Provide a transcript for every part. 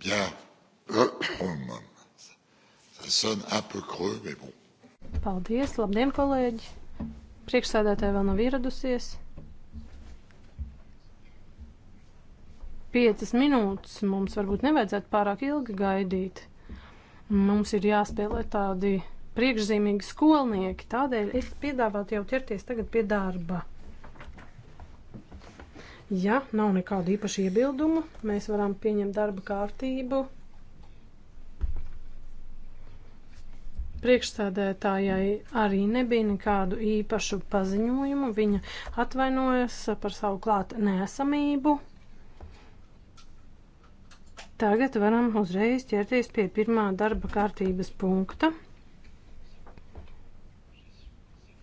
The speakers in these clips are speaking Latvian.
Bien. Euh, oh, Ça sonne un peu creux, mais bon. Paldies, labdien, kolēģi! Priekšsēdētāja vēl nav ieradusies. Piecas minūtes mums varbūt nevajadzētu pārāk ilgi gaidīt. Mums ir jāspēlē tādi priekšzīmīgi skolnieki, tādēļ es piedāvātu jau ķerties tagad pie darba. Ja nav nekādu īpašu iebildumu, mēs varam pieņemt darba kārtību. Priekšstādētājai arī nebija nekādu īpašu paziņojumu. Viņa atvainojas par savu klāt nesamību. Tagad varam uzreiz ķerties pie pirmā darba kārtības punkta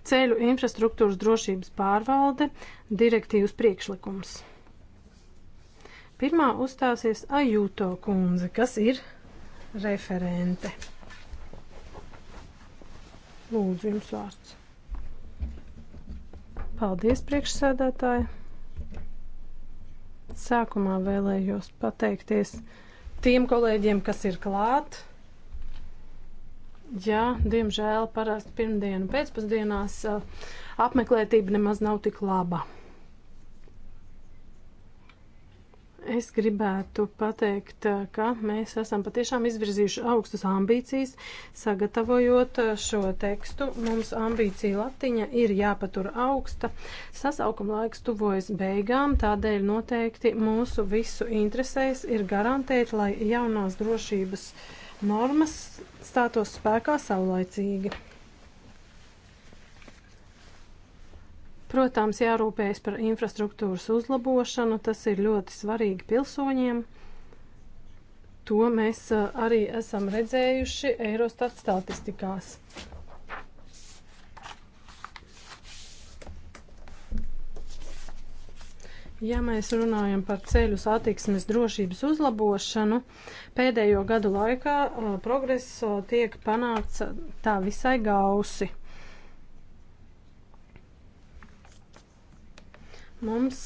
ceļu infrastruktūras drošības pārvalde direktīvas priekšlikums. Pirmā uzstāsies Ajūto kundze, kas ir referente. Lūdzu, jums vārds. Paldies, priekšsēdētāji. Sākumā vēlējos pateikties tiem kolēģiem, kas ir klāt Jā, diemžēl parasti pirmdienu pēcpusdienās eh, apmeklētība nemaz nav tik laba. Es gribētu pateikt, eh, ka mēs esam patiešām izvirzījuši augstas ambīcijas, sagatavojot eh, šo tekstu. Mums ambīcija latiņa ir jāpatur augsta. Sasaukuma laiks tuvojas beigām, tādēļ noteikti mūsu visu interesēs ir garantēt, lai jaunās drošības uh, normas stātos spēkā saulaicīgi. Protams, jārūpējas par infrastruktūras uzlabošanu, tas ir ļoti svarīgi pilsoņiem. To mēs eh, arī esam redzējuši Eurostat statistikās. Ja mēs runājam par ceļu satiksmes drošības uzlabošanu, pēdējo gadu laikā progress tiek panākts tā visai gausi. Mums,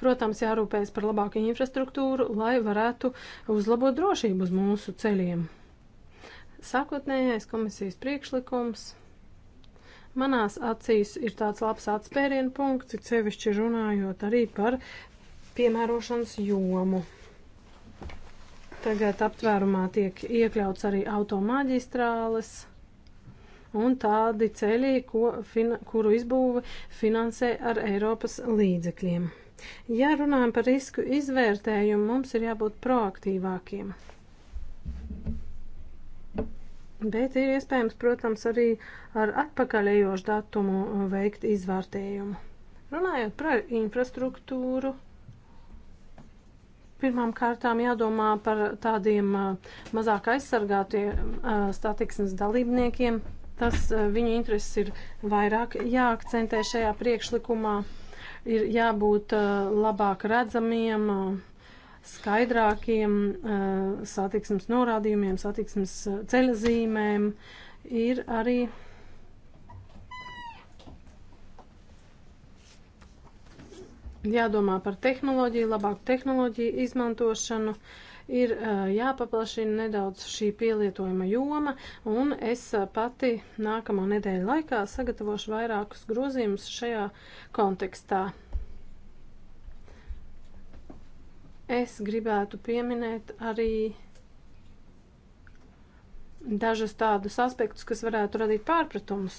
protams, jārūpējas par labāku infrastruktūru, lai varētu uzlabot drošību uz mūsu ceļiem. Sākotnējais komisijas priekšlikums Manās acīs ir tāds labs atspērienu punkts, it sevišķi runājot arī par piemērošanas jomu. Tagad aptvērumā tiek iekļauts arī automaģistrāles un tādi ceļi, ko, fin, kuru izbūve finansē ar Eiropas līdzekļiem. Ja runājam par risku izvērtējumu, mums ir jābūt proaktīvākiem. Bet ir iespējams, protams, arī ar atpakaļējošu datumu veikt izvērtējumu. Runājot par infrastruktūru, pirmām kārtām jādomā par tādiem eh, mazāk aizsargātiem eh, statiksmes dalībniekiem. Tas eh, viņu intereses ir vairāk jāakcentē šajā priekšlikumā, ir jābūt labāk redzamiem skaidrākiem eh, satiksmes norādījumiem, satiksmes eh, ceļazīmēm ir arī jādomā par tehnoloģiju, labāku tehnoloģiju izmantošanu, ir eh, jāpaplašina nedaudz šī pielietojuma joma, un es pati nākamā nedēļa laikā sagatavošu vairākus grozījumus šajā kontekstā. Es gribētu pieminēt arī dažas tādus aspektus, kas varētu radīt pārpratumus.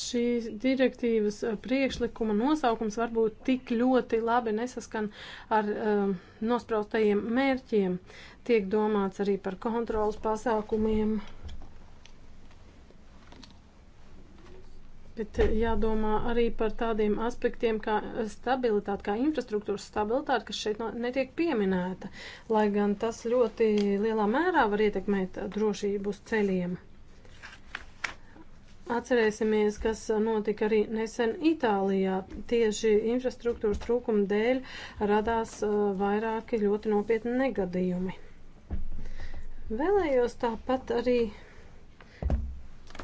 šīs direktīvas uh, priekšlikuma nosaukums varbūt tik ļoti labi nesaskan ar um, nospraustajiem mērķiem. Tiek domāts arī par kontrolas pasākumiem. Bet jādomā arī par tādiem aspektiem kā stabilitāte, kā infrastruktūras stabilitāte, kas šeit netiek pieminēta, lai gan tas ļoti lielā mērā var ietekmēt drošību uz ceļiem. Atcerēsimies, kas notika arī nesen Itālijā. Tieši infrastruktūras trūkuma dēļ radās uh, vairāki ļoti nopietni negadījumi. Vēlējos tāpat arī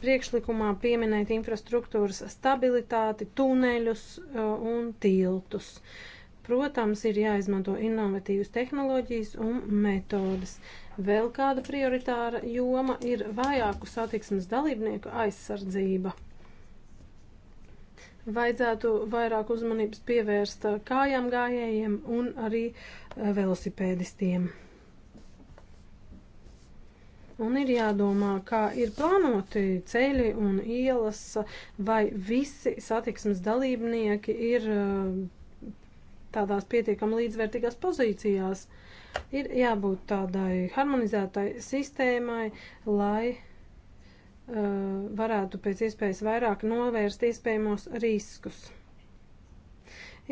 priekšlikumā pieminēt infrastruktūras stabilitāti, tuneļus uh, un tiltus. Protams, ir jāizmanto innovatīvas tehnoloģijas un metodas. Vēl kāda prioritāra joma ir vājāku satiksmes dalībnieku aizsardzība. Vajadzētu vairāk uzmanības pievērst uh, kājām gājējiem un arī uh, velosipēdistiem. Un ir jādomā, kā ir plānoti ceļi un ielas, vai visi satiksmes dalībnieki ir eh, tādās pietiekami līdzvērtīgās pozīcijās. Ir jābūt tādai harmonizētai sistēmai, lai uh, varētu pēc iespējas vairāk novērst iespējamos riskus.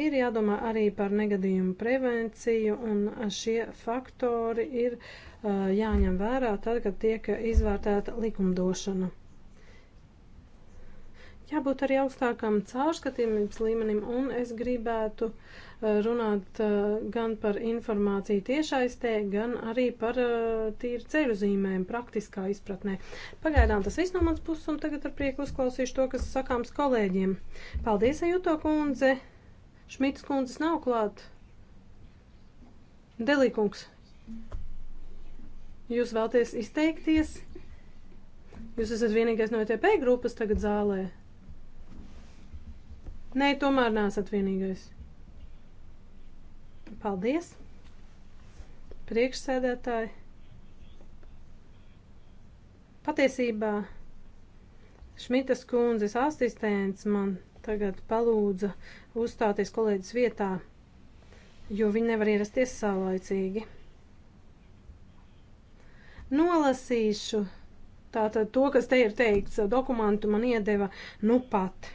Ir jādomā arī par negadījumu prevenciju, un šie faktori ir uh, Uh, jāņem vērā tad, kad tiek izvērtēta likumdošana. Jābūt arī augstākam caurskatāmības līmenim, un es gribētu uh, runāt uh, gan par informāciju tiešaistē, gan arī par tīru ceļu zīmēm praktiskā izpratnē. Pagaidām tas viss no mans puses, un tagad ar prieku uzklausīšu to, kas sakāms kolēģiem. Paldies, Ajuto kundze! Šmitas kundzes nav klāt. Delīkungs. Jūs vēlties izteikties? Jūs esat vienīgais no ETP grupas tagad zālē. Nē, tomēr nesat vienīgais. Paldies! Priekšsēdētāji! Patiesībā Šmitas kundzes asistents man tagad palūdza uzstāties kolēģis vietā, jo viņi nevar ierasties saulaicīgi. Nolasīšu tātad to, kas te ir teikts, dokumentu man iedeva nu pat.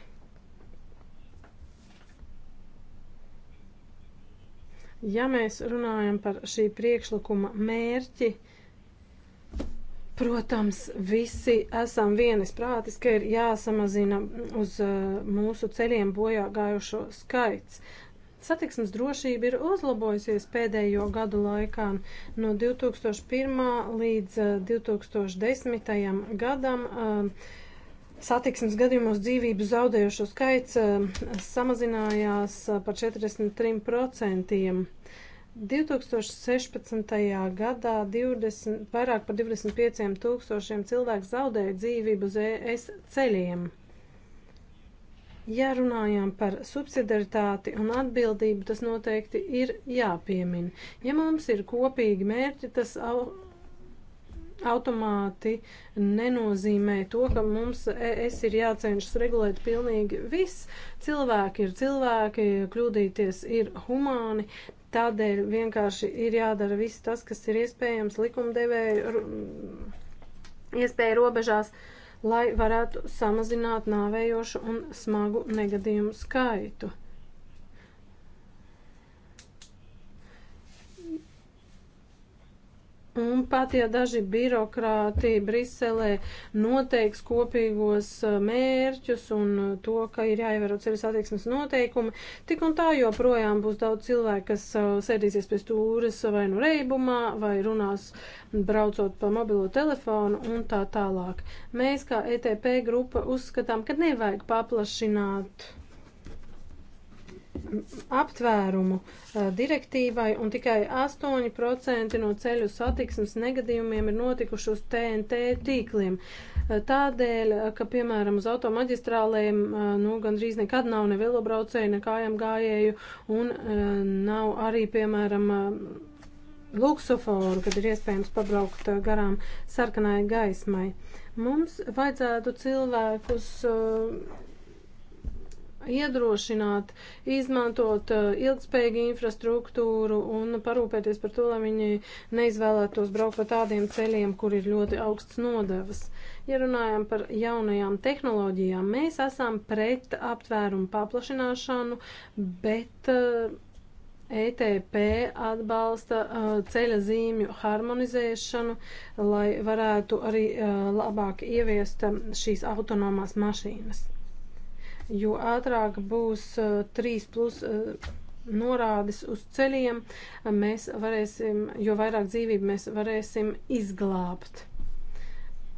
Ja mēs runājam par šī priekšlikuma mērķi, protams, visi esam vienas prātis, ka ir jāsamazina uz uh, mūsu ceļiem bojā gājušo skaits. Satiksmes drošība ir uzlabojusies pēdējo gadu laikā. No 2001. līdz 2010. Eh, gadam eh, satiksmes gadījumos dzīvību zaudējušo skaits eh, samazinājās par 43%. 2016. gadā 20, vairāk par 25 tūkstošiem cilvēku zaudēja dzīvību uz ES ceļiem. Ja runājam par subsidiaritāti un atbildību, tas noteikti ir jāpiemina. Ja mums ir kopīgi mērķi, tas au, automāti nenozīmē to, ka mums es ir jācenšas regulēt pilnīgi viss. Cilvēki ir cilvēki, kļūdīties ir humāni, tādēļ vienkārši ir jādara viss tas, kas ir iespējams likumdevēju iespēju robežās. Uh, lai varētu samazināt nāvējošu un smagu negadījumu skaitu. Un pat ja daži birokrāti Briselē noteiks kopīgos eh, mērķus un eh, to, ka ir jāievēro ceļu satiksmes noteikumi, tik un tā joprojām būs daudz cilvēku, kas eh, sēdīsies pie stūres vai nu reibumā, vai runās braucot pa mobilo telefonu un tā tālāk. Mēs kā ETP grupa uzskatām, ka nevajag paplašināt aptvērumu eh, direktīvai, un tikai 8% no ceļu satiksmes negadījumiem ir notikuši uz TNT tīkliem. Eh, tādēļ, eh, ka, piemēram, uz automaģistrālēm nu, gandrīz nekad nav ne velobraucēju, ne kājām gājēju, un nav arī, piemēram, luksuforu, kad ir iespējams pabraukt garām sarkanai gaismai. Mums vajadzētu cilvēkus uh, iedrošināt, izmantot uh, ilgspējīgu infrastruktūru un parūpēties par to, lai viņi neizvēlētos braukt pa tādiem ceļiem, kur ir ļoti augsts nodevas. Ja runājam par jaunajām tehnoloģijām, mēs esam pret aptvērumu paplašināšanu, bet uh, ETP atbalsta uh, ceļa zīmju harmonizēšanu, lai varētu arī labāk ieviest um, šīs autonomās mašīnas jo ātrāk būs 3 eh, plus eh, norādes uz ceļiem, mēs varēsim, jo vairāk dzīvību mēs varēsim izglābt.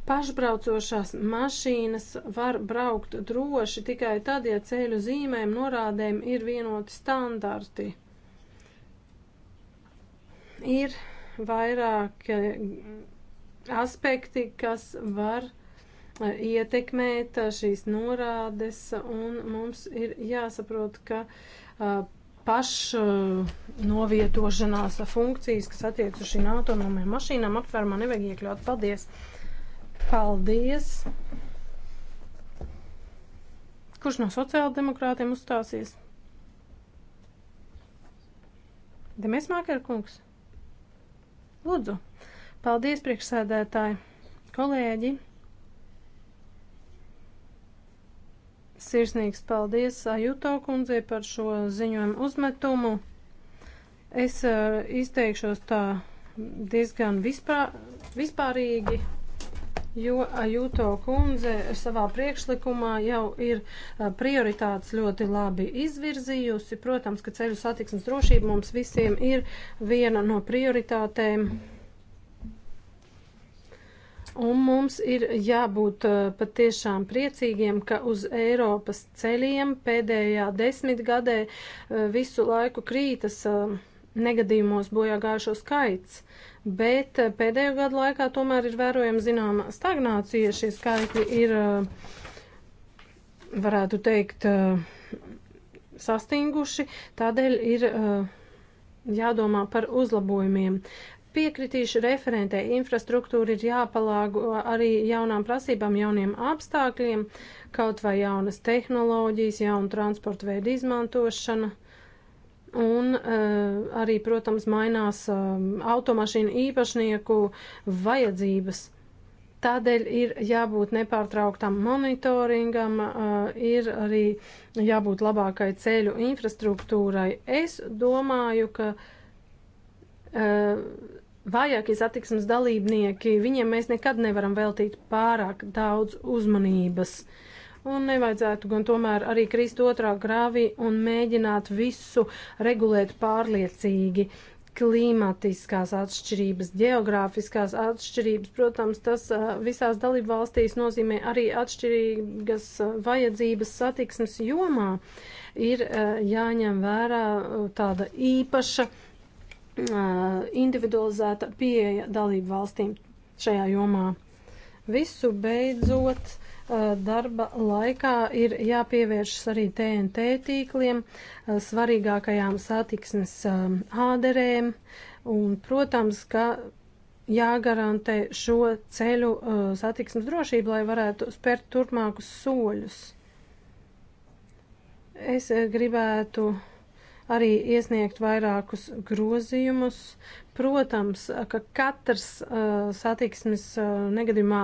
Pašbraucošās mašīnas var braukt droši tikai tad, ja ceļu zīmēm norādēm ir vienoti standarti. Ir vairāk aspekti, kas var ietekmēt šīs norādes, un mums ir jāsaprot, ka pašnovietošanās funkcijas, kas attiec uz šīm autonomiem mašīnām, aptvērumā nevajag iekļaut. Paldies! Paldies! Kurš no sociāldemokrātiem uzstāsies? Demies Mākerkungs. Lūdzu. Paldies, priekšsēdētāji, kolēģi. Sirsnīgs paldies Ajuto kundzei par šo ziņojumu uzmetumu. Es uh, izteikšos tā diezgan vispār, vispārīgi, jo Ajuto kundze savā priekšlikumā jau ir uh, prioritātes ļoti labi izvirzījusi. Protams, ka ceļu satiksmes drošība mums visiem ir viena no prioritātēm. Mm Un mums ir jābūt eh, patiešām priecīgiem, ka uz Eiropas ceļiem pēdējā desmitgadē eh, visu laiku krītas eh, negadījumos bojā gājušo skaits. Bet pēdējo gadu laikā tomēr ir vērojama zināma stagnācija. Šie skaitļi ir, varētu teikt, sastinguši. Tādēļ ir jādomā par uzlabojumiem. Piekritīšu referentē, infrastruktūra ir jāpalāgo arī jaunām prasībām, jauniem apstākļiem, kaut vai jaunas tehnoloģijas, jaunu transporta veidu izmantošana. Un uh, arī, protams, mainās uh, automašīnu īpašnieku vajadzības. Tādēļ ir jābūt nepārtrauktam monitoringam, eh, ir arī jābūt labākai ceļu infrastruktūrai. Es domāju, ka vājākie satiksmes dalībnieki, viņiem mēs nekad nevaram veltīt pārāk daudz uzmanības. Un nevajadzētu gan tomēr arī krist otrā grāvī un mēģināt visu regulēt pārliecīgi. Klimatiskās atšķirības, geogrāfiskās atšķirības, protams, tas visās dalību valstīs nozīmē arī atšķirīgas vajadzības satiksmes jomā. Ir jāņem vērā tāda īpaša Uh, individualizēta pieeja dalību valstīm šajā jomā. Visu beidzot, uh, darba laikā ir jāpievēršas arī TNT tīkliem, uh, svarīgākajām satiksmes um, āderēm, un, protams, ka jāgarantē šo ceļu satiksmes drošību, lai varētu spērt turpmākus soļus. Es gribētu arī iesniegt vairākus grozījumus. Protams, ka katrs uh, satiksmes uh, negadījumā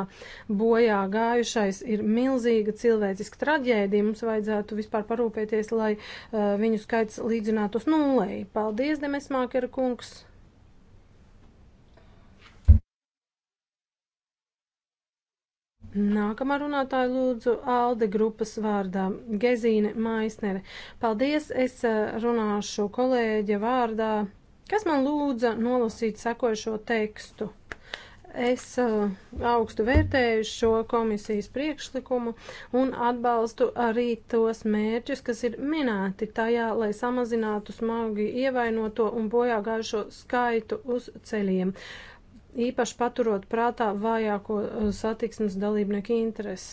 bojā gājušais ir milzīga cilvēciska traģēdija. Mums vajadzētu vispār parūpēties, lai uh, viņu skaits līdzinātos nulēji. Paldies, Demesmākera kungs! Nākamā runātāja lūdzu Alde grupas vārdā - Gezīne Maisnere. Paldies, es eh, runāšu kolēģa vārdā, kas man lūdza nolasīt sekojušo tekstu. Es eh, augstu vērtēju šo komisijas priekšlikumu un atbalstu arī tos mērķus, kas ir minēti tajā, lai samazinātu smagi ievainoto un bojā gājušo skaitu uz ceļiem. Uh, īpaši paturot prātā vājāko eh, satiksmes dalībnieku intereses.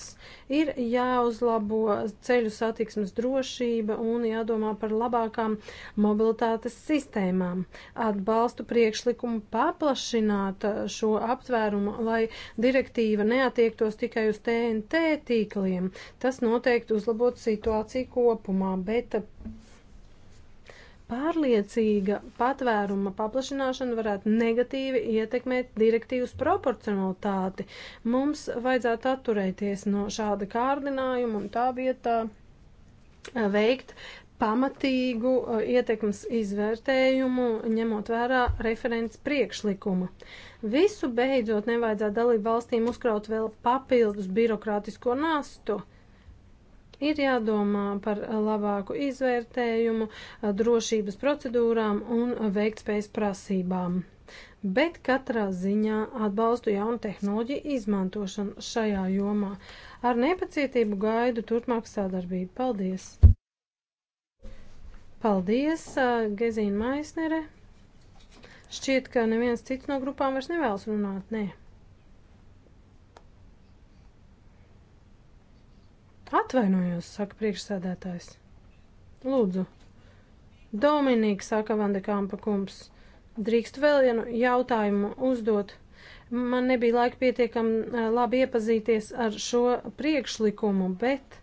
Ir jāuzlabo ceļu satiksmes drošība un jādomā par labākām mobilitātes sistēmām. Atbalstu priekšlikumu paplašināt eh, šo aptvērumu, lai direktīva neatiektos tikai uz TNT tīkliem. Tas noteikti uzlabot situāciju kopumā, bet Pārliecīga patvēruma paplašināšana varētu negatīvi ietekmēt direktīvas proporcionalitāti. Mums vajadzētu atturēties no šāda kārdinājuma un tā vietā veikt pamatīgu ietekmes izvērtējumu, ņemot vērā referents priekšlikumu. Visu beidzot nevajadzētu dalību valstīm uzkraut vēl papildus birokrātisko nastu. Ir jādomā par labāku izvērtējumu, drošības procedūrām un veiktspējas prasībām. Bet katrā ziņā atbalstu jaunu tehnoloģiju izmantošanu šajā jomā. Ar nepacietību gaidu turpmāk sadarbību. Paldies! Paldies, Gezīna Maisnere! Šķiet, ka neviens cits no grupām vairs nevēlas runāt. Nē. Ne. Atvainojos, saka priekšsēdētājs. Lūdzu. Dominīka, saka Vandekāmpa kungs, drīkst vēl vienu jautājumu uzdot. Man nebija laika pietiekami e, labi iepazīties ar šo priekšlikumu, bet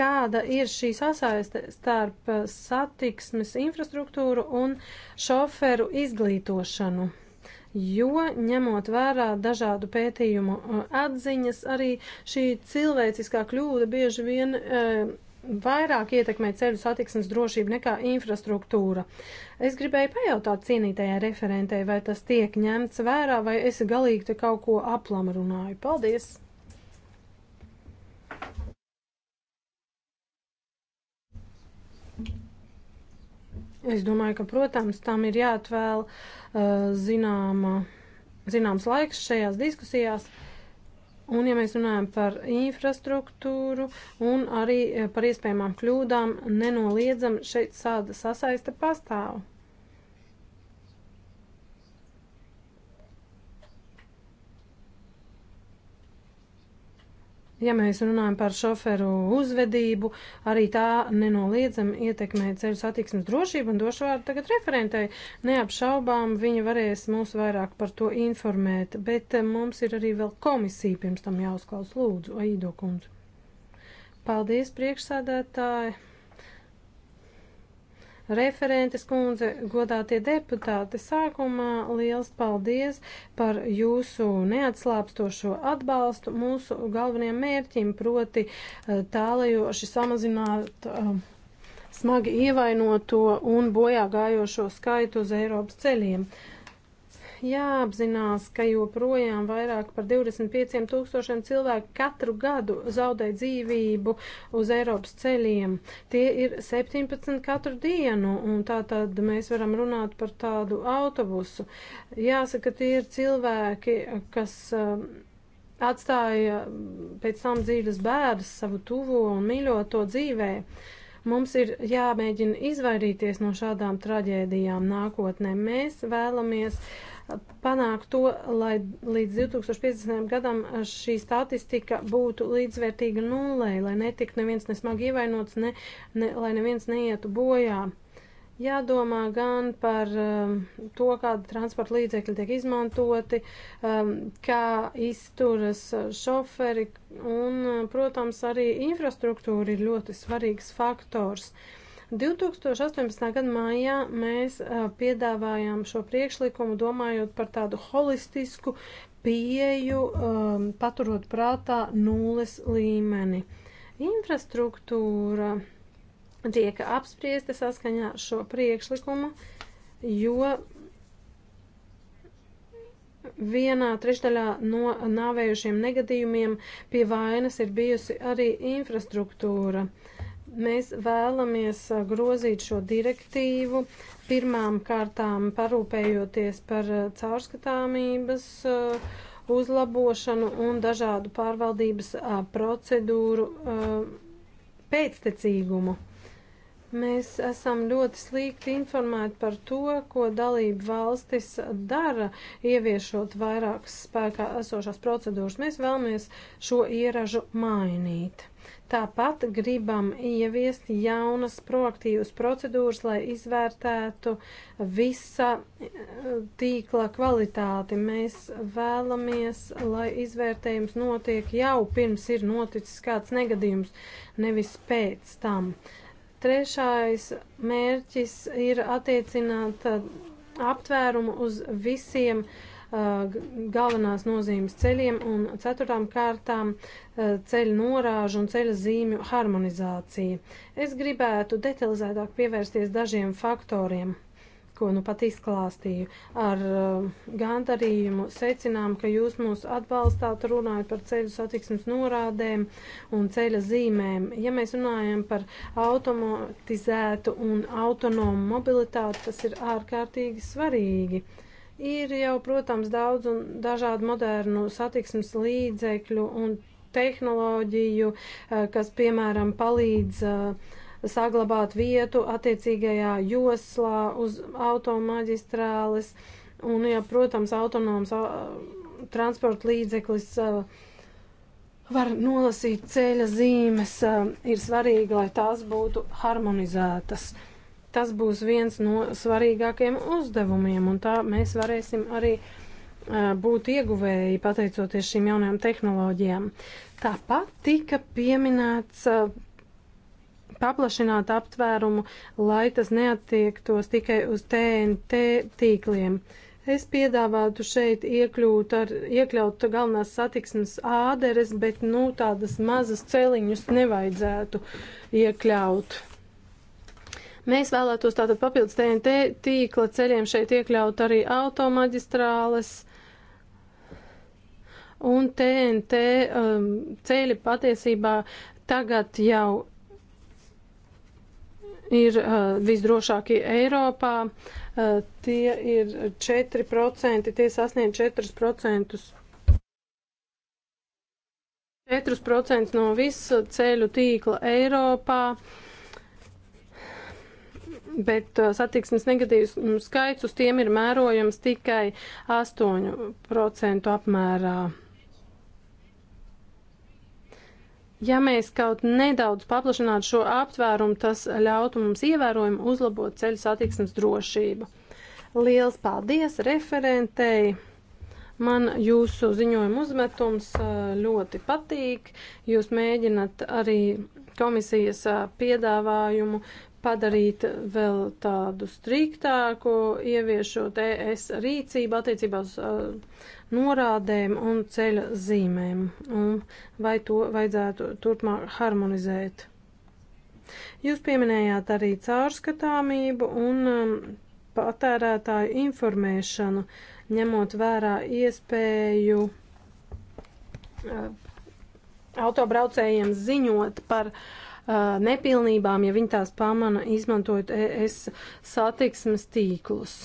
kāda ir šī sasaiste starp e, satiksmes infrastruktūru un šoferu izglītošanu? jo ņemot vērā dažādu pētījumu uh, atziņas, arī šī cilvēciskā kļūda bieži vien uh, vairāk ietekmē ceļu satiksmes drošību nekā infrastruktūra. Es gribēju pajautāt cienītajai referentei, vai tas tiek ņemts vērā, vai es galīgi te kaut ko aplam runāju. Paldies! Es domāju, ka, protams, tam ir jāatvēl uh, zināma, zināms laiks šajās diskusijās. Un, ja mēs runājam par infrastruktūru un arī eh, par iespējamām kļūdām, nenoliedzam šeit sāda sasaiste pastāv. Ja mēs runājam par šoferu uzvedību, arī tā nenoliedzami ietekmē ceļu satiksmes drošību un došu vārdu tagad referentai. Neapšaubām viņi varēs mūs vairāk par to informēt, bet eh, mums ir arī vēl komisija pirms tam jāuzklaus lūdzu, Aido kundze. Paldies, priekšsādētāji! referentes kundze, godātie deputāti, sākumā liels paldies par jūsu neatslāpstošo atbalstu mūsu galvenajiem mērķim, proti eh, tālajoši samazināt eh, smagi ievainoto un bojā gājošo skaitu uz Eiropas ceļiem. Uh, jāapzinās, ka joprojām vairāk par 25 tūkstošiem cilvēku katru gadu zaudē dzīvību uz Eiropas ceļiem. Tie ir 17 katru dienu, un tā tad mēs varam runāt par tādu autobusu. Jāsaka, tie ir cilvēki, kas um, atstāja pēc tam dzīves bērns savu tuvo un mīļoto dzīvē. Uh, Mums ir jāmēģina izvairīties no šādām traģēdijām nākotnē. Mēs vēlamies panākt to, lai līdz 2050. gadam šī statistika būtu līdzvērtīga nulē, lai netiktu neviens nesmagi ievainots, ne, ne, lai neviens neietu bojā. Jādomā gan par um, to, kāda transporta līdzekļi tiek izmantoti, um, kā izturas šoferi un, protams, arī infrastruktūra ir ļoti svarīgs faktors. 2018. gada mājā mēs uh, piedāvājām šo priekšlikumu, domājot par tādu holistisku pieju, um, paturot prātā nulles līmeni. Infrastruktūra. Uh, tiek apspriesta saskaņā ar šo priekšlikumu, jo vienā trešdaļā no nāvējušiem negadījumiem pie vainas ir bijusi arī infrastruktūra. Mēs vēlamies uh, grozīt šo direktīvu, pirmām kārtām parūpējoties par uh, caurskatāmības uh, uzlabošanu un dažādu pārvaldības procedūru pēctecīgumu. Mēs esam ļoti slikti informēti par to, ko dalību valstis dara, ieviešot vairākas spēkā esošās procedūras. Mēs vēlamies šo ieražu mainīt. Tāpat gribam ieviest jaunas proaktīvas procedūras, lai izvērtētu visa e, tīkla kvalitāti. Mēs vēlamies, lai izvērtējums notiek jau pirms ir noticis kāds negadījums, nevis pēc tam. Uh, Trešais mērķis ir attiecināt uh, aptvērumu uz visiem uh, galvenās nozīmes ceļiem un ceturtām kārtām uh, ceļu norāžu un ceļa zīmju harmonizācija. Es gribētu detalizētāk pievērsties dažiem faktoriem ko nu pat izklāstīju. Ar uh, gandarījumu secinām, ka jūs mūs atbalstāt runājot par ceļu satiksmes norādēm un ceļa zīmēm. Ja mēs runājam par automatizētu un autonomu mobilitāti, tas ir ārkārtīgi svarīgi. Ir jau, protams, daudz un dažādu modernu satiksmes līdzekļu un tehnoloģiju, eh, kas, piemēram, palīdz uh, saglabāt vietu attiecīgajā joslā uz automaģistrāles. Un, ja, protams, autonoms transporta līdzeklis var nolasīt ceļa zīmes, ir svarīgi, lai tās būtu harmonizētas tas būs viens no svarīgākajiem uzdevumiem, un tā mēs varēsim arī uh, būt ieguvēji pateicoties šīm jaunajām tehnoloģijām. Tāpat tika pieminēts uh, paplašināt aptvērumu, lai tas neatiektos tikai uz TNT tīkliem. Es piedāvātu šeit iekļūt ar, iekļaut galvenās satiksmes āderes, bet, nu, tādas mazas celiņus nevajadzētu iekļaut. Mēs vēlētos tātad papildus TNT tīkla ceļiem šeit iekļaut arī automaģistrāles, un TNT um, ceļi patiesībā tagad jau ir uh, visdrošākie Eiropā. Uh, tie ir 4%, tie sasniedz 4%. 4% no visa ceļu tīkla Eiropā, bet uh, satiksmes negatīvs mm, skaits uz tiem ir mērojams tikai 8% apmērā. Ja mēs kaut nedaudz paplašinātu šo aptvērumu, tas ļautu mums ievērojami uzlabot ceļu satiksmes drošību. Liels paldies referentei! Man jūsu ziņojuma uzmetums ļoti patīk. Jūs mēģināt arī komisijas piedāvājumu padarīt vēl tādu striktāku, ieviešot ES rīcību attiecībā uz uh, norādēm un ceļa zīmēm, un vai to vajadzētu turpmāk harmonizēt. Jūs pieminējāt arī caurskatāmību un um, patērētāju informēšanu, ņemot vērā iespēju uh, autobraucējiem ziņot par uh, nepilnībām, ja viņi tās pamana, izmantojot ES satiksmes tīklus.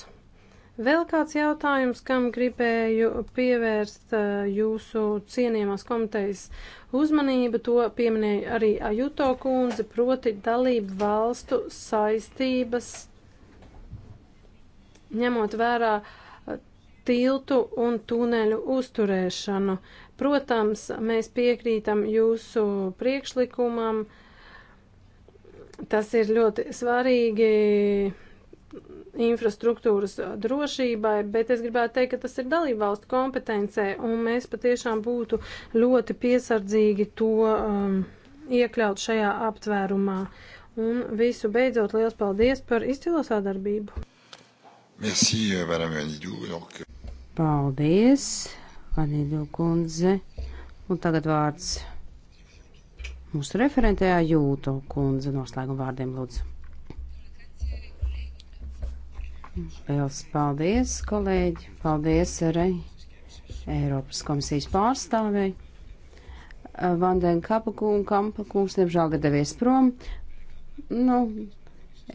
Vēl kāds jautājums, kam gribēju pievērst eh, jūsu cienījumās komitejas uzmanību, to pieminēja arī Ajuto kundze, proti dalību valstu saistības, ņemot vērā eh, tiltu un tuneļu uzturēšanu. Protams, mēs piekrītam jūsu priekšlikumam, tas ir ļoti svarīgi infrastruktūras drošībai, bet es gribētu teikt, ka tas ir dalībvalstu kompetencē, un mēs patiešām būtu ļoti piesardzīgi to um, iekļaut šajā aptvērumā. Un visu beidzot, liels paldies par izcilo sadarbību. Merci, euh, Madame Vanidu. Donc... Euh, paldies, Vanidu kundze. Un tagad vārds mūsu referentējā Jūto kundze noslēguma vārdiem lūdzu. Liels paldies, kolēģi! Paldies arī Eiropas komisijas pārstāvēji. Eh, Vandēna Kapaku un Kampakungs, diemžēl, gada devies prom. Nu,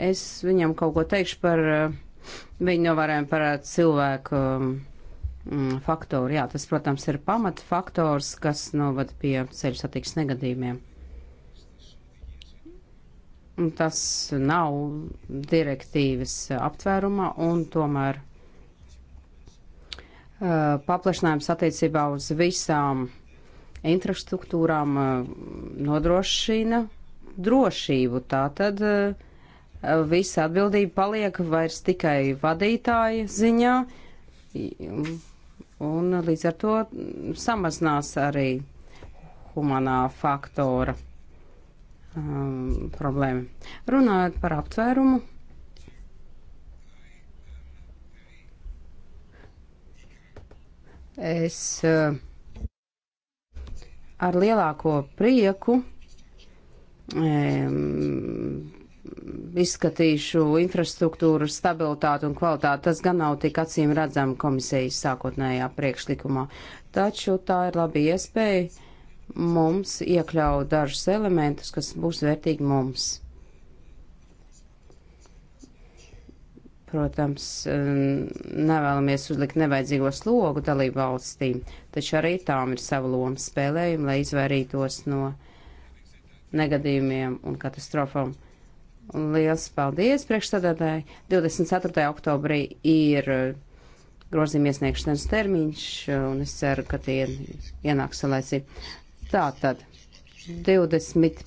es viņam kaut ko teikšu par eh, viņu novērējumu par eh, cilvēku mm, faktoru. Jā, tas, protams, ir pamatfaktors, kas novada pie ceļu satiksmes negadījumiem. Tas nav direktīvas aptvērumā un tomēr uh, paplašinājums attiecībā uz visām infrastruktūrām uh, nodrošina drošību. Tātad uh, visa atbildība paliek vairs tikai vadītāja ziņā un līdz ar to samazinās arī humanā faktora um, problēma. Runājot par aptvērumu. Es uh, ar lielāko prieku um, izskatīšu infrastruktūru stabilitāti un kvalitāti. Tas gan nav tik acīm redzama komisijas sākotnējā priekšlikumā, taču tā ir laba iespēja mums iekļauj dažus elementus, kas būs vērtīgi mums. Protams, nevēlamies uzlikt nevajadzīgo slogu dalību valstīm, taču arī tām ir sava loma spēlējuma, lai izvairītos no negadījumiem un katastrofām. Liels paldies priekšstādātāji! 24. oktobrī ir uh, grozījuma iesniegšanas termiņš, uh, un es ceru, ka tie ienāks salēcī. Tātad 25.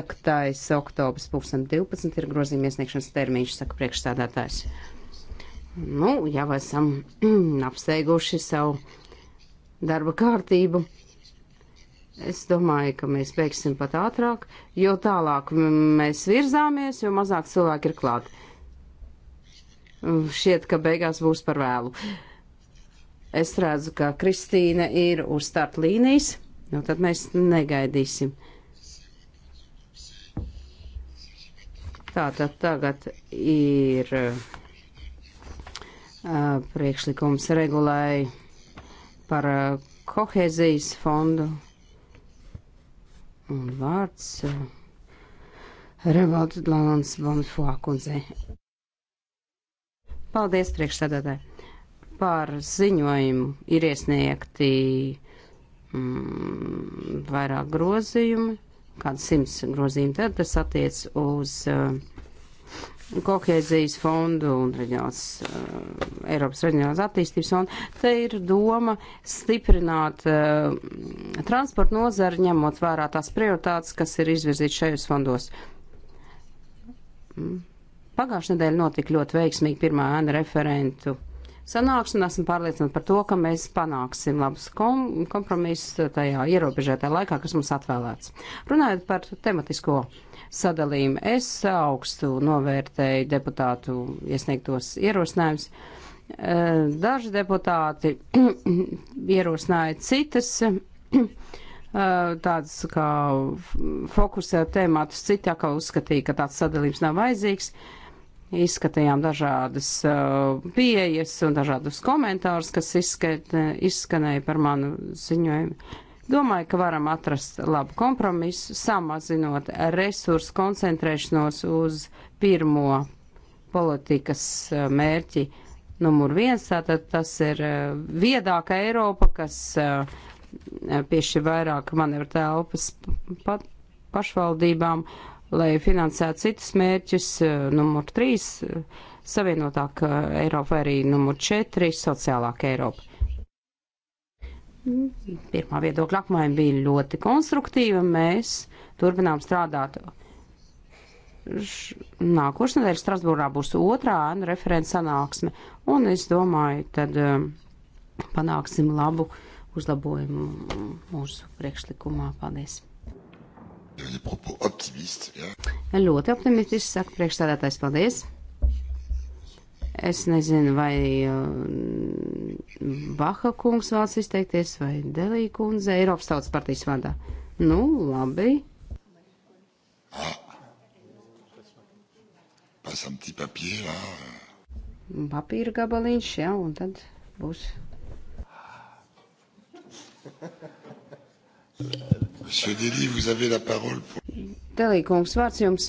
oktobris 2012 ir grozījuma iesniegšanas termiņš, saka priekšstādātājs. Nu, jau esam apsteiguši savu darba kārtību. Es domāju, ka mēs beigsim pat ātrāk, jo tālāk mēs virzāmies, jo mazāk cilvēki ir klāt. Šķiet, ka beigās būs par vēlu. Es redzu, ka Kristīne ir uz start līnijas. Nu, tad mēs negaidīsim. Tātad tagad ir uh, priekšlikums regulēja par uh, kohēzijas fondu un vārds uh, Revolta Dlāns Bonfuā kundzei. Paldies priekšsēdētāji. Par ziņojumu ir iesniegti mm, vairāk grozījumi, kāds simts grozījumi tad, kas attiec uz uh, kohēzijas fondu un reģionāls, uh, Eiropas reģionāls attīstības fondu. Te ir doma stiprināt uh, transporta nozari, ņemot vērā tās prioritātes, kas ir izvirzītas šajos fondos. Mm. Pagājušajā nedēļā notika ļoti veiksmīgi pirmā ēna referentu sanāksmi un esmu pārliecināta par to, ka mēs panāksim labus kom kompromisus tajā ierobežētā laikā, kas mums atvēlēts. Runājot par tematisko sadalījumu, es augstu novērtēju deputātu iesniegtos ierosinājumus. Eh, daži deputāti ierosināja citas eh, tādas kā fokusē tēmātus, citā kā uzskatīja, ka tāds sadalījums nav vajadzīgs. Uh, Izskatījām dažādas uh, pieejas un dažādus komentārus, kas izskat, izskanēja par manu ziņojumu. Domāju, ka varam atrast labu kompromisu, samazinot resursu koncentrēšanos uz pirmo politikas uh, mērķi numur viens. Tātad tas ir uh, viedāka Eiropa, kas piešķir vairāk manevru telpas pašvaldībām lai finansētu citus mērķus, eh, numur 3, eh, savienotāk eh, Eiropa vai arī numur 4, sociālāk Eiropa. Pirmā viedokļa apmaiņa bija ļoti konstruktīva. Mēs turpinām strādāt. Nākošais nedēļa Strasbūrā būs otrā ēnu referents sanāksme, un es domāju, tad panāksim labu uzlabojumu mūsu priekšlikumā. Paldies! Ļoti optimistisks, saka priekšstādātais, paldies. Es nezinu, vai uh, Baha kungs vēlas izteikties, vai Delī kundze Eiropas tautas partijas vadā. Nu, labi. Ah. Papīra gabaliņš, jā, un tad būs. Delīkungs, vārds jums.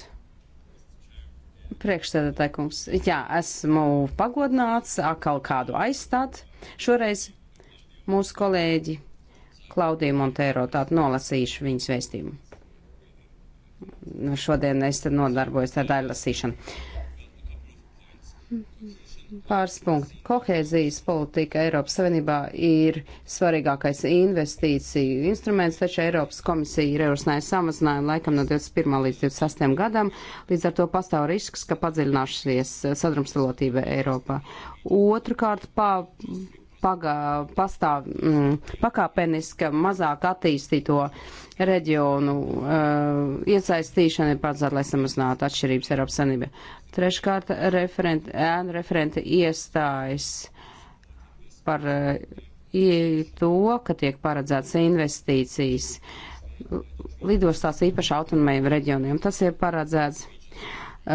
Priekšstādātāji kungs, jā, esmu pagodināts atkal kādu aizstāt. Šoreiz mūsu kolēģi Klaudija Montēro tātad nolasīšu viņas vēstījumu. Nu, šodien es tad nodarbojos ar daļlasīšanu. Pāris punkti. Kohēzijas politika Eiropas Savienībā ir svarīgākais investīciju instruments, taču Eiropas komisija ir ierosinājusi samazinājumu laikam no 21. līdz 26. gadam, līdz ar to pastāv risks, ka padziļināšies sadrumstalotība Eiropā. Otrakārt, pā, pagā, pastāv mm, pakāpeniska mazāk attīstīto reģionu uh, iesaistīšana ir paredzēta, lai samazinātu atšķirības Eiropas Sanībā. Treškārt, referenti, ēnu referenti iestājas par uh, to, ka tiek paredzēts investīcijas lidostās īpaši autonomajiem reģioniem. Tas ir paredzēts Eh,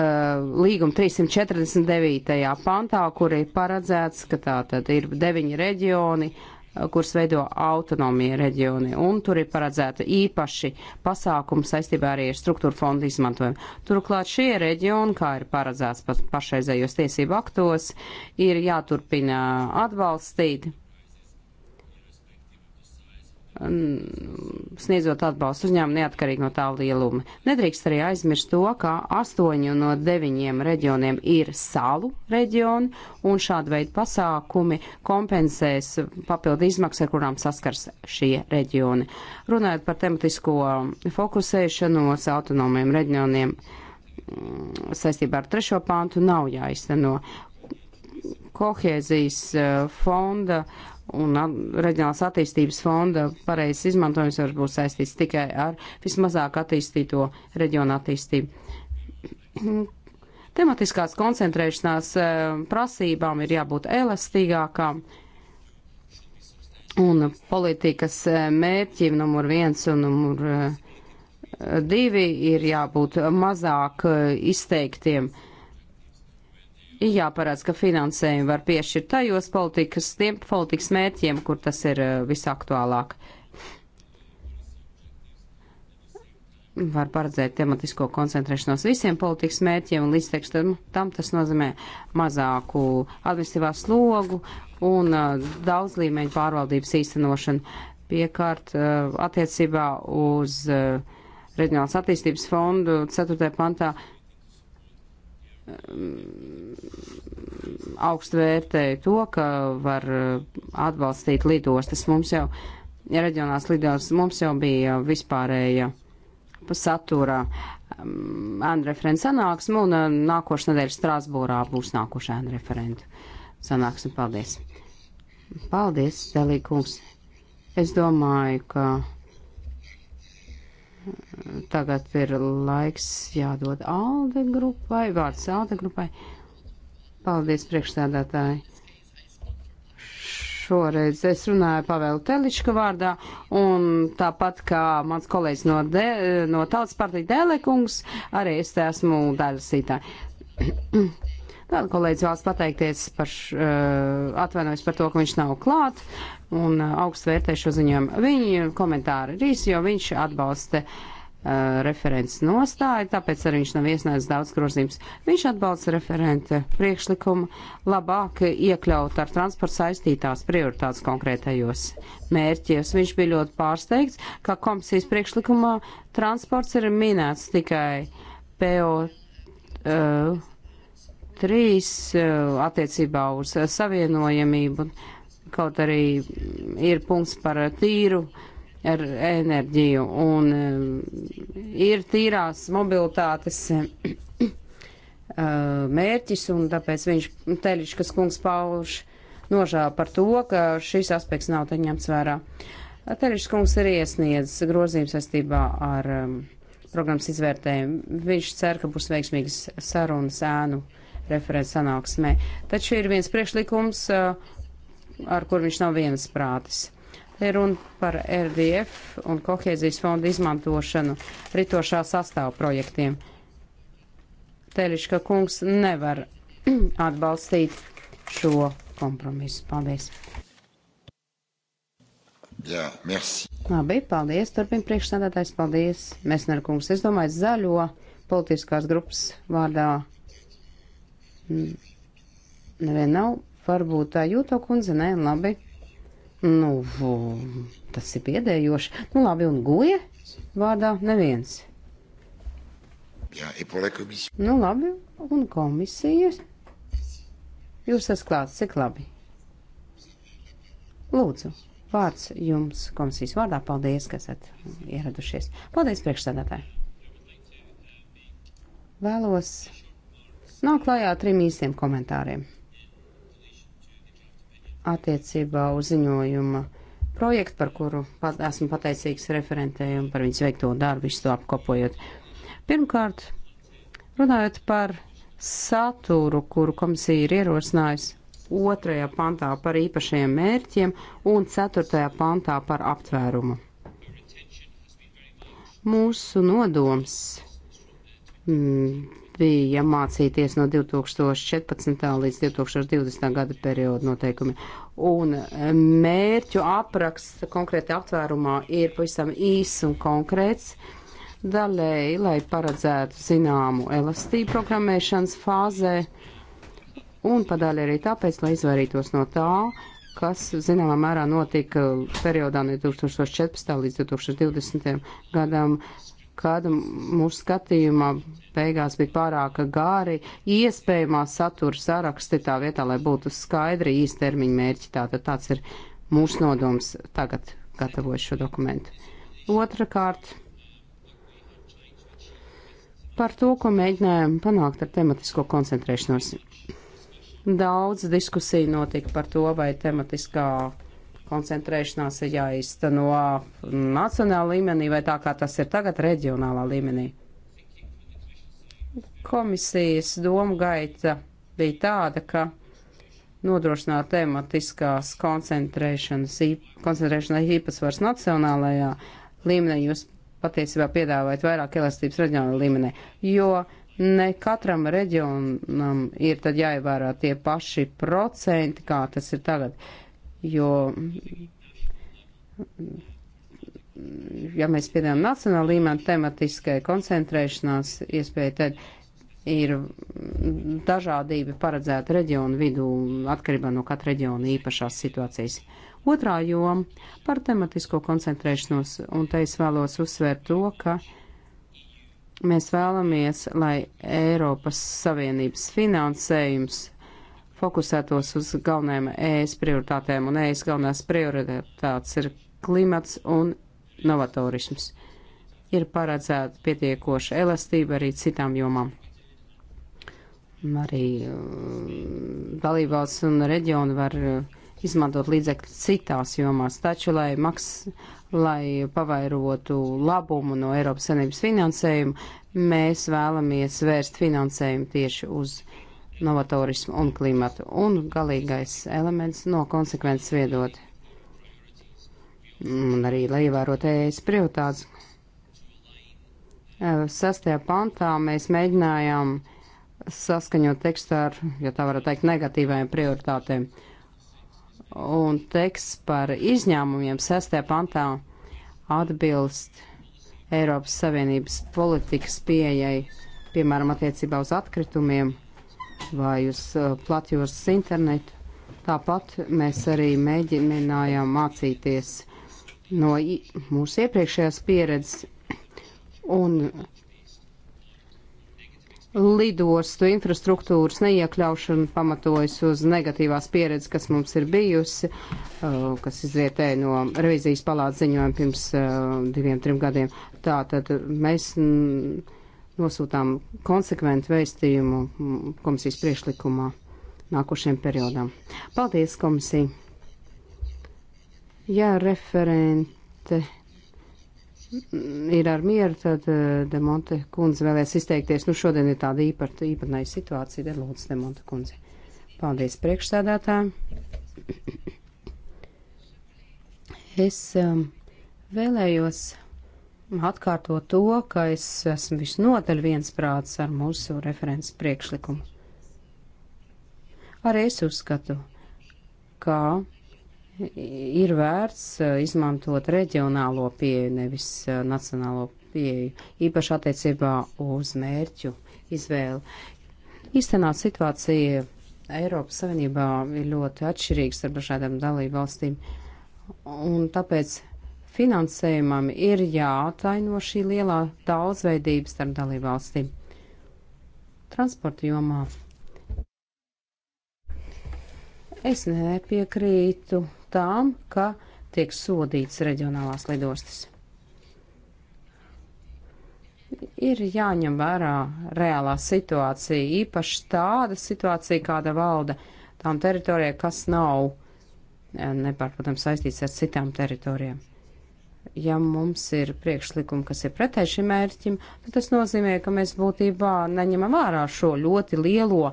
līguma 349. pantā, kur ir paredzēts, ka tā tad ir deviņi reģioni, eh, kuras veido autonomija reģioni, un tur ir paredzēta īpaši pasākumi saistībā arī ar struktūra fondu izmantojumu. Turklāt šie reģioni, kā ir paredzēts pašreizējos tiesību aktos, ir jāturpina atbalstīt sniedzot atbalstu uzņēmumu neatkarīgi no tā lieluma. Nedrīkst arī aizmirst to, ka astoņi no deviņiem reģioniem ir salu reģioni, un šāda veida pasākumi kompensēs papildu izmaksas, ar kurām saskars šie reģioni. Runājot par tematisko fokusēšanos autonomiem reģioniem mm, saistībā ar trešo pāntu nav jāizteno kohēzijas eh, fonda un reģionālās attīstības fonda pareizs izmantojums var būt saistīts tikai ar vismazāk attīstīto reģionu attīstību. Tematiskās koncentrēšanās eh, prasībām ir jābūt elastīgākām, un politikas eh, mērķim numur viens un numur eh, divi ir jābūt mazāk izteiktiem. Uh, ir jāparāds, ka finansējumu var piešķirt tajos politikas, tiem politikas mērķiem, kur tas ir eh, visaktuālāk. Var paredzēt tematisko koncentrēšanos visiem politikas mērķiem un līdztekš tam, tam tas nozīmē mazāku administratīvā slogu un uh, daudz līmeņu pārvaldības īstenošanu piekārt uh, attiecībā uz uh, reģionālas attīstības fondu 4. pantā Um, augstu vērtēju to, ka var uh, atbalstīt lidostas. Mums jau reģionāls lidostas, mums jau bija vispārēja saturā Andreferents um, sanāksme un uh, nākošais nedēļa Strasbūrā būs nākošā Andreferentu sanāksme. Paldies! Paldies, Delīkums! Es domāju, ka Tagad ir laiks jādod Alde grupai, vārds Alde grupai. Paldies, priekšstādātāji. Šoreiz es runāju Pavēlu Telička vārdā, un tāpat kā mans kolēģis no, de, no Tautas partija Dēlekungs, arī es te esmu daļasītāji. Tāda kolēģis vēlas pateikties par, uh, atvainojas par to, ka viņš nav klāt un eh, augstu vērtē šo ziņojumu. Viņa komentāri ir īsi, jo viņš atbalsta uh, referents nostāju, tāpēc arī viņš nav iesniedzis daudz grozījums. Viņš atbalsta referenta priekšlikumu labāk iekļaut ar transportu saistītās prioritātes konkrētajos mērķies. Viņš bija ļoti pārsteigts, ka komisijas priekšlikumā transports ir minēts tikai PO. Uh, 3 eh, attiecībā uz savienojamību, kaut arī ir punkts par tīru ar er, enerģiju un eh, ir tīrās mobilitātes eh, mērķis un tāpēc viņš Teļiškas kungs pauž nožēlu par to, ka šis aspekts nav te ņemts vērā. Teļiškas kungs ir iesniedzis grozījums saistībā ar um, programmas izvērtējumu. Viņš cer, ka būs veiksmīgas sarunas ēnu. Uh, referents sanāksmē. Taču ir viens priekšlikums, eh, ar kur viņš nav vienas prātis. Ir runa par RDF un kohēzijas fonda izmantošanu ritošā sastāvu projektiem. Teliška kungs nevar atbalstīt šo kompromisu. Paldies! Jā, merci. Labi, paldies, turpina priekšsādātājs, paldies. Mēs, Nerkungs, es domāju, zaļo politiskās grupas vārdā Nevien nav, varbūt tā jūto kundze, nē, labi. Nu, tas ir biedējoši. Nu, labi, un goja vārdā neviens. Jā, nu, labi, un komisijas. Jūs esat klāts, cik labi. Lūdzu, vārds jums komisijas vārdā. Paldies, ka esat ieradušies. Paldies, priekšsēdētāji. Vēlos nāk klajā trim īsiem komentāriem. Attiecībā uz ziņojuma projektu, par kuru pat, esmu pateicīgs referentējumu par viņas veikto darbu, visu to apkopojot. Pirmkārt, runājot par saturu, kuru komisija ir ierosinājusi otrajā pantā par īpašajiem mērķiem un ceturtajā pantā par aptvērumu. Mūsu nodoms m, mm, bija mācīties no 2014. līdz 2020. gada perioda noteikumi. Un eh, mērķu apraksts konkrēti aptvērumā ir pavisam īss un konkrēts. Daļēji, lai paredzētu zināmu elastību programmēšanas fāzē, un padaļai arī tāpēc, lai izvairītos no tā, kas zināmā mērā notika periodā no 2014. līdz 2020. gadam, kad mūsu skatījumā beigās bija pārāk gāri iespējamā satura saraksti tā vietā, lai būtu skaidri īstermiņa mērķi. Tātad tāds ir mūsu nodoms tagad gatavojot šo dokumentu. Otrakārt, par to, ko mēģinājām panākt ar tematisko koncentrēšanos. Daudz diskusiju notika par to, vai tematiskā koncentrēšanās ir jāizteno nacionāla līmenī vai tā kā tas ir tagad reģionālā līmenī. Komisijas doma gaita bija tāda, ka nodrošināt tematiskās koncentrēšanas, koncentrēšanai īpatsvars nacionālajā līmenī, jūs patiesībā piedāvājat vairāk elastības reģionālajā līmenī, jo ne katram reģionam ir tad jāievērā tie paši procenti, kā tas ir tagad. Uh, jo, ja mēs piedām nacionāla līmenī tematiskai koncentrēšanās iespēja, tad ir dažādība paredzēta reģionu vidū atkarībā no katra reģiona īpašās situācijas. Otrā joma par tematisko koncentrēšanos, un te es vēlos uzsvērt to, ka mēs vēlamies, lai Eiropas Savienības finansējums fokusētos uz galvenajām ES prioritātēm, un ES galvenās prioritātes ir klimats un novatorisms. Ir paredzēta pietiekoša elastība arī citām jomām. Arī uh, dalībvalsts un reģioni var uh, izmantot līdzekļus citās jomās, taču, lai, maks, lai pavairotu labumu no Eiropas Savienības finansējuma, mēs vēlamies vērst finansējumu tieši uz uh, novatorismu un klimatu. Un galīgais elements no konsekvences viedot. Un arī, lai ievērot ES prioritātes. Sastajā pantā mēs mēģinājām saskaņot tekstu ar, ja tā varētu teikt, negatīvajām prioritātēm. Un teksts par izņēmumiem sastajā pantā atbilst Eiropas Savienības politikas pieejai, piemēram, attiecībā uz atkritumiem vai uz uh, platjūras internetu. Tāpat mēs arī mēģinājām mācīties no mūsu iepriekšējās pieredzes un lidostu infrastruktūras neiekļaušana pamatojas uz negatīvās pieredzes, kas mums ir bijusi, uh, kas izrietēja no revizijas palātas ziņojuma pirms uh, diviem, trim gadiem. Tātad mēs. M, nosūtām konsekventu vēstījumu komisijas priekšlikumā nākošiem periodam. Paldies, komisija! Ja referente ir ar mieru, tad eh, Demonte kundze vēlēs izteikties. Nu, šodien ir tāda īpat, īpatnēja situācija, tad lūdzu, Demonte kundze. Paldies priekšstādātājiem. Es um, vēlējos atkārtot to, ka es esmu visnotaļ viensprāts ar mūsu referents priekšlikumu. Arī es uzskatu, ka ir vērts e, izmantot reģionālo pieeju, nevis e, nacionālo pieeju, īpaši attiecībā uz mērķu izvēli. Īstenā situācija Eiropas Savienībā ir ļoti atšķirīga starp dažādām dalību valstīm, un tāpēc finansējumam ir jāataino šī lielā daudzveidības starp dalībvalstīm. Transporta jomā. Es nepiekrītu tām, ka tiek sodīts reģionālās lidostas. Ir jāņem vērā reālā situācija, īpaši tāda situācija, kāda valda tām teritorijām, kas nav nepārprotams saistīts ar citām teritorijām ja mums ir priekšlikumi, kas ir pretēji šim mērķim, tad tas nozīmē, ka mēs būtībā neņemam vērā šo ļoti lielo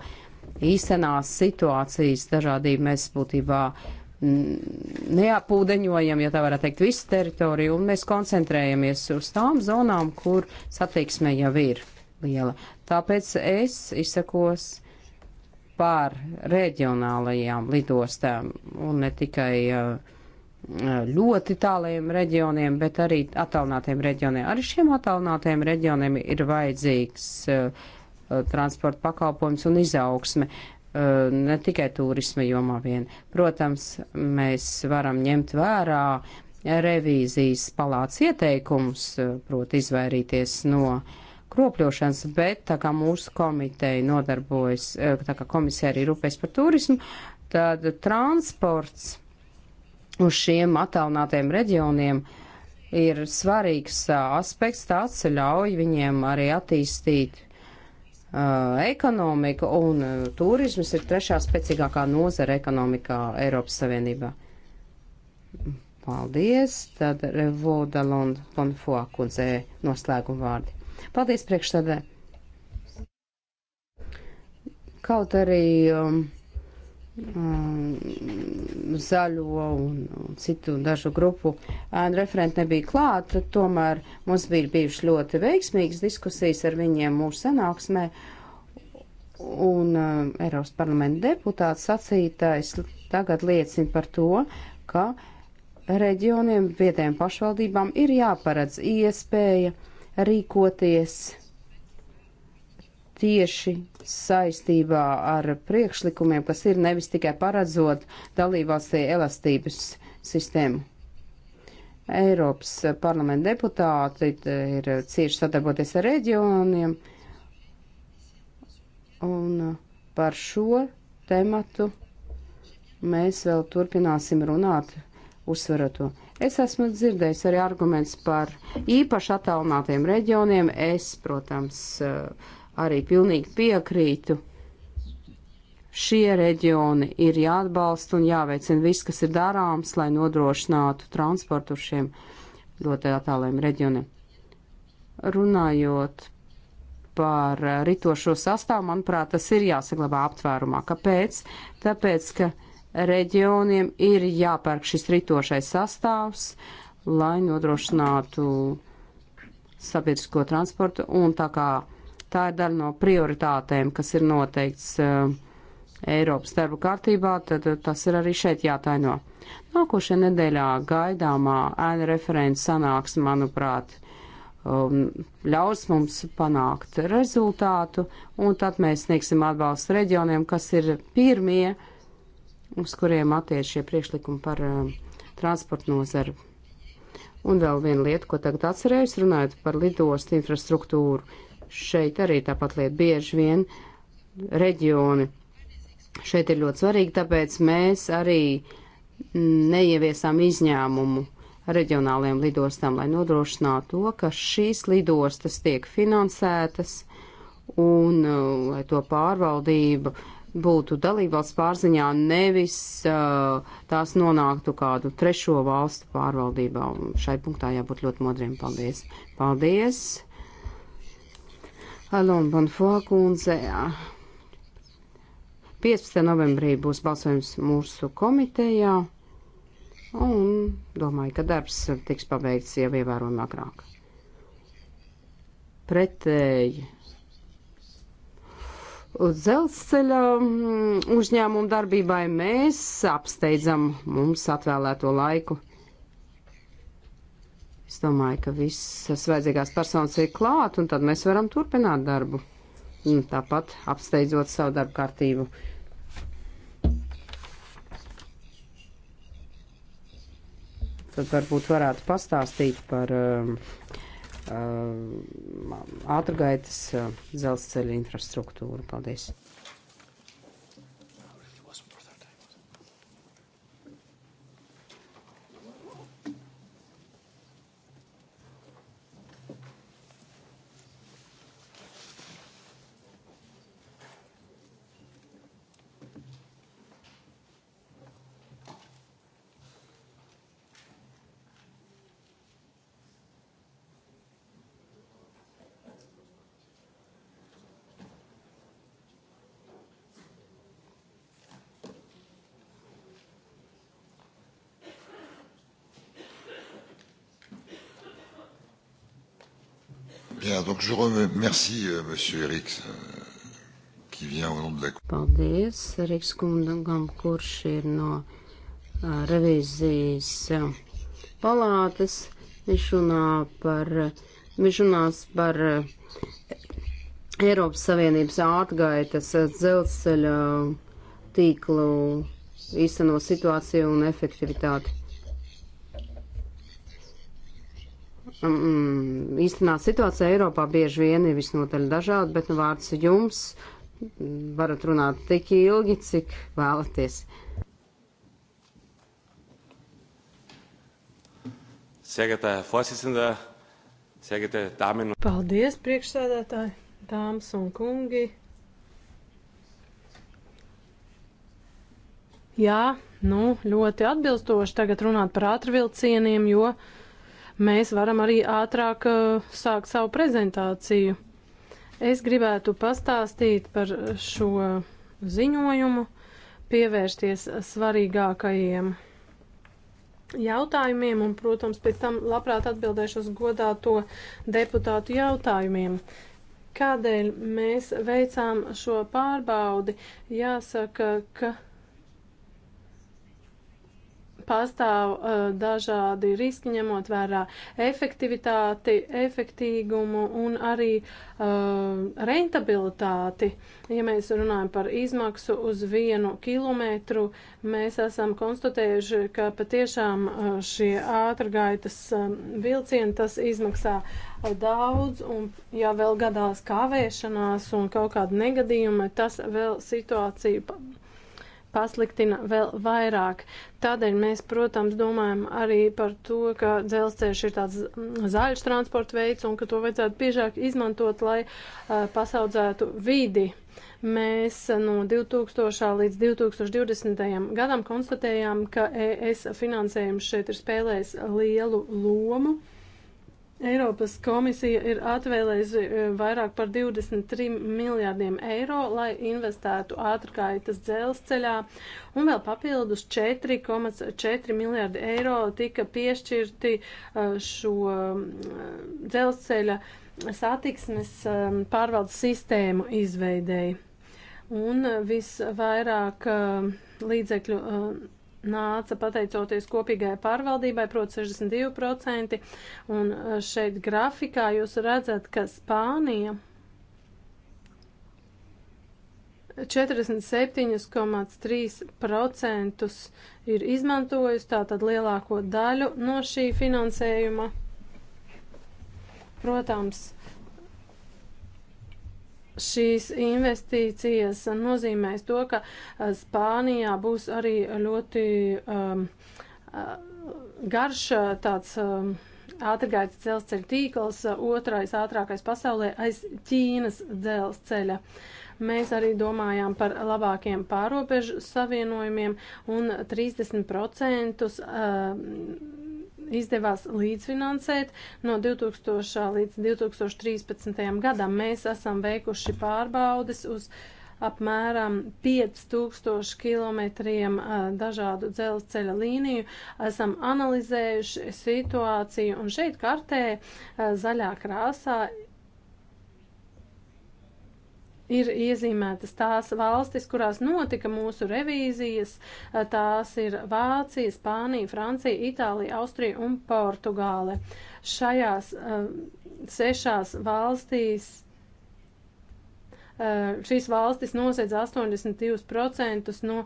īstenās situācijas dažādību. Mēs būtībā mm, neapūdeņojam, ja tā varētu teikt, visu teritoriju, un mēs koncentrējamies uz tām zonām, kur satiksme jau ir liela. Tāpēc es izsakos par reģionālajām lidostām un ne tikai uh, ļoti tālajiem reģioniem, bet arī attālinātiem reģioniem. Arī šiem attālinātiem reģioniem ir vajadzīgs uh, transporta pakalpojums un izaugsme, uh, ne tikai turisma jomā vien. Protams, mēs varam ņemt vērā revīzijas palāts ieteikums, uh, proti izvairīties no kropļošanas, bet tā kā mūsu komiteja nodarbojas, tā kā komisija arī rūpēs par turismu, tad transports uz šiem attālinātiem reģioniem ir svarīgs aspekts, tāds ļauj viņiem arī attīstīt uh, ekonomiku, un uh, turismas ir trešā spēcīgākā nozara ekonomikā Eiropas Savienībā. Paldies, tad Revoda Lond Ponfoa kundzē noslēguma vārdi. Paldies priekšstādē. Kaut arī um, Mm, zaļo un citu dažu grupu referenti nebija klāta, tomēr mums bija bijušas ļoti veiksmīgas diskusijas ar viņiem mūsu sanāksmē, un uh, Eiropas parlamenta deputāts sacītais tagad liecina par to, ka reģioniem, vietējiem pašvaldībām ir jāparedz iespēja rīkoties tieši saistībā ar priekšlikumiem, kas ir nevis tikai paredzot dalībvalstī elastības sistēmu. Eiropas parlamenta deputāti ir cieši sadarboties ar reģioniem, un par šo tematu mēs vēl turpināsim runāt, uzsverot to. Es esmu dzirdējis arī arguments par īpaši attālinātiem reģioniem. Es, protams, uh, arī pilnīgi piekrītu. Šie reģioni ir jāatbalsta un jāveicina viss, kas ir darāms, lai nodrošinātu transportu šiem ļoti attāliem reģioniem. Runājot par ritošo sastāvu, manuprāt, tas ir jāsaglabā aptvērumā. Kāpēc? Tāpēc, ka reģioniem ir jāpērk šis ritošais sastāvs, lai nodrošinātu sabiedrisko transportu un tā kā Tā ir daļa no prioritātēm, kas ir noteikts uh, Eiropas darba kārtībā, tad eh, tas ir arī šeit jātaino. Nākošajā nedēļā gaidāmā ēna referents sanāks, manuprāt, um, ļaus mums panākt rezultātu, un tad mēs sniegsim atbalstu reģioniem, kas ir pirmie, uz kuriem attiec šie priekšlikumi par uh, transportu nozaru. Un vēl viena lieta, ko tagad atcerējos, runājot par lidostu infrastruktūru. Šeit arī tāpat lieta bieži vien reģioni. Šeit ir ļoti svarīgi, tāpēc mēs arī neieviesām izņēmumu reģionāliem lidostām, lai nodrošinātu to, ka šīs lidostas tiek finansētas un uh, lai to pārvaldība būtu dalībvalsts pārziņā, nevis uh, tās nonāktu kādu trešo valstu pārvaldībā. Un šai punktā jābūt ļoti modriem. Paldies! Paldies! Alon Bonfoa kundze. 15. novembrī būs balsojums mūsu komitejā, un domāju, ka darbs tiks pabeigts jau ievērojami agrāk. Pretēji. Dzelzceļa mm, uzņēmumu darbībai mēs apsteidzam mums atvēlēto laiku. Es domāju, ka visas vajadzīgās personas ir klāt, un tad mēs varam turpināt darbu. Un tāpat apsteidzot savu darbu kārtību. Tad varbūt varētu pastāstīt par um, um, ātrgaitas uh, dzelzceļa infrastruktūru. Paldies! Donc je remercie euh, Monsieur Eriks, euh, qui vient au nom de la Paldies, Eriks kungam, kurš ir no uh, revīzijas uh, palātes. Viņš runā par, viņš runās par uh, Eiropas Savienības atgaitas dzelzceļa tīklu īsteno situāciju un efektivitāti. mm, mm īstenā situācija Eiropā bieži vien ir visnotaļ dažāda, bet nu vārds jums varat runāt tik ilgi, cik vēlaties. Sēgatā Fosisinda, sēgatā Tāminu. Paldies, priekšsēdētāji, dāmas un kungi. Jā, nu, ļoti atbilstoši tagad runāt par ātrvilcieniem, jo uh, mēs varam arī ātrāk uh, sākt savu prezentāciju. Es gribētu pastāstīt par šo ziņojumu, pievērsties svarīgākajiem jautājumiem un, protams, pēc tam labprāt atbildēšu uz godāto deputātu jautājumiem. Kādēļ mēs veicām šo pārbaudi? Jāsaka, ka pastāv uh, dažādi riski, ņemot vērā efektivitāti, efektīgumu un arī uh, rentabilitāti. Ja mēs runājam par izmaksu uz vienu kilometru, mēs esam konstatējuši, ka patiešām uh, šie ātrgaitas uh, vilcieni tas izmaksā uh, daudz, un ja vēl gadās kavēšanās un kaut kāda negadījuma, tas vēl situāciju pasliktina vēl vairāk. Tādēļ mēs, protams, domājam arī par to, ka dzelzceļš ir tāds mm, zaļš transporta veids un ka to vajadzētu biežāk izmantot, lai uh, pasaudzētu vidi mēs eh, no 2000. līdz 2020. gadam konstatējām, ka ES finansējums šeit ir spēlējis lielu lomu. Eiropas komisija ir atvēlējusi e, vairāk par 23 miljārdiem eiro, lai investētu ātrkaitas dzelzceļā, un vēl papildus 4,4 miljārdi eiro tika piešķirti e, šo e, dzelzceļa satiksmes pārvaldes sistēmu izveidēji. Un visvairāk līdzekļu nāca pateicoties kopīgai pārvaldībai, proti 62%, un e, šeit grafikā jūs redzat, ka Spānija 47,3% ir izmantojusi tātad lielāko daļu no šī finansējuma. Protams, šīs investīcijas nozīmēs to, ka eh, Spānijā būs arī ļoti um, garš eh, tāds um, ātrgaitas dzelzceļa tīkls, otrais ātrākais pasaulē aiz Ķīnas dzelzceļa. Mēs arī domājām par labākiem pārobežu savienojumiem un 30% uh, um, izdevās līdzfinansēt. No 2000 līdz 2013. gadam mēs esam veikuši pārbaudes uz apmēram 5000 km dažādu dzelzceļa līniju. Esam analizējuši situāciju un šeit kartē zaļā krāsā ir iezīmētas tās valstis, kurās notika mūsu revīzijas. Eh, tās ir Vācija, Spānija, Francija, Itālija, Austrija un Portugāle. Šajās uh, sešās valstīs. Uh, šīs valstis nosedz 82% no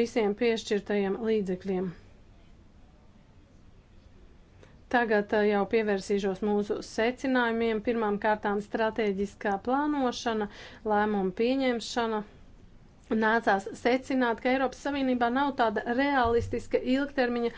visiem piešķirtajiem līdzekļiem. Tagad eh, jau pievērsīšos mūsu secinājumiem. Pirmām kārtām strateģiskā plānošana, lēmuma pieņemšana. Nācās secināt, ka Eiropas Savienībā nav tāda realistiska ilgtermiņa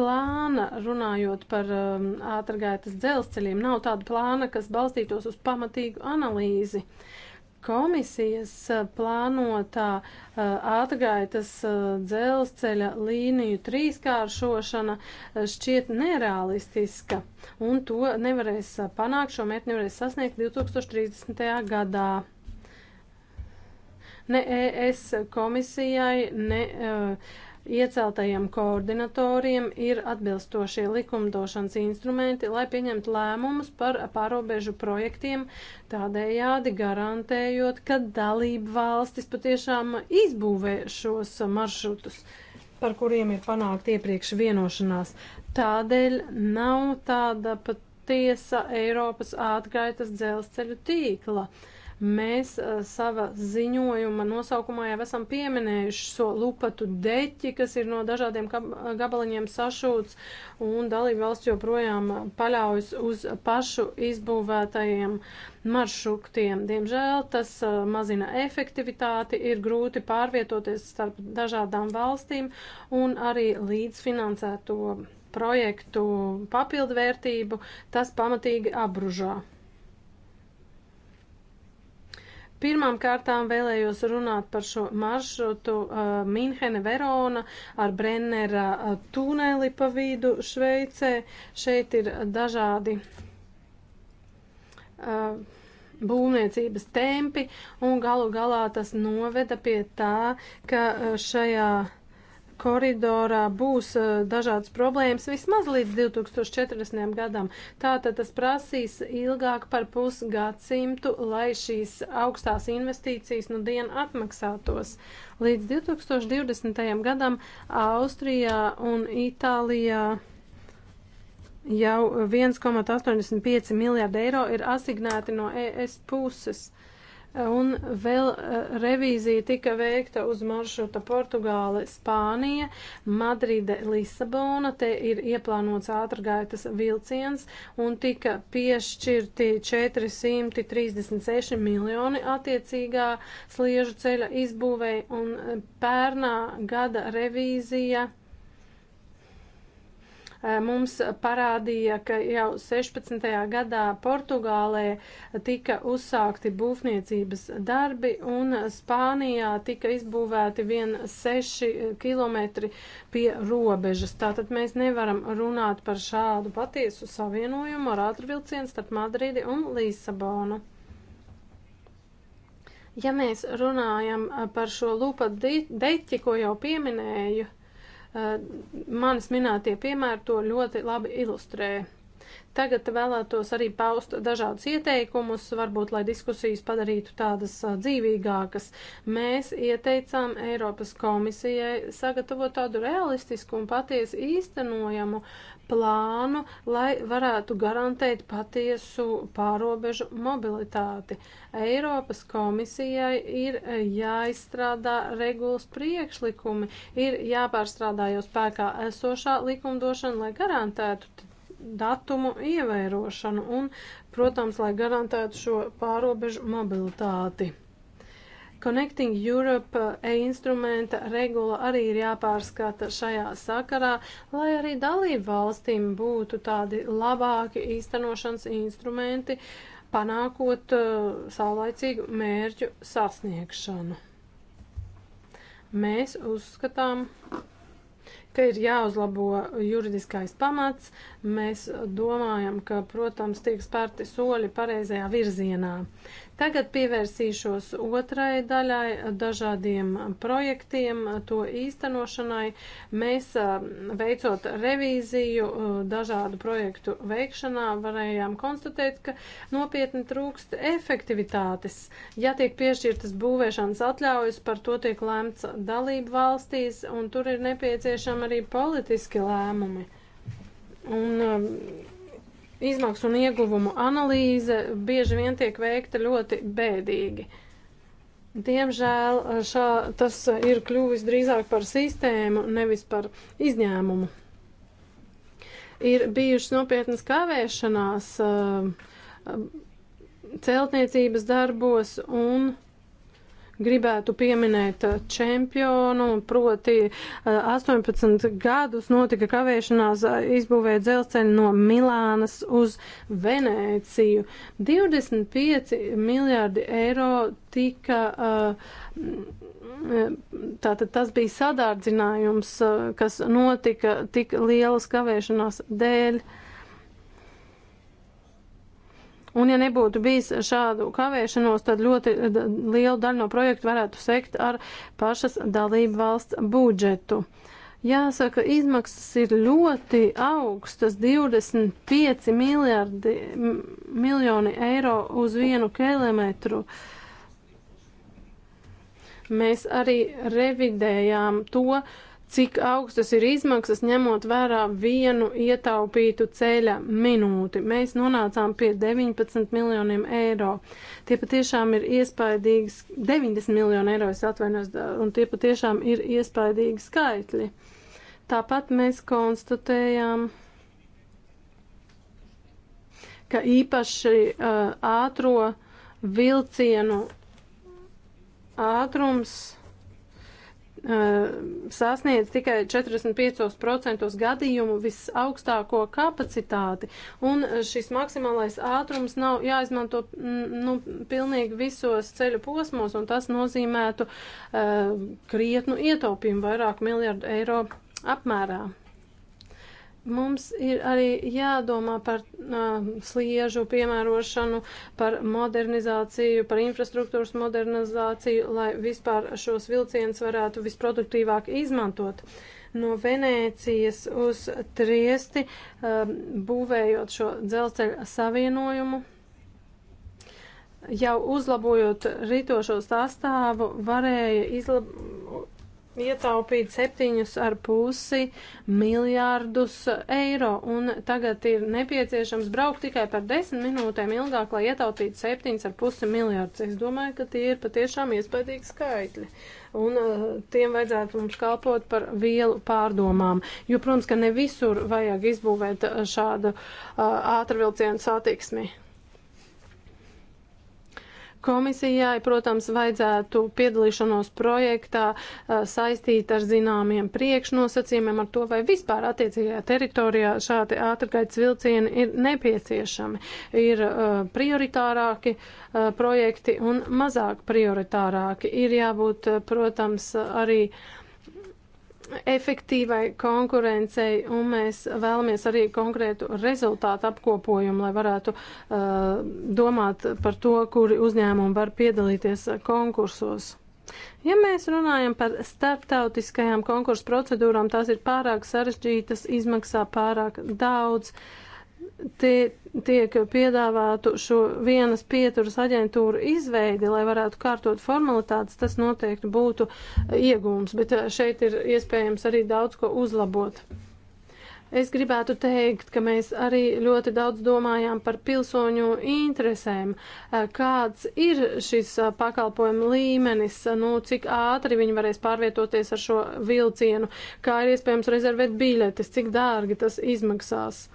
plāna, runājot par um, ātrgaitas dzelzceļiem, nav tāda plāna, kas balstītos uz pamatīgu analīzi. Uh, Komisijas eh, plānotā eh, atgaitas eh, dzelzceļa līniju trīskāršošana šķiet nerealistiska, un to nevarēs panākt, šo mērķi nevarēs sasniegt 2030. gadā ne ES komisijai, ne uh, Ieceltajiem koordinatoriem ir atbilstošie likumdošanas instrumenti, lai pieņemtu lēmumus par pārobežu projektiem, tādējādi garantējot, ka dalību valstis patiešām izbūvē šos maršrutus, par kuriem ir panākt iepriekš vienošanās. Tādēļ nav tāda patiesa Eiropas ātgaitas dzelzceļu tīkla. Uh, Mēs uh, sava ziņojuma nosaukumā jau esam pieminējuši šo so lupatu deķi, kas ir no dažādiem gabaliņiem sašūts, un dalība valsts joprojām uh, paļaujas uz pašu izbūvētajiem maršruktiem. Diemžēl tas uh, mazina efektivitāti, ir grūti pārvietoties starp dažādām valstīm un arī līdzfinansēto projektu papildvērtību, tas pamatīgi apbružā. Pirmām kārtām vēlējos runāt par šo maršrutu uh, Minhene-Verona ar Brennera uh, tuneli pa vidu Šveicē. Šeit ir dažādi. Uh, būvniecības tempi, un galu galā tas noveda pie tā, ka uh, šajā koridorā būs eh, dažādas problēmas vismaz līdz 2040. gadam. Tātad tas prasīs ilgāk par pusgadsimtu, lai šīs augstās investīcijas nu dienu atmaksātos. Līdz 2020. gadam Austrijā un Itālijā jau 1,85 miljārdi eiro ir asignēti no ES puses. Un vēl eh, revīzija tika veikta uz maršruta Portugāle, Spānija, Madride, Lisabona. Te ir ieplānots ātrgaitas vilciens un tika piešķirti 436 miljoni attiecīgā sliežu ceļa izbūvei un eh, pērnā gada revīzija Eh, mums parādīja, ka jau 16. gadā Portugālē tika uzsākti būvniecības darbi un Spānijā tika izbūvēti vien 6 km pie robežas. Tātad mēs nevaram runāt par šādu patiesu savienojumu ar ātrvilcienu starp Madridi un Lisabonu. Ja mēs runājam par šo lupa deķi, ko jau pieminēju, Eh, manis minētie piemēri to ļoti labi ilustrē. Tagad vēlētos arī paust dažādus ieteikumus, varbūt, lai diskusijas padarītu tādas eh, dzīvīgākas. Mēs ieteicām Eiropas komisijai sagatavot tādu realistisku un patiesi īstenojamu uh, plānu, lai varētu garantēt patiesu pārobežu mobilitāti. Eiropas komisijai ir jāizstrādā regulas priekšlikumi, ir jāpārstrādā jau spēkā esošā likumdošana, lai garantētu datumu ievērošanu un, protams, lai garantētu šo pārobežu mobilitāti. Connecting Europe eh, instrumenta regula arī ir jāpārskata šajā sakarā, lai arī dalību valstīm būtu tādi labāki īstenošanas instrumenti, panākot uh, saulaicīgu mērķu sasniegšanu. Mēs uzskatām, ka ir jāuzlabo juridiskais pamats. Mēs domājam, ka, protams, tiek spērti soļi pareizajā virzienā. Uh, Tagad pievērsīšos otrai daļai, dažādiem projektiem, to īstenošanai. Mēs veicot revīziju dažādu projektu veikšanā varējām konstatēt, ka nopietni trūkst efektivitātes. Ja tiek piešķirtas būvēšanas atļaujas, par to tiek lēmts dalību valstīs, un tur ir nepieciešama arī politiski lēmumi. Un, izmaksu un ieguvumu analīze bieži vien tiek veikta ļoti bēdīgi. Diemžēl eh, šā, tas eh, ir kļuvis drīzāk par sistēmu, nevis par izņēmumu. Ir bijušas nopietnas kavēšanās eh, celtniecības darbos un gribētu pieminēt uh, čempionu, proti 18 uh, gadus notika kavēšanās uh, izbūvē dzelzceļu no Milānas uz Venēciju. 25 miljārdi eiro tika, mm, tātad tas bija sadārdzinājums, kas notika tik lielas kavēšanās dēļ. Uh, Un ja nebūtu bijis šādu kavēšanos, tad ļoti lielu daļu no projektu varētu sekt ar pašas dalību valsts budžetu. Jāsaka, izmaksas ir ļoti augstas - 25 miljardi, miljoni eiro uz vienu kilometru. Mēs arī revidējām to, uh, cik augstas ir izmaksas ņemot vērā vienu ietaupītu ceļa minūti. Mēs nonācām pie 19 miljoniem eiro. Tie patiešām ir iespaidīgi, 90 miljoni eiro es atvainos, un tie patiešām ir iespaidīgi skaitļi. Tāpat mēs konstatējām, ka īpaši uh, ātro vilcienu ātrums Uh, sasniedz tikai 45% gadījumu visaugstāko kapacitāti, un uh, šis maksimālais ātrums nav jāizmanto mm, nu, pilnīgi visos ceļu posmos, un tas nozīmētu uh, krietnu ietaupījumu vairāk miljardu eiro apmērā. Mums ir arī jādomā par uh, sliežu piemērošanu, par modernizāciju, par infrastruktūras modernizāciju, lai vispār šos vilcienus varētu visproduktīvāk izmantot. No Venēcijas uz Triesti uh, būvējot šo dzelzceļa savienojumu jau uzlabojot rītošo sastāvu, varēja izlab ietaupīt 7,5 miljārdus eiro, un tagad ir nepieciešams braukt tikai par 10 minūtēm ilgāk, lai ietaupītu 7,5 miljārdus. Es domāju, ka tie ir patiešām iespaidīgi skaitļi, un uh, tiem vajadzētu mums kalpot par vielu pārdomām, jo, protams, ka ne visur vajag izbūvēt uh, šādu uh, ātrvilcienu satiksmi. Komisijai, protams, vajadzētu piedalīšanos projektā saistīt ar zināmiem priekšnosacījumiem, ar to, vai vispār attiecīgajā teritorijā šādi ātrgaitas vilcieni ir nepieciešami. Ir prioritārāki projekti un mazāk prioritārāki. Ir jābūt, protams, arī. Uh, efektīvai konkurencei, un mēs vēlamies arī konkrētu rezultātu apkopojumu, lai varētu uh, domāt par to, kuri uzņēmumi var piedalīties konkursos. Ja mēs runājam par starptautiskajām konkursu procedūrām, tās ir pārāk sarežģītas, izmaksā pārāk daudz. Uh, tie, tiek piedāvātu šo vienas pieturas aģentūru izveidi, lai varētu kārtot formalitātes, tas noteikti būtu iegūms, bet eh, šeit ir iespējams arī daudz ko uzlabot. Es gribētu teikt, ka mēs arī ļoti daudz domājām par pilsoņu interesēm, eh, kāds ir šis eh, pakalpojuma līmenis, nu, cik ātri viņi varēs pārvietoties ar šo vilcienu, kā ir iespējams rezervēt biļetes, cik dārgi tas izmaksās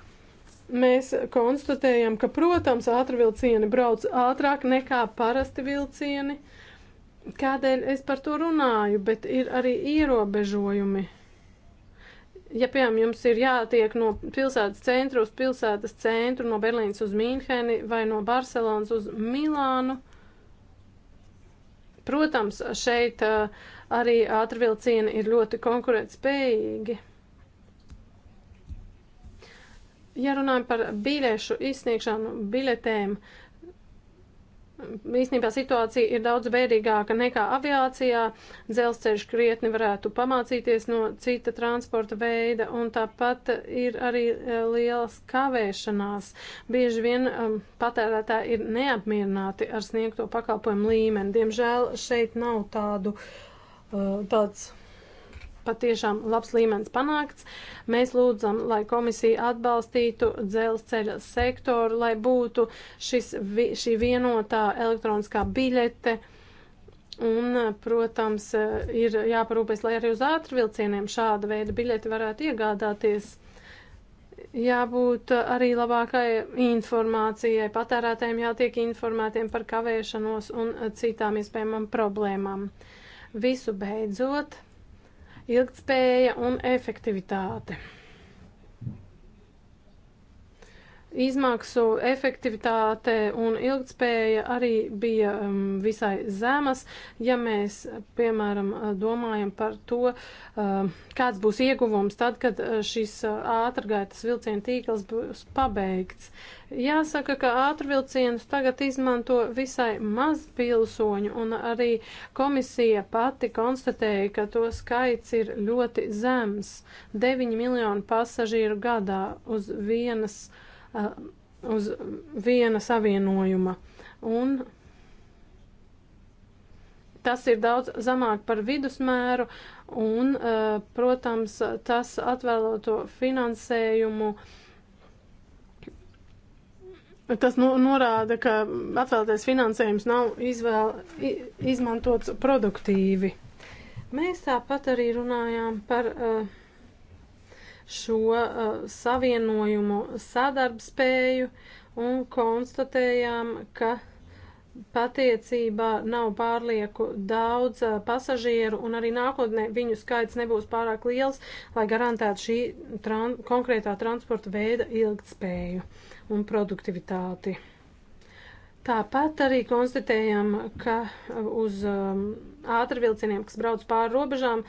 mēs konstatējam, ka, protams, ātrvilcieni brauc ātrāk nekā parasti vilcieni. Kādēļ es par to runāju, bet ir arī ierobežojumi. Ja, piemēram, jums ir jātiek no pilsētas centra uz pilsētas centru, no Berlīnas uz Mīnheni vai no Barcelonas uz Milānu, protams, šeit uh, arī ātrvilcieni ir ļoti konkurētspējīgi. spējīgi. Ja runājam par biļešu izsniegšanu, biļetēm, īstenībā situācija ir daudz bēdīgāka nekā aviācijā. Dzelzceļš krietni varētu pamācīties no cita transporta veida, un tāpat ir arī e, lielas kavēšanās. Bieži vien um, patērētāji ir neapmierināti ar sniegto pakalpojumu līmeni. Diemžēl šeit nav tādu uh, tāds patiešām labs līmenis panākts. Mēs lūdzam, lai komisija atbalstītu dzelzceļa sektoru, lai būtu šis, šī vienotā elektroniskā biļete. Un, protams, ir jāparūpēs, lai arī uz ātrvilcieniem šāda veida biļeti varētu iegādāties. Jābūt arī labākai informācijai, patērētājiem jātiek informētiem par kavēšanos un citām iespējamām problēmām. Visu beidzot, ilgtspēja un efektivitāte. izmaksu efektivitāte un ilgtspēja arī bija um, visai zemas. Ja mēs, piemēram, domājam par to, um, kāds būs ieguvums tad, kad uh, šis uh, ātrgaitas vilcienu tīkls būs pabeigts. Jāsaka, ka ātrvilcienus tagad izmanto visai maz pilsoņu, un arī komisija pati konstatēja, ka to skaits ir ļoti zems - 9 miljonu pasažīru gadā uz vienas uh, uz viena savienojuma. Un tas ir daudz zemāk par vidusmēru, un, protams, tas atvēloto finansējumu. Tas nu, norāda, ka atvēlētais finansējums nav izvēl, izmantots produktīvi. Mēs tāpat arī runājām par uh, šo uh, savienojumu sadarbspēju un konstatējām, ka patiecībā nav pārlieku daudz uh, pasažieru un arī nākotnē viņu skaits nebūs pārāk liels, lai garantētu šī tran konkrētā transporta veida ilgtspēju un produktivitāti. Tāpat arī konstatējam, ka uz um, ātrvilcieniem, kas brauc pāri robežām,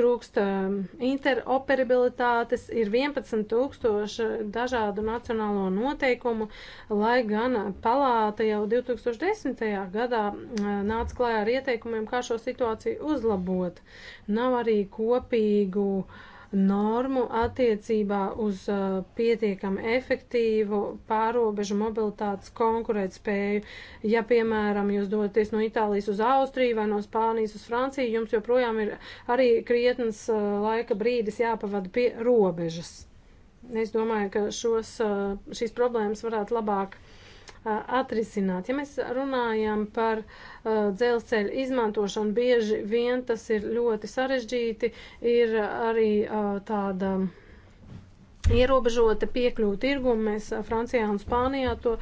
trūkst um, interoperabilitātes, ir 11 tūkstoši dažādu nacionālo noteikumu, lai gan palāta jau 2010. gadā uh, nāca klājā ar ieteikumiem, kā šo situāciju uzlabot. Nav arī kopīgu uh, normu attiecībā uz uh, pietiekami efektīvu pārobežu mobilitātes konkurētspēju. Ja, piemēram, jūs doties no Itālijas uz Austriju vai no Spānijas uz Franciju, jums joprojām ir arī krietnes uh, laika brīdis jāpavada pie robežas. Es domāju, ka šos, uh, šīs problēmas varētu labāk atrisināt. Ja mēs runājam par dzelzceļa izmantošanu, bieži vien tas ir ļoti sarežģīti, ir arī tāda ierobežota piekļuva tirgumu. Mēs Francijā un Spānijā to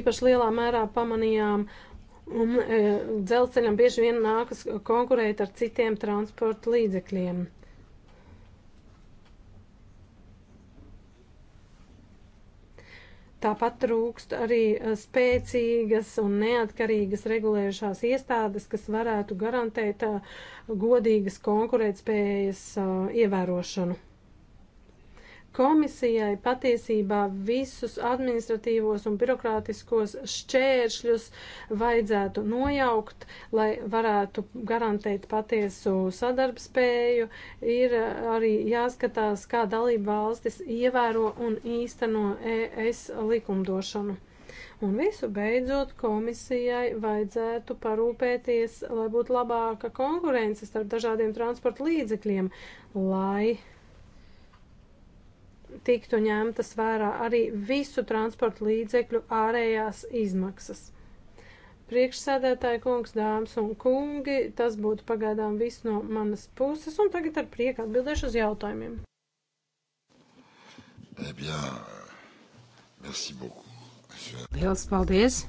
īpaši lielā mērā pamanījām. Un e, dzelzceļam bieži vien nākas konkurēt ar citiem transporta līdzekļiem. E, Tāpat trūkst arī eh, spēcīgas un neatkarīgas regulējušās iestādes, kas varētu garantēt eh, godīgas konkurētspējas eh, ievērošanu. Komisijai patiesībā visus administratīvos un birokrātiskos šķēršļus vajadzētu nojaukt, lai varētu garantēt patiesu sadarbspēju. Ir arī jāskatās, kā dalība valstis ievēro un īsteno ES likumdošanu. Un visu beidzot komisijai vajadzētu parūpēties, lai būtu labāka konkurence starp dažādiem transporta līdzekļiem, lai tiktu ņemtas vērā arī visu transporta līdzekļu ārējās izmaksas. Priekšsēdētāji kungs, dāmas un kungi, tas būtu pagaidām viss no manas puses, un tagad ar prieku atbildēšu uz jautājumiem. Eh bien, merci beaucoup. Liels paldies!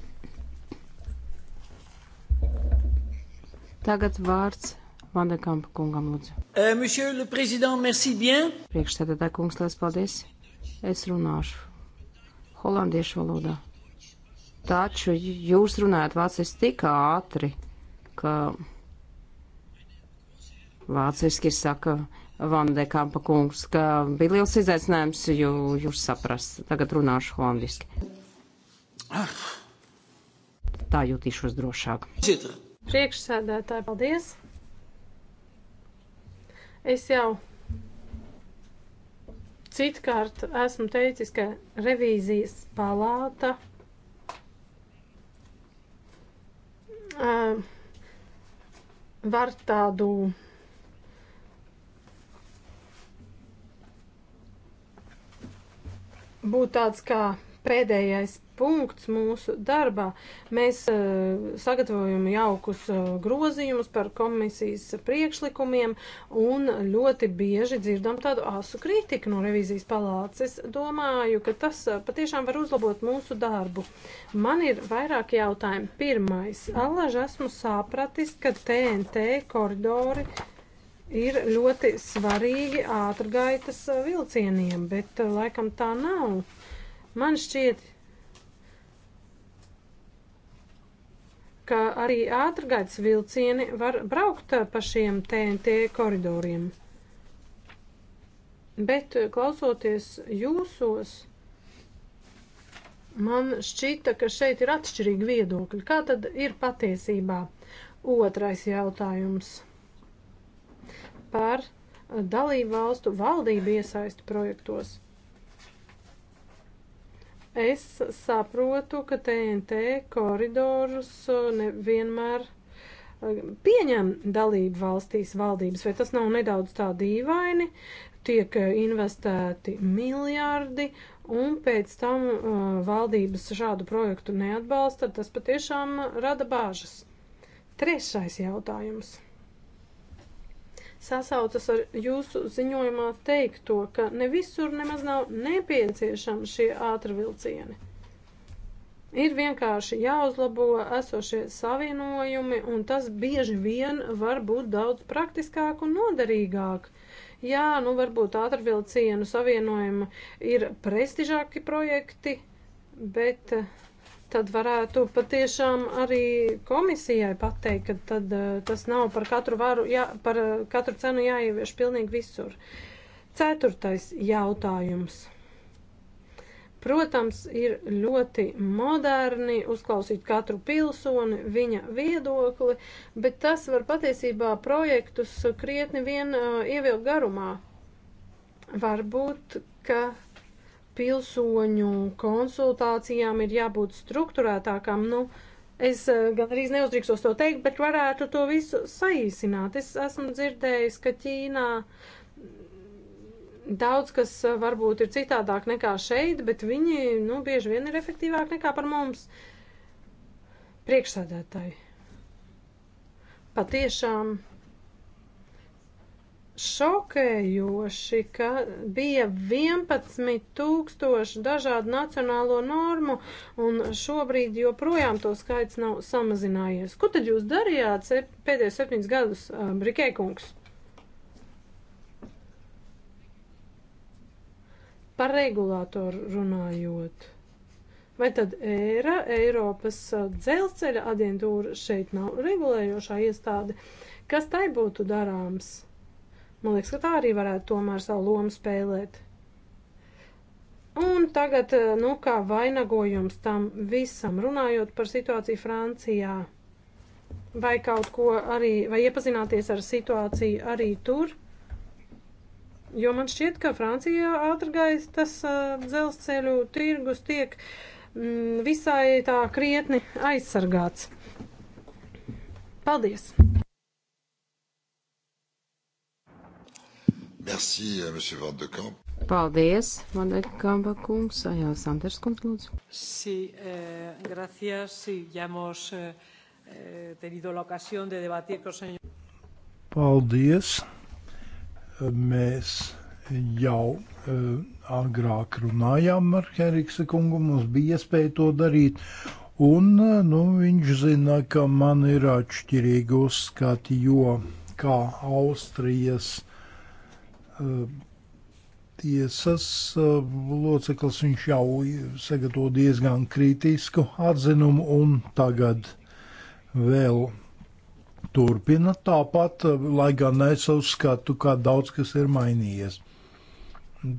Tagad vārds Vandekampa kungam lūdzu. Euh, monsieur le Président, merci bien. Priekšstādātāja kungs, liels paldies. Es runāšu holandiešu valodā. Taču jūs runājat vāciski tik ātri, ka vāciski saka Vandekampa kungs, ka bija liels izaicinājums jū, jūs saprast. Tagad runāšu holandiski. Ah. Tā jutīšos drošāk. Priekšsēdētāji, paldies! Es jau citkārt esmu teicis, ka revīzijas palāta uh, var tādu būt tāds kā pēdējais punkts mūsu darbā. Mēs uh, sagatavojam jaukus uh, grozījumus par komisijas priekšlikumiem un ļoti bieži dzirdam tādu asu kritiku no revīzijas palāces. Domāju, ka tas uh, patiešām var uzlabot mūsu darbu. Man ir vairāk jautājumu. Pirmais, allaž esmu sapratis, ka TNT koridori ir ļoti svarīgi ātrgaitas vilcieniem, bet laikam tā nav Man šķiet, ka arī ātrgaitas vilcieni var braukt pa šiem TNT koridoriem. Bet klausoties jūsos, man šķita, ka šeit ir atšķirīgi viedokļi. Kā tad ir patiesībā? Otrais jautājums par dalību valstu valdību iesaistu projektos. Es saprotu, ka TNT koridorus uh, nevienmēr uh, pieņem dalību valstīs valdības, vai tas nav nedaudz tā dīvaini, tiek uh, investēti miljardi, un pēc tam uh, valdības šādu projektu neatbalsta, tas patiešām rada bāžas. Trešais jautājums sasaucas ar jūsu ziņojumā teikto, ka ne visur nemaz nav nepieciešami šie ātrvilcieni. Ir vienkārši jāuzlabo esošie savienojumi, un tas bieži vien var būt daudz praktiskāk un noderīgāk. Jā, nu varbūt ātrvilcienu savienojuma ir prestižāki projekti, bet uh, tad varētu patiešām arī komisijai pateikt, ka tad eh, tas nav par katru, varu, jā, par eh, katru cenu jāievieš pilnīgi visur. Ceturtais jautājums. Protams, ir ļoti moderni uzklausīt katru pilsoni, viņa viedokli, bet tas var patiesībā projektus krietni vien uh, ievilkt garumā. Varbūt, ka pilsoņu konsultācijām ir jābūt struktūrētākām. Nu, es eh, gan arī neuzdrīkstos to teikt, bet varētu to visu saīsināt. Es esmu dzirdējis, ka Ķīnā daudz kas eh, varbūt ir citādāk nekā šeit, bet viņi, nu, bieži vien ir efektīvāk nekā par mums priekšsēdētāji. Patiešām šokējoši, ka bija 11,000 dažādu nacionālo normu, un šobrīd joprojām to skaits nav samazinājies. Ko tad jūs darījāt pēdējos septiņus gadus, Brikēkungs? Par regulātoru runājot. Vai tad ERA, Eiropas dzelzceļa aģentūra, šeit nav regulējošā iestāde? Kas tai būtu darāms? Man liekas, ka tā arī varētu tomēr savu lomu spēlēt. Un tagad, eh, nu, kā vainagojums tam visam, runājot par situāciju Francijā, vai kaut ko arī, vai iepazināties ar situāciju arī tur, jo man šķiet, ka Francijā ātrgais tas uh, eh, dzelzceļu tirgus tiek mm, visai tā krietni aizsargāts. Paldies! Merci, euh, monsieur Van de Kamp. Paldies, Van de Kampa kungs. Jā, Sanders kungs, lūdzu. Sí, eh, gracias. Sí, ya hemos eh, eh tenido la ocasión de debatir con señor. Paldies. Mēs jau eh, agrāk runājām ar Heriksa kungu, mums bija iespēja to darīt. Un eh, nu, viņš zina, ka man ir atšķirīgi uzskati, jo kā Austrijas uh, tiesas eh, loceklis, viņš jau sagatavo diezgan kritisku atzinumu un tagad vēl turpina tāpat, eh, lai gan es uzskatu, ka daudz kas ir mainījies.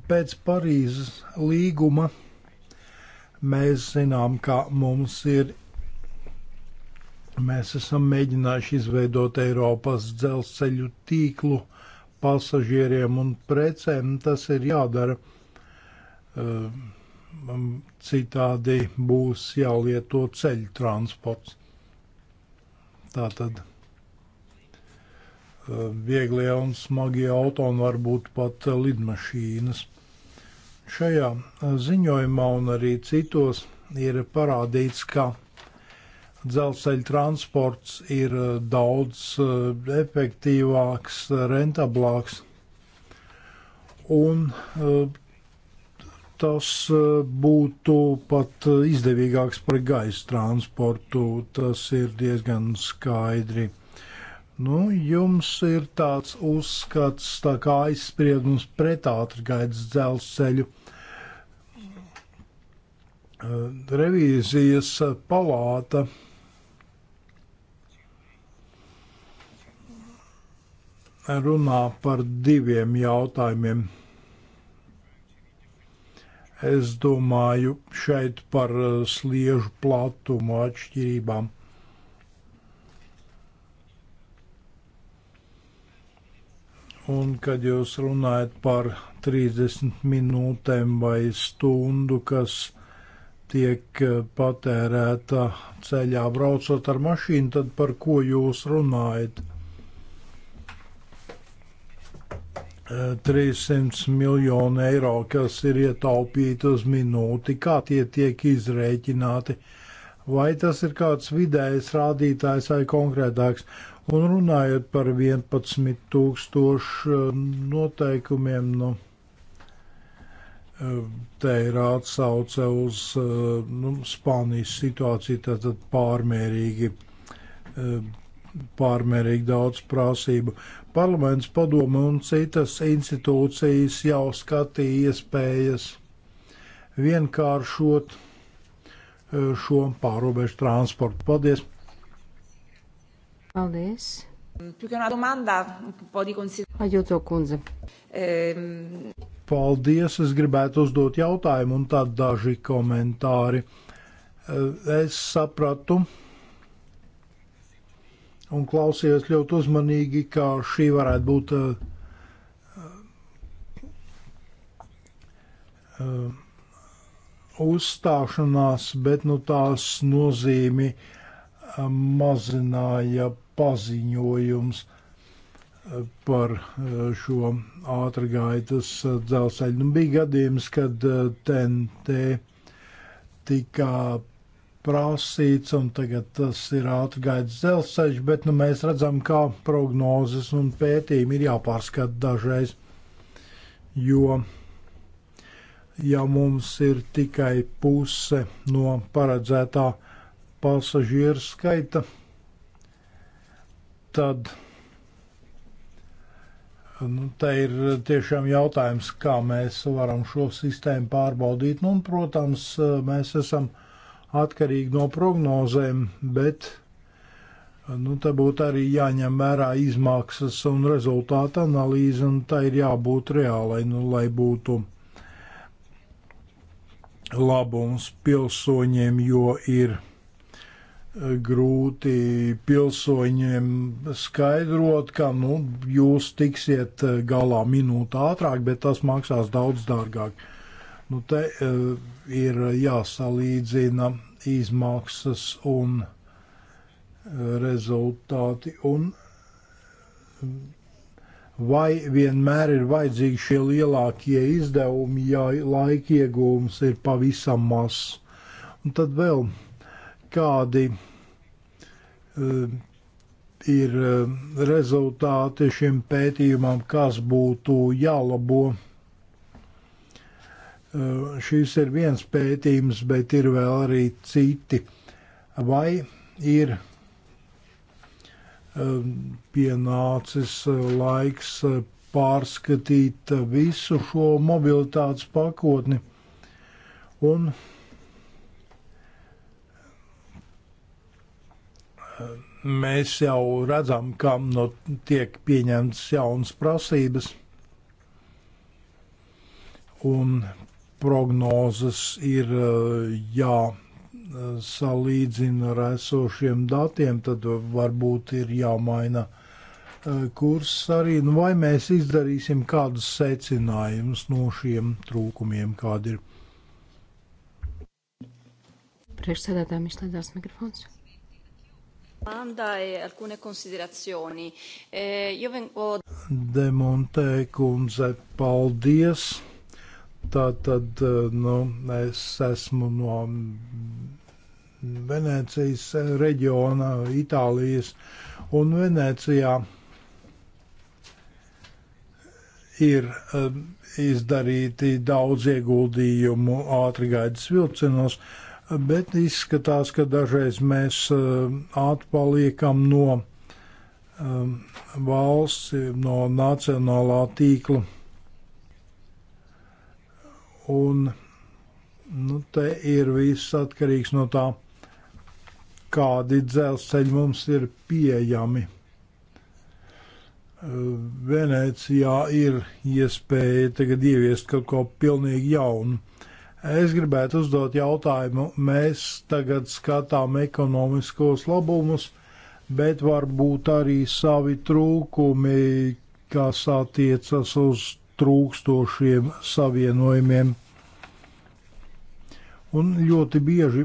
Pēc Parīzes līguma mēs zinām, ka mums ir, mēs esam mēģinājuši izveidot Eiropas dzelzceļu tīklu pasažieriem un precēm. Tas ir jādara. Ehm, citādi būs jālieto ceļu transports. Tātad ehm, vieglie un smagie auto un varbūt pat lidmašīnas. Šajā ehm, ziņojumā un arī citos ir parādīts, ka dzelzceļa transports ir eh, daudz eh, efektīvāks, eh, rentablāks. Un tas būtu pat izdevīgāks par gaisa transportu. Tas ir diezgan skaidri. Nu, jums ir tāds uzskats, tā kā aizspriedums pret ātrgaitas dzelzceļu. Revīzijas palāta runā par diviem jautājumiem. Es domāju šeit par uh, sliežu platumu atšķirībām. Un kad jūs runājat par 30 minūtēm vai stundu, kas tiek uh, patērēta ceļā braucot ar mašīnu, tad par ko jūs runājat? 300 miljoni eiro, kas ir ietaupīti uz minūti, kā tie tiek izrēķināti, vai tas ir kāds vidējs rādītājs vai konkrētāks. Un runājot par 11 tūkstošu noteikumiem, nu, te ir atsauce uz nu, Spānijas situāciju, tātad pārmērīgi pārmērīgi daudz prasību. Parlaments, padome un citas institūcijas jau skatīja iespējas vienkāršot e, šo pārobežu transportu. Paldies! Paldies! Più che una domanda, un po' di considerazione. Aiuto, Kunze. Um... Ehm. Paldies, es gribētu uzdot jautājumu un tad daži komentāri. E, es sapratu, un klausies ļoti uzmanīgi, kā šī varētu būt uh, uh, uzstāšanās, bet nu, tās nozīmi uh, mazināja paziņojums par šo ātrgaitas dzelzceļu. Nu, bija gadījums, kad TNT tika prasīts, un tagad tas ir ātrgaitas dzelzceļš, bet nu, mēs redzam, kā prognozes un pētījumi ir jāpārskata dažreiz, jo ja mums ir tikai puse no paredzētā pasažieru skaita, tad nu, te ir tiešām jautājums, kā mēs varam šo sistēmu pārbaudīt. Nu, un, protams, mēs esam uh, atkarīgi no prognozēm, bet nu, te būtu arī jāņem vērā izmaksas un rezultāta analīze, un tā ir jābūt reālai, nu, lai būtu labums pilsoņiem, jo ir eh, grūti pilsoņiem skaidrot, ka nu, jūs tiksiet eh, galā minūtā ātrāk, bet tas maksās daudz dārgāk. Nu, te uh, ir jāsalīdzina izmaksas un eh, rezultāti, un mm, vai vienmēr ir vajadzīgi šie lielākie izdevumi, ja laika iegūms ir pavisam mazs. Un tad vēl kādi uh, ir eh, rezultāti šim pētījumam, kas būtu jālabo. Eh, Šīs ir viens pētījums, bet ir vēl arī citi. Vai ir eh, pienācis eh, laiks pārskatīt visu šo mobilitātes pakotni? Un mēs jau redzam, kam no tiek pieņemtas jaunas prasības. Un prognozes ir eh, jāsalīdzina eh, ar esošiem datiem, tad varbūt ir jāmaina eh, kurs arī. Nu, vai mēs izdarīsim kādus secinājumus no šiem trūkumiem, kādi ir? Priekšsēdētājiem izslēdzās mikrofons. Domanda e alcune considerazioni. Eh, io vengo... Demonte Kunze, paldies! Tā tad eh, nu, es esmu no Venecijas reģiona, Itālijas, un Venecijā ir eh, izdarīti daudz ieguldījumu ātri gaidas vilcienos, bet izskatās, ka dažreiz mēs eh, atpaliekam no valsts, no nacionālā tīkla. Un nu, te ir viss atkarīgs no tā, kādi dzelzceļi mums ir pieejami. Eh, Venecijā ir iespēja tagad ieviest kaut ko pilnīgi jaunu. Es gribētu uzdot jautājumu. Mēs tagad skatām ekonomiskos labumus, bet varbūt arī savi trūkumi, kas attiecas uz trūkstošiem savienojumiem. Un ļoti bieži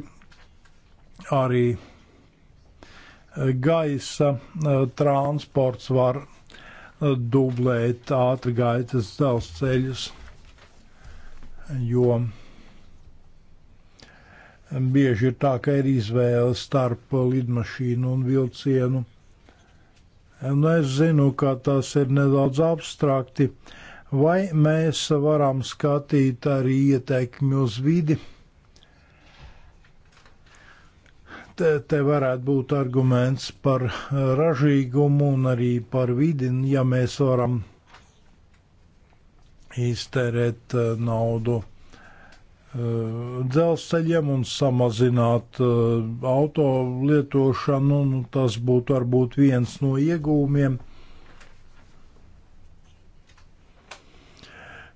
arī eh, gaisa eh, transports var eh, dublēt ātrgaitas dzelzceļus, jo bieži ir tā, ka ir izvēle starp lidmašīnu un vilcienu. Un es zinu, ka tas ir nedaudz abstrakti, uh, Vai mēs varam skatīt arī ieteikmi uz vidi? Te, te varētu būt arguments par ražīgumu un arī par vidi, ja mēs varam iztērēt eh, naudu eh, dzelzceļiem un samazināt eh, auto lietošanu. Nu, tas būtu varbūt viens no iegūmiem.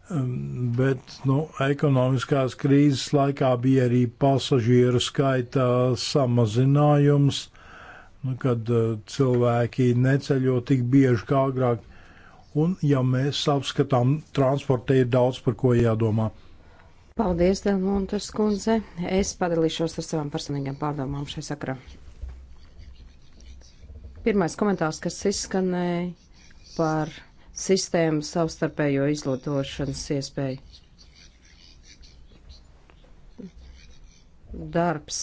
Um, bet nu, ekonomiskās krīzes laikā bija arī pasažieru skaita samazinājums, nu, kad uh, cilvēki neceļo tik bieži kā agrāk. Un, ja mēs apskatām, transportē ir daudz par ko jādomā. Paldies, Delmontas kundze. Es padalīšos ar savām personīgām pārdomām šai sakrā. Pirmais komentārs, kas izskanēja par sistēmu savstarpējo izlietošanas iespēju. Darbs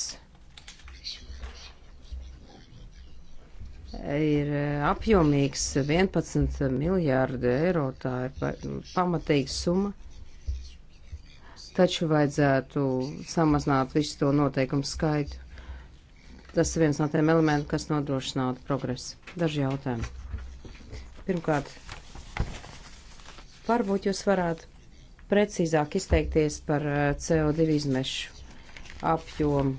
ir apjomīgs 11 miljārdi eiro, tā ir pamatīga summa. Taču vajadzētu samazināt visu to noteikumu skaitu. Tas ir viens no tiem elementiem, kas nodrošinātu progresu. Daži jautājumi. Pirmkārt, Varbūt jūs varētu precīzāk izteikties par eh, CO2 izmešu apjomu.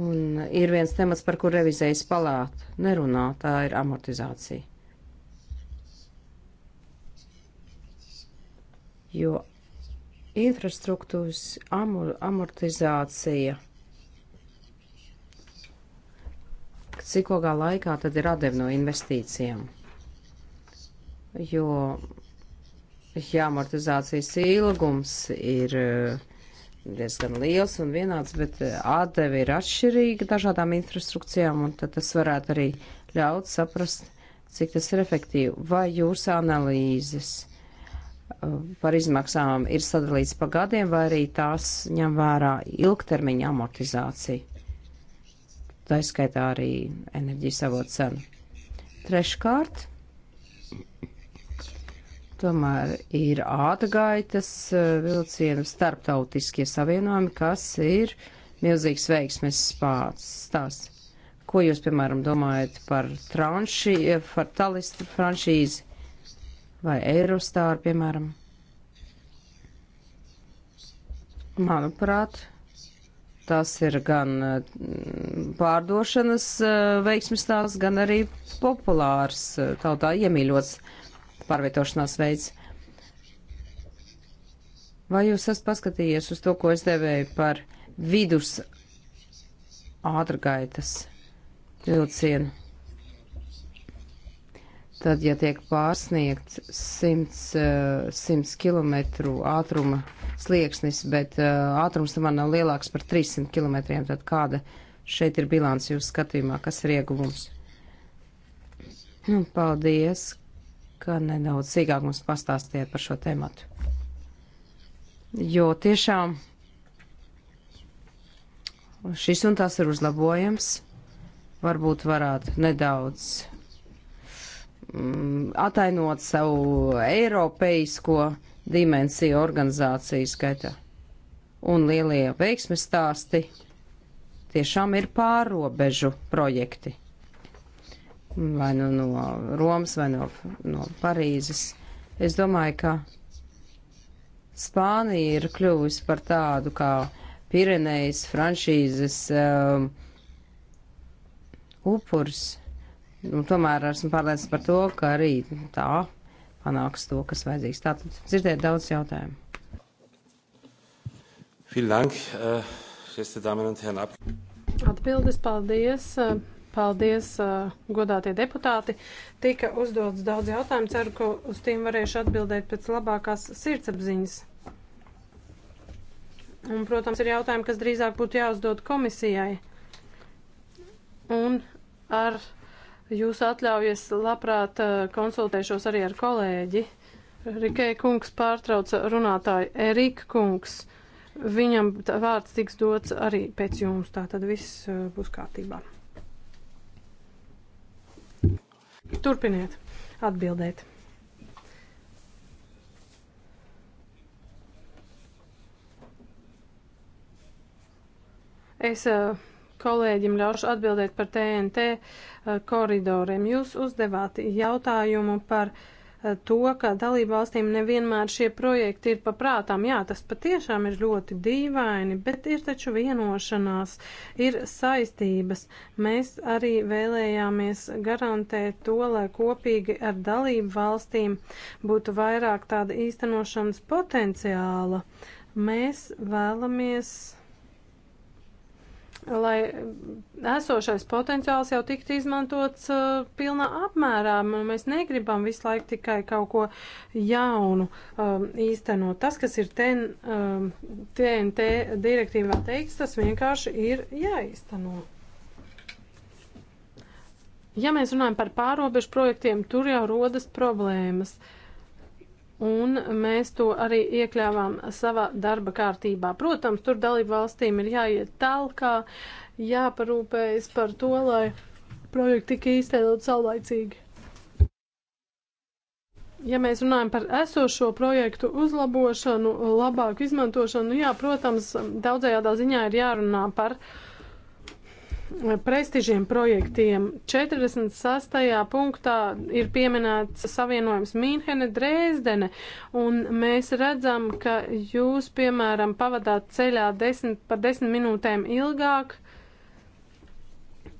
Un ir viens temats, par kur revizējas palāta nerunā, tā ir amortizācija. Jo infrastruktūras amortizācija nonāk, cik ilgā laikā tad ir atdevi no investīcijām. Jo, ja amortizācijas ilgums ir eh, diezgan liels un vienāds, bet eh, atdevi ir atšķirīga dažādām infrastrukcijām, un tad tas varētu arī ļaut saprast, cik tas ir efektīvi. Vai jūsu analīzes eh, par izmaksām ir sadalīts pa gadiem, vai arī tās ņem vērā ilgtermiņa amortizāciju? tā izskaitā arī enerģijas avotu cenu. Treškārt, tomēr ir ātrgaitas vilcienu starptautiskie savienojumi, kas ir milzīgs veiksmes stāsts. Ko jūs, piemēram, domājat par tranši, par talistu franšīzi vai Eirostāru, piemēram? Manuprāt, Tas ir gan mm, pārdošanas eh, veiksmes tās, gan arī populārs, eh, tautā iemīļots pārvietošanās veids. Vai jūs esat paskatījies uz to, ko es devēju par vidus ātrgaitas vilcienu? tad, ja tiek pārsniegts 100, 100 km ātruma slieksnis, bet eh, ātrums tam nav lielāks par 300 km, tad kāda šeit ir bilants jūsu skatījumā, kas ir ieguvums? Nu, paldies, ka nedaudz sīkāk mums pastāstījāt par šo tēmatu. Jo tiešām šis un tas ir uzlabojams. Varbūt varētu nedaudz Mm, atainot savu eiropeisko dimensiju organizāciju skaitā. Un lielie veiksmes stāsti tiešām ir pārobežu projekti. Vai nu no Romas, vai no, no Parīzes. Es domāju, ka Spānija ir kļuvusi par tādu kā Pirenejas franšīzes um, upurs. Nu, tomēr esmu pārliecināts par to, ka arī tā panāks to, kas vajadzīgs. Tātad dzirdēt daudz jautājumu. Äh, Atbildes paldies. Äh, paldies, äh, godātie deputāti. Tika uzdots daudz jautājumu. Ceru, ka uz tiem varēšu atbildēt pēc labākās sirdsapziņas. Un, protams, ir jautājumi, kas drīzāk būtu jāuzdod komisijai. Un ar Jūs atļaujies, labprāt, eh, konsultēšos arī ar kolēģi. Rikēja kungs pārtrauca runātāju Erika kungs. Viņam vārds tiks dots arī pēc jums, tā tad viss eh, būs kārtībā. Turpiniet atbildēt. Es uh, kolēģim ļaušu atbildēt par TNT eh, koridoriem. Jūs uzdevāt jautājumu par eh, to, ka dalību valstīm nevienmēr šie projekti ir paprātām. Jā, tas patiešām ir ļoti dīvaini, bet ir taču vienošanās, ir saistības. Mēs arī vēlējāmies garantēt to, lai kopīgi ar dalību valstīm būtu vairāk tāda īstenošanas potenciāla. Mēs vēlamies lai esošais potenciāls jau tiktu izmantots uh, pilnā apmērā. Mēs negribam visu laiku tikai kaut ko jaunu um, īstenot. Tas, kas ir ten, um, TNT direktīvā teikts, tas vienkārši ir jāīsteno. Ja mēs runājam par pārobežu projektiem, tur jau rodas problēmas. Uh, un mēs to arī iekļāvām savā darba kārtībā. Protams, tur dalību valstīm ir jāiet talkā, jāparūpējas par to, lai projekti tika īstenot saulaicīgi. Ja mēs runājam par esošo projektu uzlabošanu, labāku izmantošanu, jā, protams, daudzējādā ziņā ir jārunā par uh, prestižiem projektiem. 46. punktā ir pieminēts savienojums Mīnhene, Dresdene, un mēs redzam, ka jūs, piemēram, pavadāt ceļā 10, par 10 minūtēm ilgāk,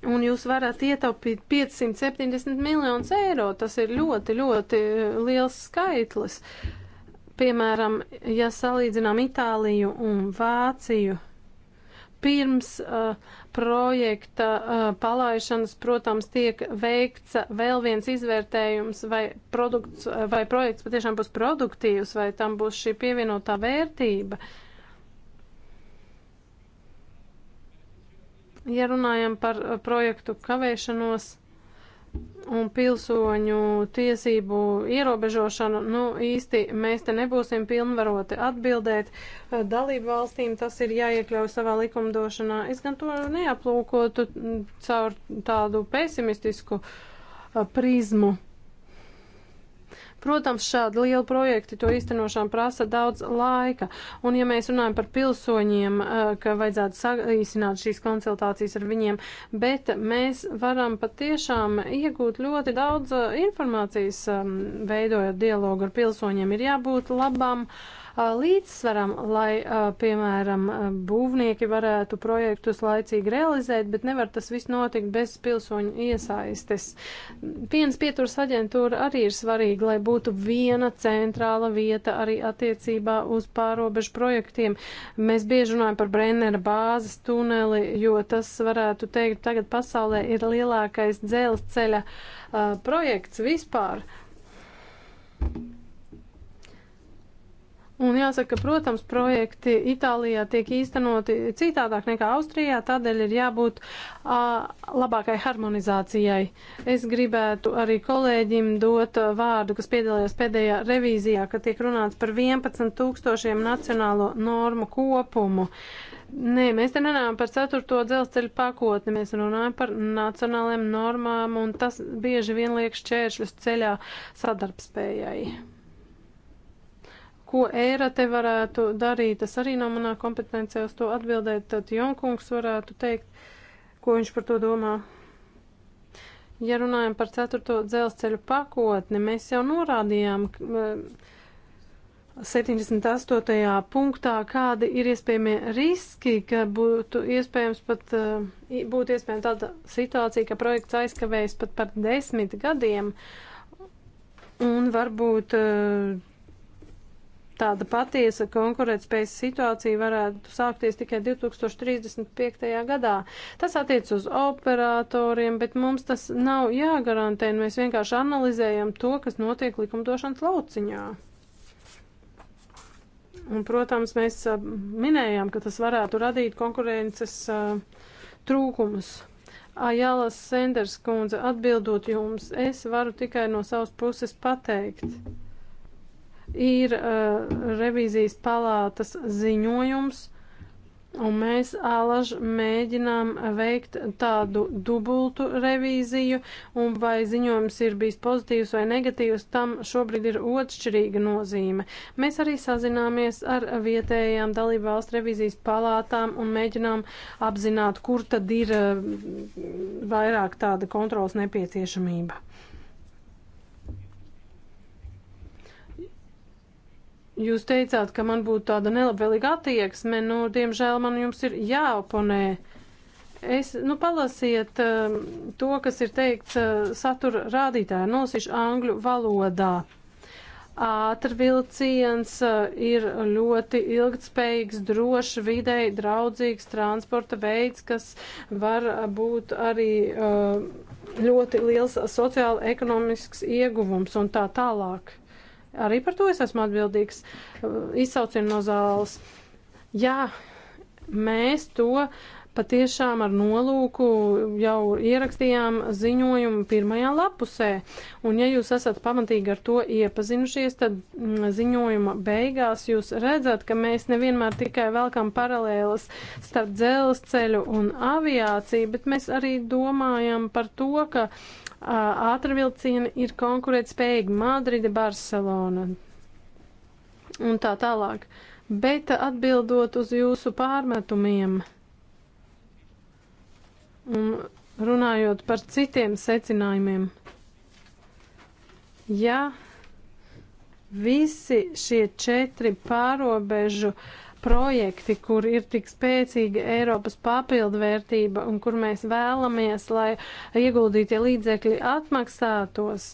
un jūs varat ietaupīt 570 miljonus eiro. Tas ir ļoti, ļoti eh, liels skaitlis. Piemēram, ja salīdzinām Itāliju un Vāciju, Pirms uh, projekta uh, palaišanas, protams, tiek veikts vēl viens izvērtējums, vai, produkts, uh, vai projekts patiešām būs produktīvs, vai tam būs šī pievienotā vērtība. Ja runājam par uh, projektu kavēšanos, un pilsoņu tiesību ierobežošanu, nu īsti mēs te nebūsim pilnvaroti atbildēt. Dalību valstīm tas ir jāiekļauj savā likumdošanā. Es gan to neaplūkotu caur tādu pesimistisku uh, prizmu. Protams, šādi lieli projekti to īstenošana prasa daudz laika, un ja mēs runājam par pilsoņiem, eh, ka vajadzētu saīsināt šīs konsultācijas ar viņiem, bet mēs varam patiešām iegūt ļoti daudz eh, informācijas, ehm, veidojot dialogu ar pilsoņiem, ir jābūt labam. Uh, līdzsvaram, lai, piemēram, būvnieki varētu projektus laicīgi realizēt, bet nevar tas viss notikt bez pilsoņu iesaistes. Viens pieturs aģentūra arī ir svarīga, lai būtu viena centrāla vieta arī attiecībā uz pārobežu projektiem. Mēs bieži runājam par Brennera bāzes tuneli, jo tas varētu teikt, tagad pasaulē ir lielākais dzelzceļa uh, projekts vispār. Thank you. Un jāsaka, protams, projekti Itālijā tiek īstenoti citādāk nekā Austrijā, tādēļ ir jābūt a, labākai harmonizācijai. Es gribētu arī kolēģim dot vārdu, kas piedalījās pēdējā revīzijā, kad tiek runāts par 11 tūkstošiem nacionālo normu kopumu. Nē, mēs te nenām par ceturto dzelzceļu pakotni, mēs runājam par nacionālajām normām, un tas bieži vien liek šķēršļus ceļā sadarbspējai. Ko ēra te varētu darīt, tas arī nav manā kompetencijā uz to atbildēt, tad Jonkungs varētu teikt, ko viņš par to domā. Ja runājam par ceturto dzelzceļu pakotni, mēs jau norādījām, 78. punktā, kādi ir iespējamie riski, ka būtu iespējams pat, e, būtu iespējams tāda situācija, ka projekts aizkavējas pat par desmit gadiem, un varbūt e, tāda patiesa konkurētspējas situācija varētu sākties tikai 2035. gadā. Tas attiec uz operatoriem, bet mums tas nav jāgarantē, un mēs vienkārši analizējam to, kas notiek likumdošanas lauciņā. Un, protams, mēs uh, minējām, ka tas varētu radīt konkurences uh, trūkumus. Ajālas Senders kundze, atbildot jums, es varu tikai no savas puses pateikt ir uh, revīzijas palātas ziņojums, un mēs alaž mēģinām veikt tādu dubultu revīziju, un vai ziņojums ir bijis pozitīvs vai negatīvs, tam šobrīd ir otšķirīga nozīme. Mēs arī sazināmies ar vietējām dalību valstu revīzijas palātām un mēģinām apzināt, kur tad ir uh, vairāk tāda kontrolas nepieciešamība. Jūs teicāt, ka man būtu tāda nelabvēlīga attieksme, nu, diemžēl man jums ir jāoponē. Es, nu, palasiet uh, to, kas ir teikts uh, satura rādītājā, nosīšu angļu valodā. Ātrvilciens uh, ir ļoti ilgtspējīgs, drošs, videi draudzīgs transporta veids, kas var būt arī uh, ļoti liels sociāla ekonomisks ieguvums un tā tālāk. Arī par to es esmu atbildīgs. Izsaucim no zāles. Jā, mēs to patiešām ar nolūku jau ierakstījām ziņojumu pirmajā lapusē. Un ja jūs esat pamatīgi ar to iepazinušies, tad mm, ziņojuma beigās jūs redzat, ka mēs nevienmēr tikai velkam paralēlas starp dzelzceļu un aviāciju, bet mēs arī domājam par to, ka ātrvilcieni ir konkurētspējīgi Madride, Barcelona un tā tālāk. Bet atbildot uz jūsu pārmetumiem, uh, Un runājot par citiem secinājumiem, ja visi šie četri pārobežu projekti, kur ir tik spēcīga Eiropas papildvērtība un kur mēs vēlamies, lai ieguldītie līdzekļi atmaksātos,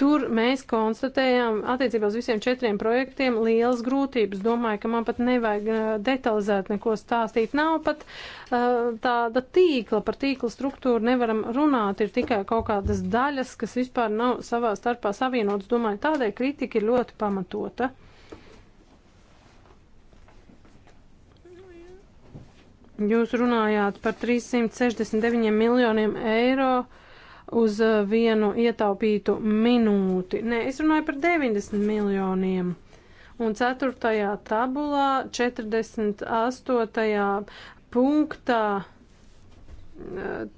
Tur mēs konstatējām attiecībā uz visiem četriem projektiem lielas grūtības. Domāju, ka man pat nevajag eh, detalizēt neko stāstīt. Nav pat uh, tāda tīkla, par tīkla struktūru nevaram runāt, ir tikai kaut kādas daļas, kas vispār nav savā starpā savienotas. Domāju, tādēļ kritika ir ļoti pamatota. Jūs runājāt par 369 miljoniem eiro. Uh, uz eh, vienu ietaupītu minūti. Nē, es runāju par 90 miljoniem. Un 4. tabulā, 48. punktā, eh,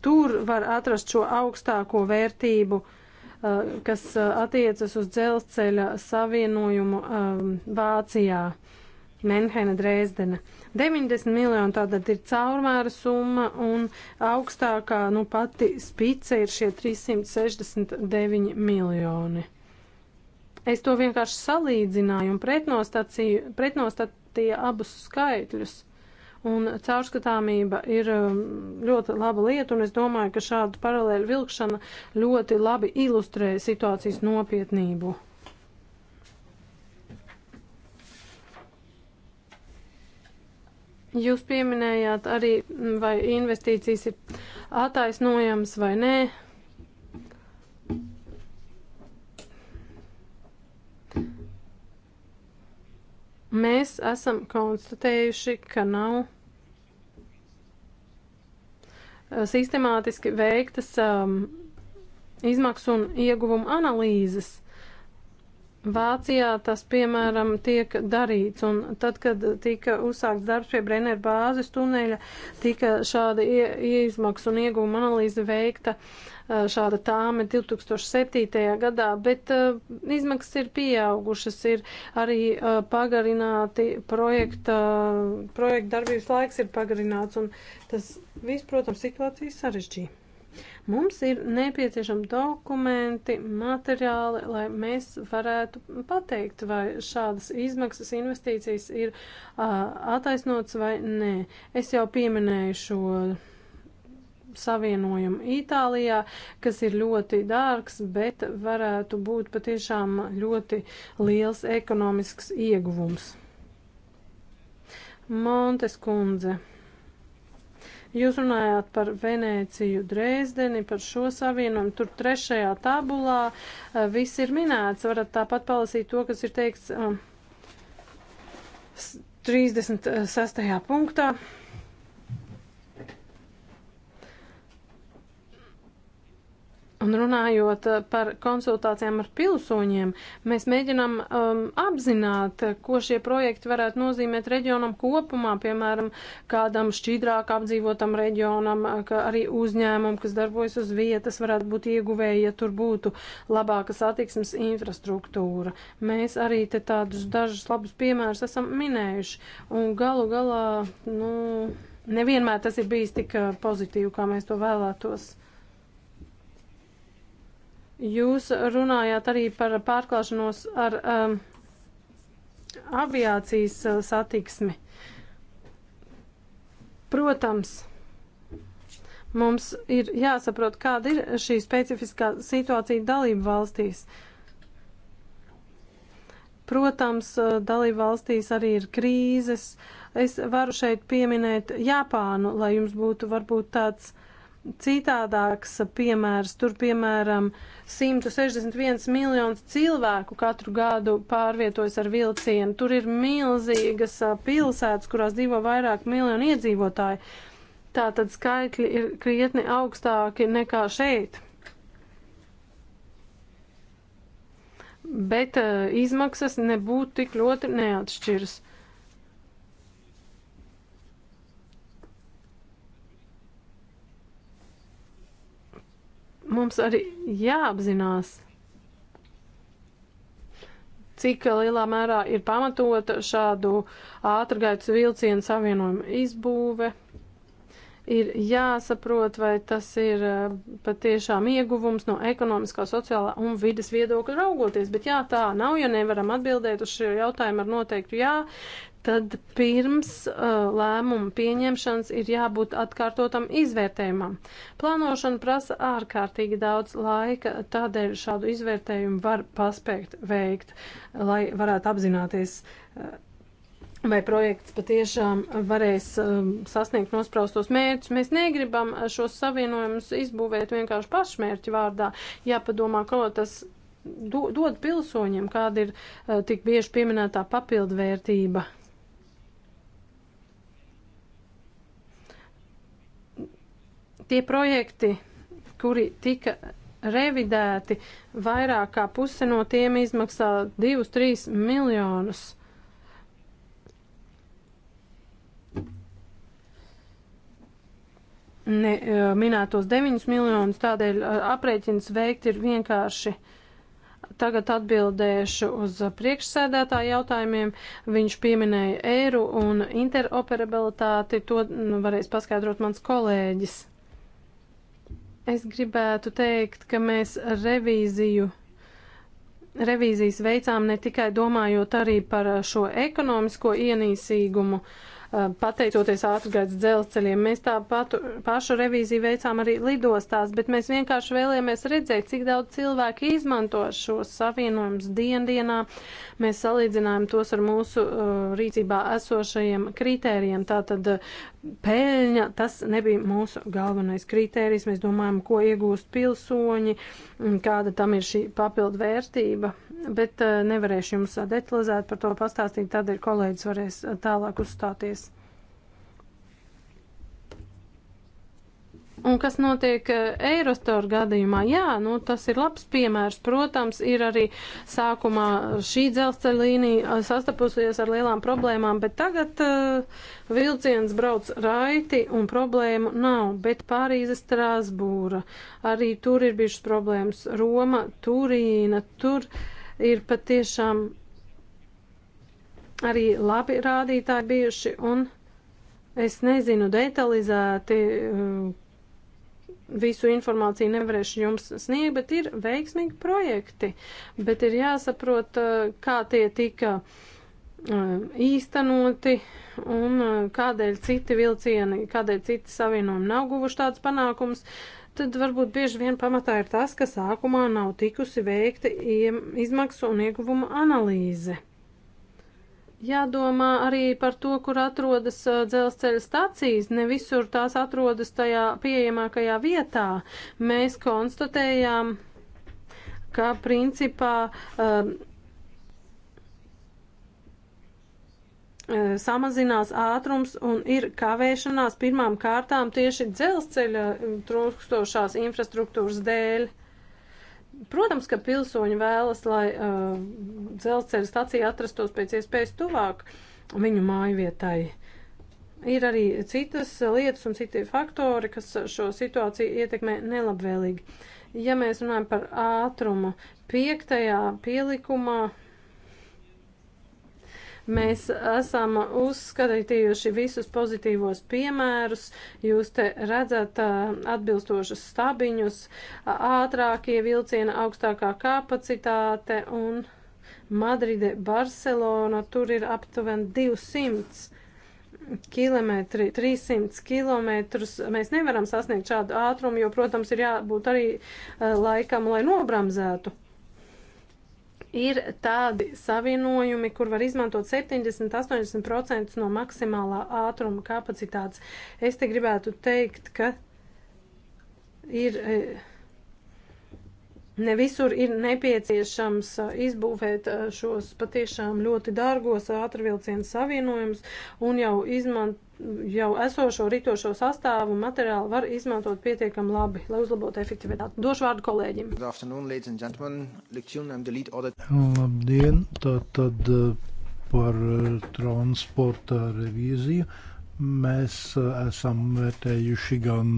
tur var atrast šo augstāko vērtību, eh, kas attiecas uz dzelzceļa savienojumu Vācijā, Menheina, Dresdena. 90 miljoni tātad ir caurmēra summa un augstākā, nu pati spice ir šie 369 miljoni. Es to vienkārši salīdzināju un pretnostatīju abus skaitļus. Un caurskatāmība ir um, ļoti laba lieta, un es domāju, ka šāda paralēļa vilkšana ļoti labi ilustrē situācijas nopietnību. Jūs pieminējāt arī, vai investīcijas ir attaisnojamas vai nē. Mēs esam konstatējuši, ka nav sistemātiski veiktas um, izmaksu un ieguvumu analīzes. Vācijā tas, piemēram, tiek darīts, un tad, kad tika uzsākts darbs pie Brenner bāzes tuneļa, tika šāda izmaksu un iegūma analīze veikta šāda tāme 2007. gadā, bet uh, izmaksas ir pieaugušas, ir arī uh, pagarināti projekta, projekta darbības laiks ir pagarināts, un tas viss, protams, situāciju sarežģīja. Mums ir nepieciešami dokumenti, materiāli, lai mēs varētu pateikt, vai šādas izmaksas investīcijas ir uh, attaisnots vai nē. Es jau pieminēju šo savienojumu Itālijā, kas ir ļoti dārgs, bet varētu būt patiešām ļoti liels ekonomisks ieguvums. Montes kundze. Jūs runājāt par Venēciju, Dresdeni, par šo savienojumu. Tur trešajā tabulā eh, viss ir minēts. Varat tāpat palasīt to, kas ir teikts 36. Eh, eh, punktā. Un runājot eh, par konsultācijām ar pilsoņiem, mēs mēģinām um, apzināt, ko šie projekti varētu nozīmēt reģionam kopumā, piemēram, kādam šķidrāk apdzīvotam reģionam, eh, ka arī uzņēmumam, kas darbojas uz vietas, varētu būt ieguvēji, ja tur būtu labāka satiksmes infrastruktūra. Mēs arī te tādus dažus labus piemērus esam minējuši. Un galu galā, nu, nevienmēr tas ir bijis tik eh, pozitīvi, kā mēs to vēlētos. Jūs runājāt arī par pārklāšanos ar um, aviācijas uh, satiksmi. Protams, mums ir jāsaprot, kāda ir šī specifiskā situācija dalību valstīs. Protams, uh, dalību valstīs arī ir krīzes. Es varu šeit pieminēt Japānu, lai jums būtu varbūt tāds uh, citādāks piemērs. Tur, piemēram, 161 miljonus cilvēku katru gadu pārvietojas ar vilcienu. Tur ir milzīgas pilsētas, kurās dzīvo vairāk miljonu iedzīvotāju. Tātad skaitļi ir krietni augstāki nekā šeit. Bet uh, izmaksas nebūtu tik ļoti neatšķiras. Mums arī jāapzinās, cik lielā mērā ir pamatota šādu ātrgaitas vilcienu savienojumu izbūve. Ir jāsaprot, vai tas ir eh, patiešām ieguvums no ekonomiskā, sociālā un vidas viedokļa raugoties. Bet jā, tā nav, ja nevaram atbildēt uz šo jautājumu ar noteiktu jā, tad pirms uh, lēmumu pieņemšanas ir jābūt atkārtotam izvērtējumam. Plānošana prasa ārkārtīgi daudz laika, tādēļ šādu izvērtējumu var paspēkt veikt, lai varētu apzināties. Uh, Vai projekts patiešām varēs um, sasniegt nospraustos mērķus? Mēs negribam uh, šos savienojumus izbūvēt vienkārši pašmērķu vārdā. Jāpadomā, ko tas do, dod pilsoņiem, kāda ir uh, tik bieži pieminētā papildvērtība. Tie projekti, kuri tika revidēti, vairāk kā puse no tiem izmaksā 2-3 miljonus. Ne, e, minētos 9 miljonus, tādēļ e, aprēķins veikt ir vienkārši. Tagad atbildēšu uz priekšsēdētāju jautājumiem. Viņš pieminēja eiru un interoperabilitāti. To nu, varēs paskaidrot mans kolēģis. Es gribētu teikt, ka mēs revīziju revīzijas veicām ne tikai domājot arī par šo ekonomisko ienīsīgumu, Eh, pateicoties ātrgaitas dzelzceļiem. Mēs tā patu, pašu revīziju veicām arī lidostās, bet mēs vienkārši vēlējāmies redzēt, cik daudz cilvēku izmanto šos savienojumus diendienā. Mēs salīdzinājām tos ar mūsu uh, rīcībā esošajiem kritērijiem. Tātad uh, peļņa, tas nebija mūsu galvenais kritērijs. Mēs domājam, ko iegūst pilsoņi, kāda tam ir šī papildu vērtība bet eh, nevarēšu jums detalizēt par to pastāstīt, tādēļ kolēģis varēs eh, tālāk uzstāties. Un kas notiek Eirostora eh, gadījumā? Jā, nu, tas ir labs piemērs. Protams, ir arī sākumā šī dzelzceļa līnija sastapusies ar lielām problēmām, bet tagad uh, vilciens brauc raiti un problēmu nav. Bet Pārīze, Strasbūra, arī tur ir bijušas problēmas. Roma, Turīna, tur. Uh, ir patiešām arī labi rādītāji bijuši, un es nezinu detalizēti eh, visu informāciju nevarēšu jums sniegt, bet ir veiksmīgi projekti, bet ir jāsaprot, eh, kā tie tika eh, īstenoti un kādēļ citi vilcieni, kādēļ citi savienojumi nav guvuši tāds panākums. Uh, tad varbūt bieži vien pamatā ir tas, ka sākumā nav tikusi veikta izmaksu un ieguvuma analīze. Jādomā arī par to, kur atrodas dzelzceļa stacijas. Ne visur tās atrodas tajā pieejamākajā vietā. Mēs konstatējām, ka principā E, samazinās ātrums un ir kavēšanās pirmām kārtām tieši dzelzceļa trūkstošās infrastruktūras dēļ. Protams, ka pilsoņi vēlas, lai uh, dzelzceļa stacija atrastos pēc iespējas tuvāk viņu māju vietai. Ir arī citas lietas un citi faktori, kas šo situāciju ietekmē nelabvēlīgi. Ja mēs runājam par ātrumu, piektajā pielikumā Mēs esam uzskatījuši visus pozitīvos piemērus. Jūs te redzat atbilstošas stabiņus, ātrākie vilciena augstākā kapacitāte un Madride, Barcelona, tur ir aptuveni 200 kilometri, 300 kilometrus. Mēs nevaram sasniegt šādu ātrumu, jo, protams, ir jābūt arī laikam, lai nobramzētu ir tādi savienojumi, kur var izmantot 70-80% no maksimālā ātruma kapacitātes. Es te gribētu teikt, ka ir. E, ne visur ir nepieciešams e, izbūvēt e, šos patiešām ļoti dārgos ātrvilcienu savienojumus un jau izmant, jau esošo rītošo sastāvu un materiālu var izmantot pietiekami labi, lai uzlabotu efektivitāti. Došu vārdu kolēģim. Labdien, tā tad eh, par eh, transporta revīziju. Mēs eh, esam vērtējuši gan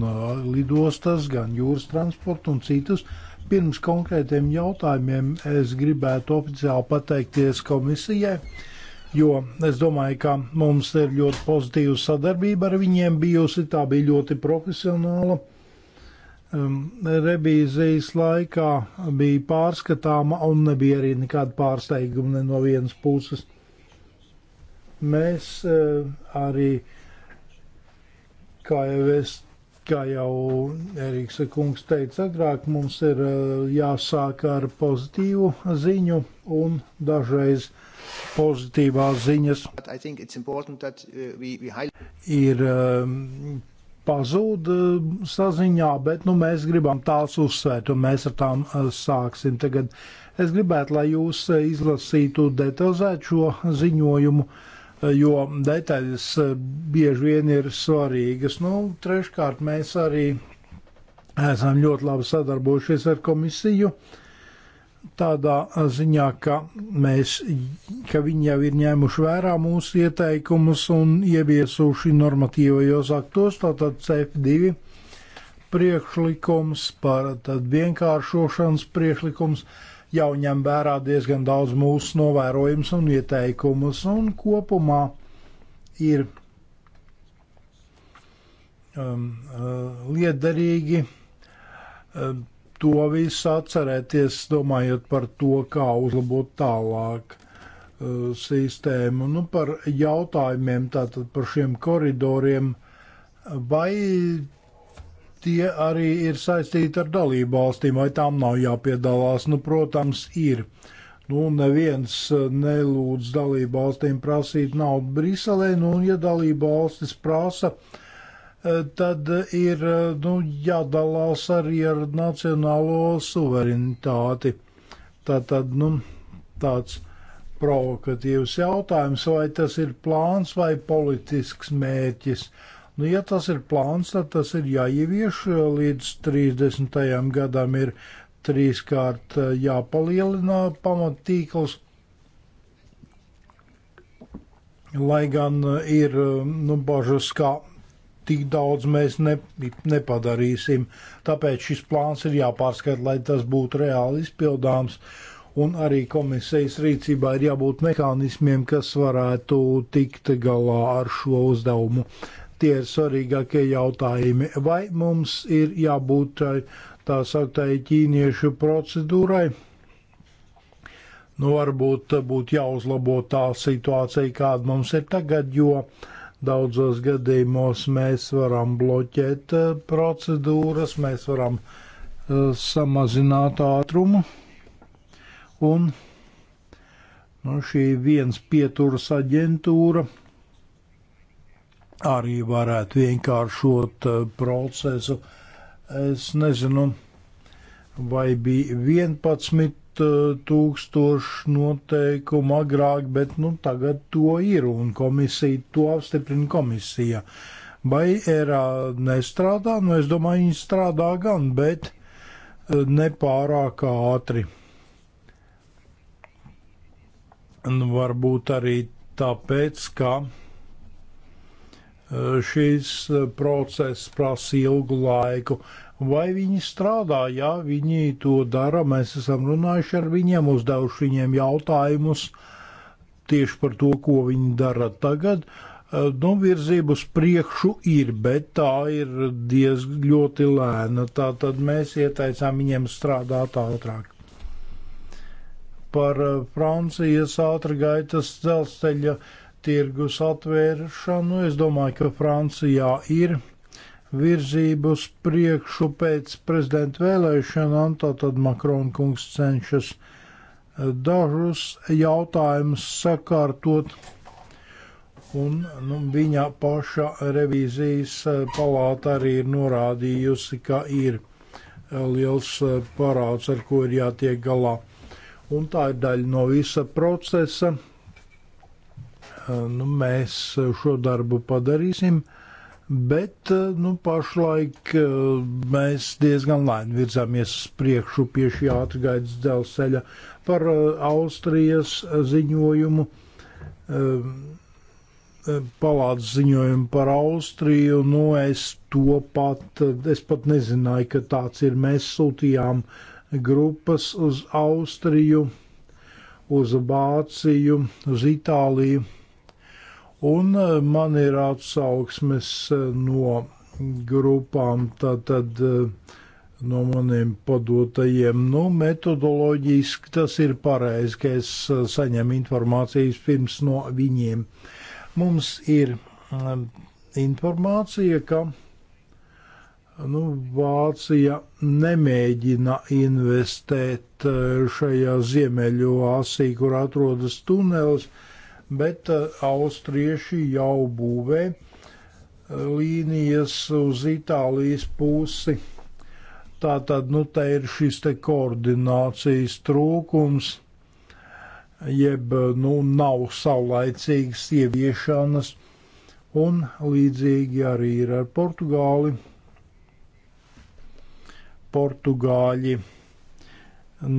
lidostas, gan jūras transportu un citus. Pirms konkrētiem jautājumiem es gribētu oficiāli pateikties komisijai jo es domāju, ka mums ir ļoti pozitīva sadarbība ar viņiem bijusi. Tā bija ļoti profesionāla. Um, revīzijas laikā bija pārskatāma un nebija arī nekāda pārsteiguma ne no vienas puses. Mēs uh, arī, kā jau es kā jau Eriks Kungs teica agrāk, mums ir uh, jāsāk ar pozitīvu ziņu, un dažreiz pozitīvās ziņas uh, ir um, pazūd um, saziņā, bet nu, mēs gribam tās uzsvērt, un mēs ar tām uh, sāksim. Tagad es gribētu, lai jūs uh, izlasītu detalizēt šo ziņojumu, jo detaļas bieži vien ir svarīgas. Nu, treškārt, mēs arī esam ļoti labi sadarbojušies ar komisiju. Uh, tādā ziņā, ka, mēs, ka viņi jau ir ņēmuši vērā mūsu ieteikumus un ieviesuši normatīvajos aktos, tātad CF2 priekšlikums par vienkāršošanas priekšlikums jau ņem vērā diezgan daudz mūsu novērojumus un ieteikumus, un kopumā ir um, uh, liederīgi. Um, to visu atcerēties, domājot par to, kā uzlabot tālāk uh, sistēmu. Nu, par jautājumiem, tātad par šiem koridoriem, vai tie arī ir saistīti ar dalību valstīm, vai tām nav jāpiedalās? Nu, protams, ir. Nu, neviens eh, nelūdz dalību valstīm prasīt naudu Briselē, nu, un ja dalību valstis prasa, uh, Eh, tad ir eh, nu, jādalās arī ar nacionālo suverenitāti. Tātad nu, tāds provokatīvs jautājums, vai tas ir plāns vai politisks mērķis. Nu, ja tas ir plāns, tad tas ir jāievieš eh, līdz 30. gadam ir trīskārt jāpalielina pamatīkls. Lai gan ir nu, bažas, kā tik daudz mēs ne, nepadarīsim. Tāpēc šis plāns ir jāpārskata, lai tas būtu reāli izpildāms. Un arī komisijas rīcībā ir jābūt mehānismiem, kas varētu tikt galā ar šo uzdevumu. Tie ir svarīgākie jautājumi. Vai mums ir jābūt tā sauktai ķīniešu procedūrai? Nu, varbūt būtu jāuzlabo tā situācija, kāda mums ir tagad, jo uh, Daudzos gadījumos mēs varam bloķēt eh, procedūras, mēs varam eh, samazināt ātrumu. Un nu, šī viens pieturas aģentūra arī varētu vienkāršot eh, procesu. Es nezinu, vai bija 11 Uh, tūkstošu noteikumu agrāk, bet nu, tagad to ir un komisija to apstiprina komisija. Vai ERA nestrādā? Nu, es domāju, viņi strādā gan, bet uh, nepārāk ātri. Un nu, varbūt arī tāpēc, ka uh, šīs process prasa ilgu laiku vai viņi strādā. Ja viņi to dara, mēs esam runājuši ar viņiem, uzdevuši viņiem jautājumus tieši par to, ko viņi dara tagad. Eh, nu, virzība uz priekšu ir, bet tā ir diezgan ļoti lēna. Tā tad mēs ieteicām viņiem strādāt ātrāk. Par eh, Francijas ātrgaitas dzelzceļa tirgus atvēršanu es domāju, ka Francijā ir virzību uz priekšu pēc prezidenta vēlēšanām, tātad Makrona kungs cenšas eh, dažus jautājumus sakārtot. Un nu, viņa paša revīzijas eh, palāta arī ir norādījusi, ka ir eh, liels parāds, ar ko ir jātiek galā. Un tā ir daļa no visa procesa. Nu, mēs šo darbu padarīsim. Uh, bet eh, nu, pašlaik eh, mēs diezgan lēni virzāmies uz priekšu pie šī ātrgaitas dzelzceļa par eh, Austrijas ziņojumu. Palātas ziņojumu par Austriju, nu es to pat, es pat nezināju, ka tāds ir. Mēs sūtījām grupas uz Austriju, uz Vāciju, uz Itāliju, un eh, man ir atsauksmes eh, no grupām, tātad eh, no maniem padotajiem. Nu, metodoloģiski tas ir pareizi, ka es saņemu informācijas pirms no viņiem. Mums ir informācija, ka nu, Vācija nemēģina investēt šajā ziemeļo asī, kur atrodas tunelis bet eh, austrieši jau būvē eh, līnijas uz Itālijas pusi. Tātad, nu, te ir šis te koordinācijas trūkums, jeb, nu, nav saulaicīgas ieviešanas, un līdzīgi arī ir ar Portugāli. Portugāļi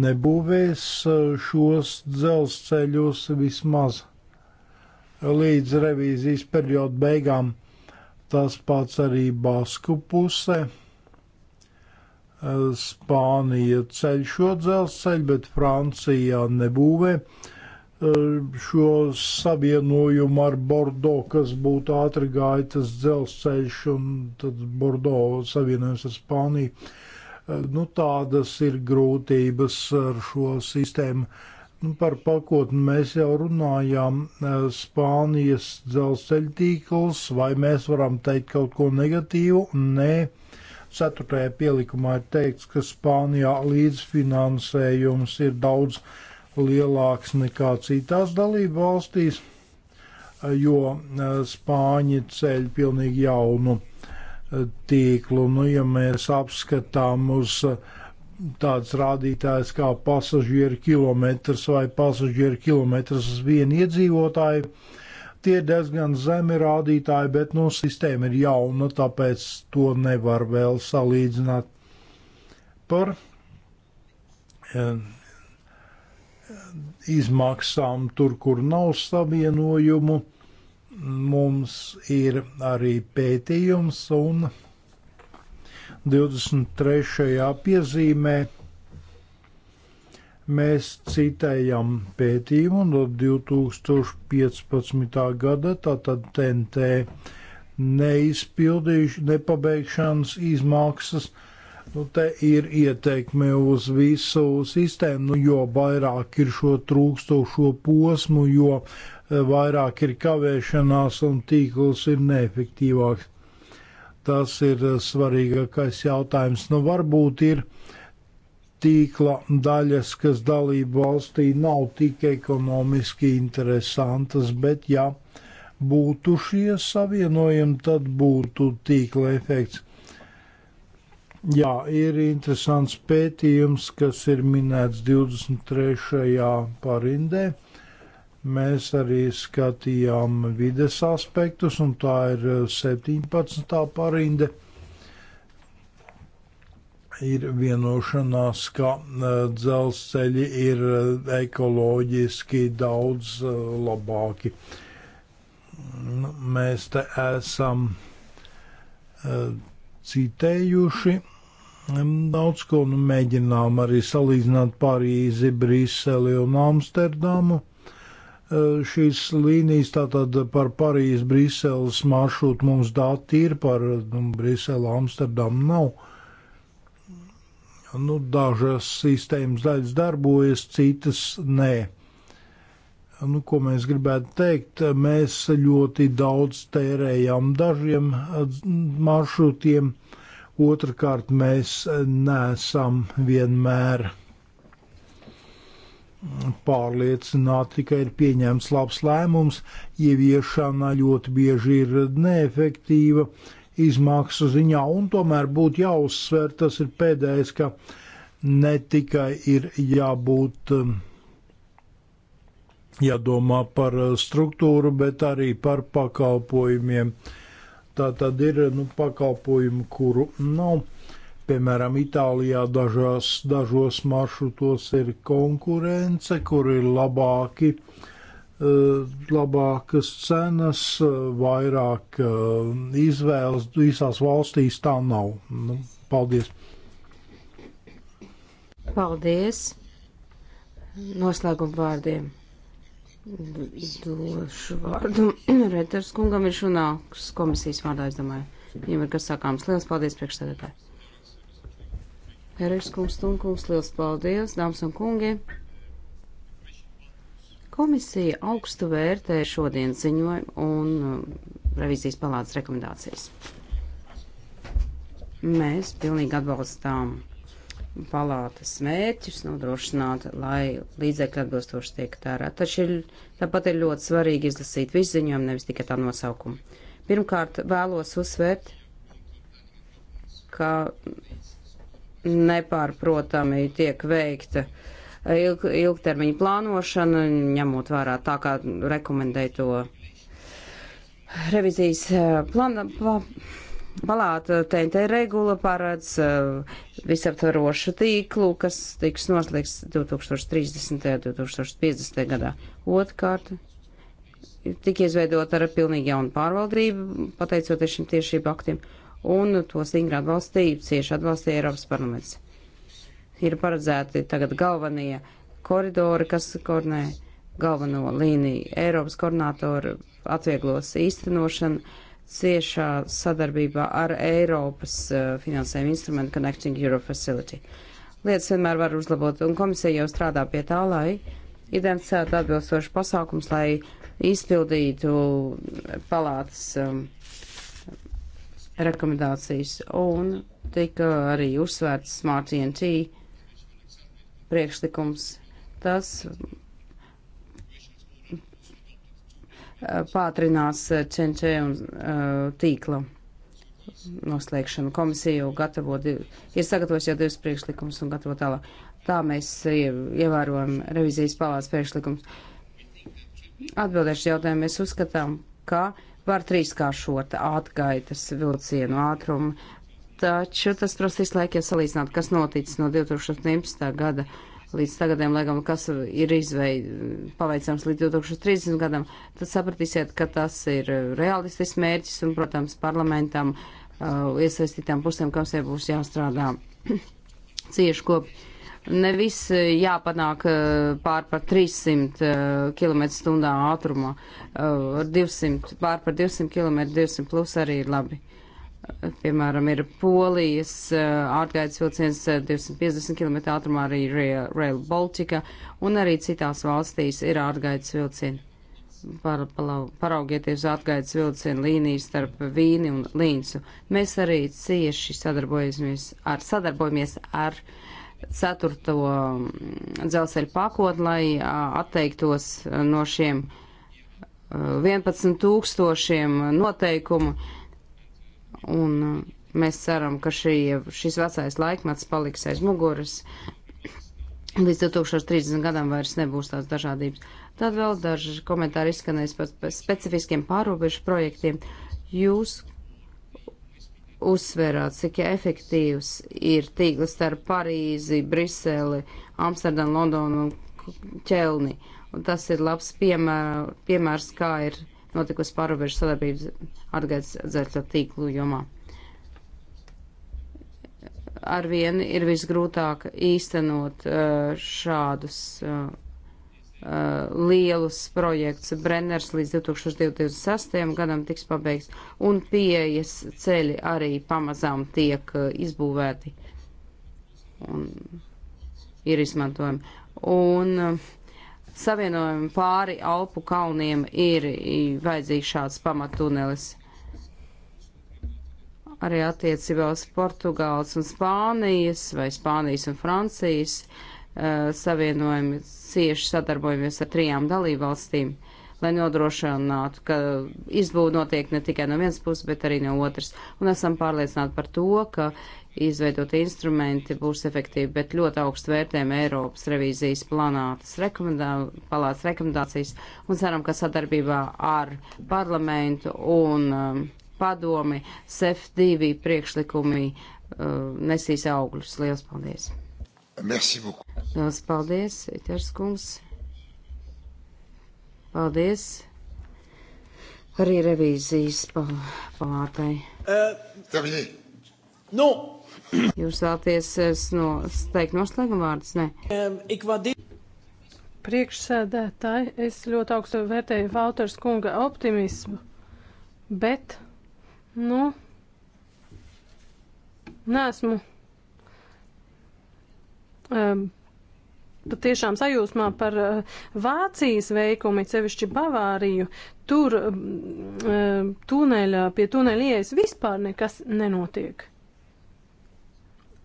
nebūvēs eh, šos dzelzceļus vismaz līdz revīzijas perioda beigām. Tas pats arī Basku pusē. Spānija ceļ šo dzelzceļu, bet Francijā nebūvē eh, šo savienojumu ar Bordo, kas būtu ātri gaitas dzelzceļš un tad Bordo savienojums ar Spāniju. Eh, nu, tādas ir grūtības ar šo sistēmu. Nu, par pakotni mēs jau runājām, eh, Spānijas dzelzceļa tīkls, vai mēs varam teikt kaut ko negatīvu? Nē, ceturtajā pielikumā ir teikts, ka Spānijā līdzfinansējums ir daudz lielāks nekā citās dalību valstīs, eh, jo eh, Spāņi ceļ pilnīgi jaunu tīklu. Nu, ja mēs apskatām uz uh, tāds rādītājs kā pasažieru kilometrs vai pasažieru kilometrs uz vienu iedzīvotāju. Tie ir diezgan zemi rādītāji, bet nu, sistēma ir jauna, tāpēc to nevar vēl salīdzināt par eh, izmaksām tur, kur nav savienojumu. Mums ir arī pētījums un 23. piezīmē mēs citējam pētījumu no 2015. gada, tātad TNT neizpildījuši, nepabeigšanas izmaksas. Nu, te ir ieteikme uz visu sistēmu, nu, jo vairāk ir šo trūkstošo posmu, jo eh, vairāk ir kavēšanās un tīkls ir neefektīvāks. Tas ir eh, svarīgākais jautājums. Nu, varbūt ir tīkla daļas, kas dalību valstī nav tik ekonomiski interesantas, bet ja būtu šie savienojumi, tad būtu tīkla efekts. Jā, ir interesants pētījums, kas ir minēts 23. parindē. Mēs arī skatījām vides aspektus, un tā ir 17. Eh, parinde. Ir vienošanās, ka eh, dzelzceļi ir eh, ekoloģiski daudz labāki. Nu, mēs te esam citējuši mm, daudz ko, nu mēģinām arī salīdzināt Parīzi, Briseli un Amsterdamu Eh, šīs līnijas, tātad par Parīzes, Briseles maršrutu mums dati ir, par nu, Briselu, Amsterdamu nav. Nu, dažas sistēmas daļas darbojas, citas nē. Nu, ko mēs gribētu teikt? Mēs ļoti daudz tērējam dažiem eh, maršrutiem. Otrakārt, mēs nesam vienmēr pārliecināti, ka ir pieņemts labs lēmums, ieviešana ļoti bieži ir neefektīva izmaksu ziņā, un tomēr būtu jāuzsver, tas ir pēdējais, ka ne tikai ir jābūt um, jādomā par uh, struktūru, bet arī par pakalpojumiem. Tā tad ir nu, pakalpojumi, kuru nav. Nu, Piemēram, Itālijā dažās, dažos maršrutos ir konkurence, kur ir labāki, eh, labākas cenas, vairāk eh, izvēles. Visās valstīs tā nav. Nu, paldies! Paldies! Noslēguma vārdiem došu vārdu Reiters kungam ir šunāks komisijas vārdā, es domāju. Viņam ir kas sakāms. Liels paldies priekšsēdētāji. Eriks kungs, Tunkungs, liels paldies, dāmas un kungi! Komisija augstu vērtē šodien ziņojumu un um, revizijas palātas rekomendācijas. Mēs pilnīgi atbalstām palātas mērķus nodrošināt, lai līdzekļi atbilstoši tiek tērēt. Taču ir, tāpat ir ļoti svarīgi izlasīt visu ziņojumu, nevis tikai tā nosaukumu. Pirmkārt, vēlos uzsvērt, ka nepārprotami tiek veikta ilg, ilgtermiņa plānošana, ņemot vērā tā, kā rekomendēja to revizijas plāna. Eh, Plā, Palāta TNT regula paredz eh, visaptvarošu tīklu, kas tiks noslēgts 2030. un 2050. gadā. Otkārt, tika izveidota ar pilnīgi jaunu pārvaldību, pateicoties šim tiešību aktiem. Uh, un to stingri atbalstīja, cieši atbalstīja Eiropas parlaments. Ir paredzēti tagad galvenie koridori, kas koordinē galveno līniju. Eiropas koordinātori atvieglos īstenošanu ciešā sadarbībā ar Eiropas uh, eh, finansējumu instrumentu Connecting Europe Facility. Lietas vienmēr var uzlabot, un komisija jau strādā pie tā, lai identificētu atbilstošu pasākums, lai izpildītu palātas um, rekomendācijas, un tika arī uzsvērts Smart TNT priekšlikums. Tas uh, pātrinās ČNČ un uh, tīkla noslēgšanu. Komisija jau gatavo, ir sagatavojis jau divus priekšlikumus un gatavo tālāk. Tā mēs ievērojam revizijas palātas priekšlikumus. Atbildēšu jautājumu mēs uzskatām, ka uh, var trīskāršot atgaitas vilcienu ātrumu, taču tas prasīs laiku, ja salīdzinātu, kas noticis no 2018. gada līdz tagadiem, lai gan kas ir izveid, paveicams līdz 2030 gadam, tad sapratīsiet, ka tas ir realistisks mērķis un, protams, parlamentam, uh, iesaistītām pusēm, kas jau būs jāstrādā cieši kopīgi nevis eh, jāpanāk eh, pār par 300 eh, km stundā ātrumā. Ar 200, pār par 200 km, 200 plus arī ir labi. Piemēram, ir Polijas ārgaitas vilciens 250 km ātrumā, arī Rail Baltica, un arī citās valstīs ir ārgaitas vilcieni. Par, paraugieties atgaidas vilcienu līniju starp Vīni un Līncu. Mēs arī cieši sadarbojamies ar, sadarbojamies ar uh, ceturto mm, dzelzceļa pakotni, lai atteiktos no šiem 11 tūkstošiem noteikumu. Un mēs ceram, ka šī, šis vecais laikmets paliks aiz muguras. Līdz 2030 gadam vairs nebūs tās dažādības. Tad vēl daži komentāri izskanēs par specifiskiem pārobežu projektiem. Jūs uzsvērāt, cik efektīvs ir tīkls starp Parīzi, Briseli, Amsterdamu, Londonu un Ķelni. Un tas ir labs piemēr, piemērs, kā ir notikusi pārobežu sadarbības atgaidas dzelzceļa tīklu jomā. Arvien ir visgrūtāk īstenot eh, šādus eh, Uh, lielus projekts. Brenners līdz 2026. gadam tiks pabeigts, un pieejas ceļi arī pamazām tiek uh, izbūvēti un ir izmantojami. Un uh, savienojumi pāri Alpu kalniem ir vajadzīgs šāds pamatunelis. Arī attiecībā uz Portugāles un Spānijas vai Spānijas un Francijas uh, savienojumi cieši sadarbojamies ar trijām dalībvalstīm, lai nodrošinātu, ka izbūve notiek ne tikai no vienas puses, bet arī no otras. Un esam pārliecināti par to, ka izveidot instrumenti būs efektīvi, bet ļoti augstu vērtējam Eiropas revīzijas planātas rekomendā, palātas rekomendācijas un ceram, ka sadarbībā ar parlamentu un um, padomi SEF2 priekšlikumi uh, nesīs augļus. Lielas paldies! Merci beaucoup. Lielas paldies, Eters kungs. Paldies arī revīzijas palātai. Uh, no. Jūs vēlaties eh, no, teikt noslēguma vārdus? Nē. Um, Priekšsēdētāji, es ļoti augstu vērtēju Vauters kunga optimismu, bet, nu, nesmu um, patiešām sajūsmā par eh, Vācijas veikumu, sevišķi Bavāriju. Tur um, tuneļa, pie tuneļa ieejas vispār nekas nenotiek.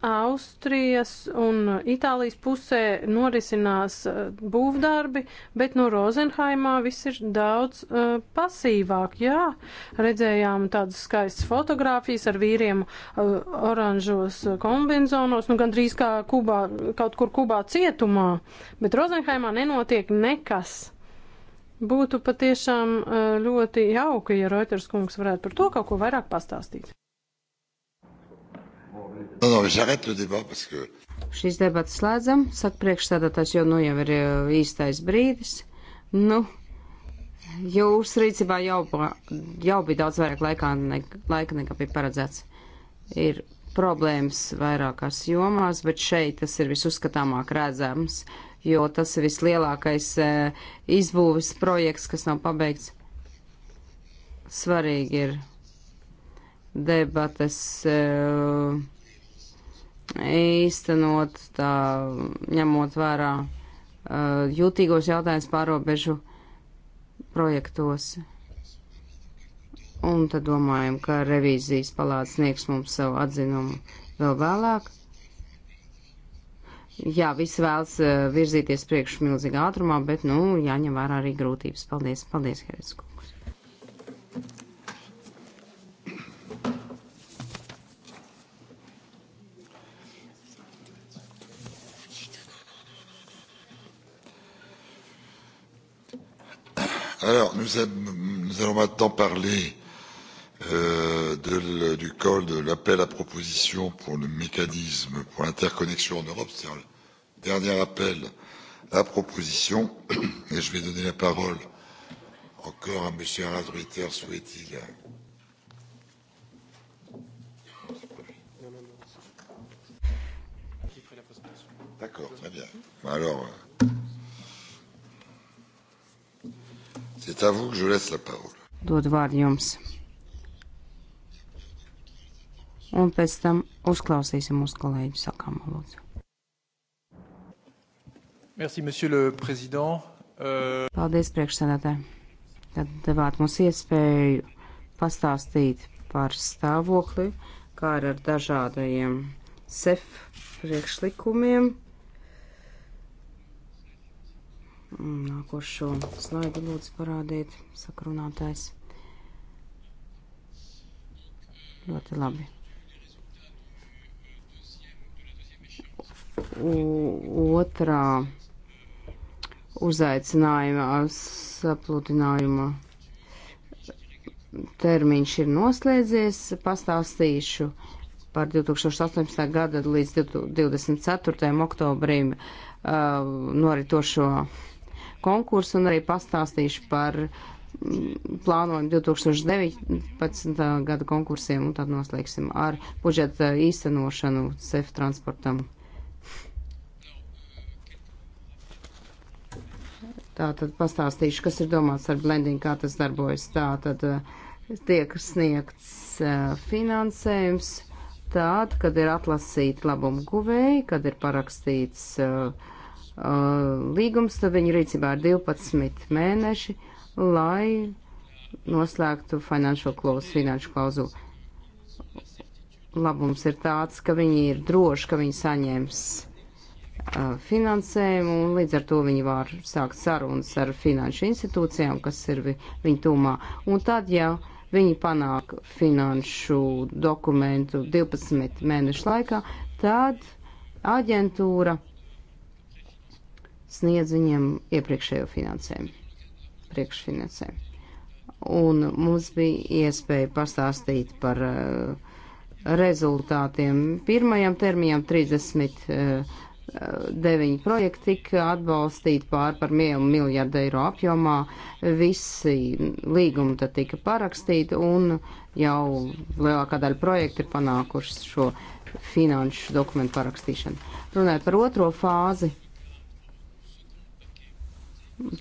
Austrijas un Itālijas pusē norisinās eh, būvdarbi, bet no Rozenhaimā viss ir daudz uh, pasīvāk. Jā, redzējām tādas skaistas fotogrāfijas ar vīriem uh, oranžos kombenzonos, nu gandrīz kā Kubā, kaut kur Kubā cietumā, bet Rozenhaimā nenotiek nekas. Būtu patiešām uh, ļoti jauki, ja Reuters kungs varētu par to kaut ko vairāk pastāstīt. No, no, žarēt, debat, parce que... Šīs debatas slēdzam, saka priekšstādātājs, jo nu jau ir e, īstais brīdis. Nu, jūs rīcībā jau, jau bija daudz vairāk laikā, ne, laika nekā bija paredzēts. Ir problēmas vairākās jomās, bet šeit tas ir visuzskatāmāk redzams, jo tas ir vislielākais e, izbūves projekts, kas nav pabeigts. Svarīgi ir debates. Uh, īstenot, tā, ņemot vērā uh, jūtīgos jautājumus pārobežu projektos. Un tad domājam, ka revīzijas palāts sniegs mums savu atzinumu vēl vēlāk. Jā, viss vēlas uh, virzīties priekš milzīgā ātrumā, bet, nu, jāņem vērā arī grūtības. Paldies, paldies, Herisku. Alors, nous, a, nous allons maintenant parler euh, de, du call de l'appel à proposition pour le mécanisme pour l'interconnexion en Europe, c'est-à-dire le dernier appel à proposition. Et je vais donner la parole encore à M. Arad Ritter, souhaite-t-il D'accord, très bien. Alors. Euh, C'est à vous que je laisse la parole. Dod vārdu jums. Un pēc tam uzklausīsim mūsu kolēģu sakāmu lūdzu. Merci, monsieur le président. Euh... Paldies, priekšsēdētāji, kad devāt mums iespēju pastāstīt par stāvokli, kā ar dažādajiem SEF priekšlikumiem Nākošo slaidu lūdzu parādīt, sakrunātājs. Ļoti labi. U otrā uzaicinājuma sapludinājuma termiņš ir noslēdzies. Pastāstīšu par 2018. gada līdz 24. oktobrim uh, noritošo konkursu un arī pastāstīšu par mm, plānojumu 2019. gada konkursiem un tad noslēgsim ar budžeta īstenošanu CEF transportam. Tātad pastāstīšu, kas ir domāts ar blending, kā tas darbojas. Tātad tiek sniegts finansējums tād, kad ir atlasīti labumu guvēji, kad ir parakstīts uh, Uh, līgums, tad viņa rīcībā ir 12 mēneši, lai noslēgtu financial clause, finanšu klauzulu. Labums ir tāds, ka viņi ir droši, ka viņi saņems uh, finansējumu, un līdz ar to viņi var sākt sarunas ar finanšu institūcijām, kas ir vi, viņu tūmā. Un tad jau viņi panāk finanšu dokumentu 12 mēnešu laikā, tad aģentūra sniedz viņiem iepriekšējo finansējumu, priekšfinansējumu. Un mums bija iespēja pastāstīt par uh, rezultātiem. Pirmajam termijam 39 eh, projekti tika atbalstīti pār par miljardu eiro apjomā. Visi līgumi tad tika parakstīti un jau lielākā daļa projektu ir panākuši šo finanšu dokumentu parakstīšanu. Runājot par otro fāzi,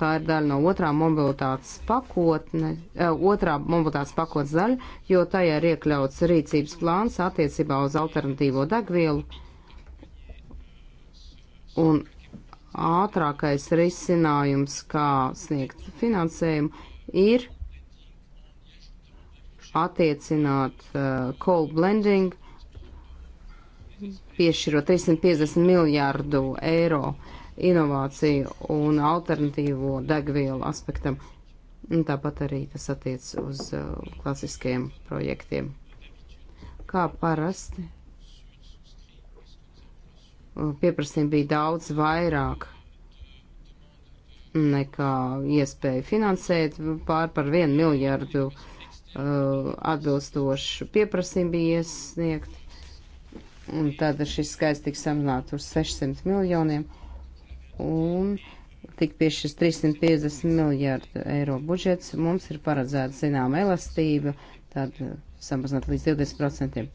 Tā ir daļa no otrā mobilitātes pakotne, eh, otrā mobilitātes pakotnes daļa, jo tajā ir iekļauts rīcības plāns attiecībā uz alternatīvo degvielu. Un ātrākais risinājums, kā sniegt finansējumu, ir attiecināt uh, eh, coal blending, piešķirot 350 miljārdu eiro uh, inovāciju un alternatīvo degvielu aspektam. Un tāpat arī tas attiec uz uh, klasiskiem projektiem. Kā parasti, uh, pieprasījumi bija daudz vairāk nekā iespēja finansēt pār par vienu miljardu uh, atbilstošu pieprasījumu bija iesniegt. Un tad šis skaits tika samazināts uz 600 miljoniem. Uh, un tik pie šis 350 miljārdu eiro budžets mums ir paredzēta zinām elastība, tad uh, samazināt līdz 20%.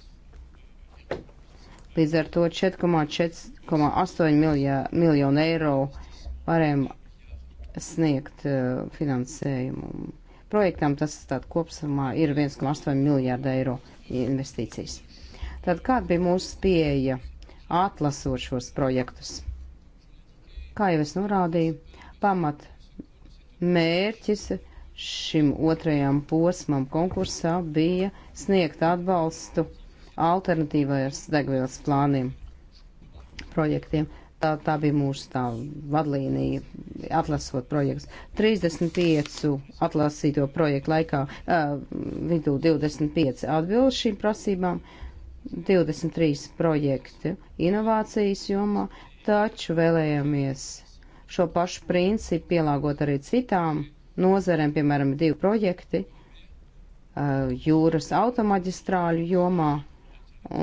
Līdz ar to 4,8 miljonu eiro varējām sniegt uh, finansējumu projektam. Tas tātad kopsumā ir 1,8 miljārda eiro investīcijas. Tad kāda bija mūsu pieeja atlasot šos projektus? Kā jau es norādīju, pamat mērķis šim otrajam posmam konkursā bija sniegt atbalstu alternatīvajos degvielas plāniem projektiem. Tā, tā bija mūsu tā vadlīnija, atlasot projekts. 35 atlasīto projektu laikā uh, vidū 25 atbilst šīm prasībām, 23 projekti inovācijas jomā, taču vēlējamies šo pašu principu pielāgot arī citām nozarēm, piemēram, divi projekti uh, jūras automaģistrāļu jomā,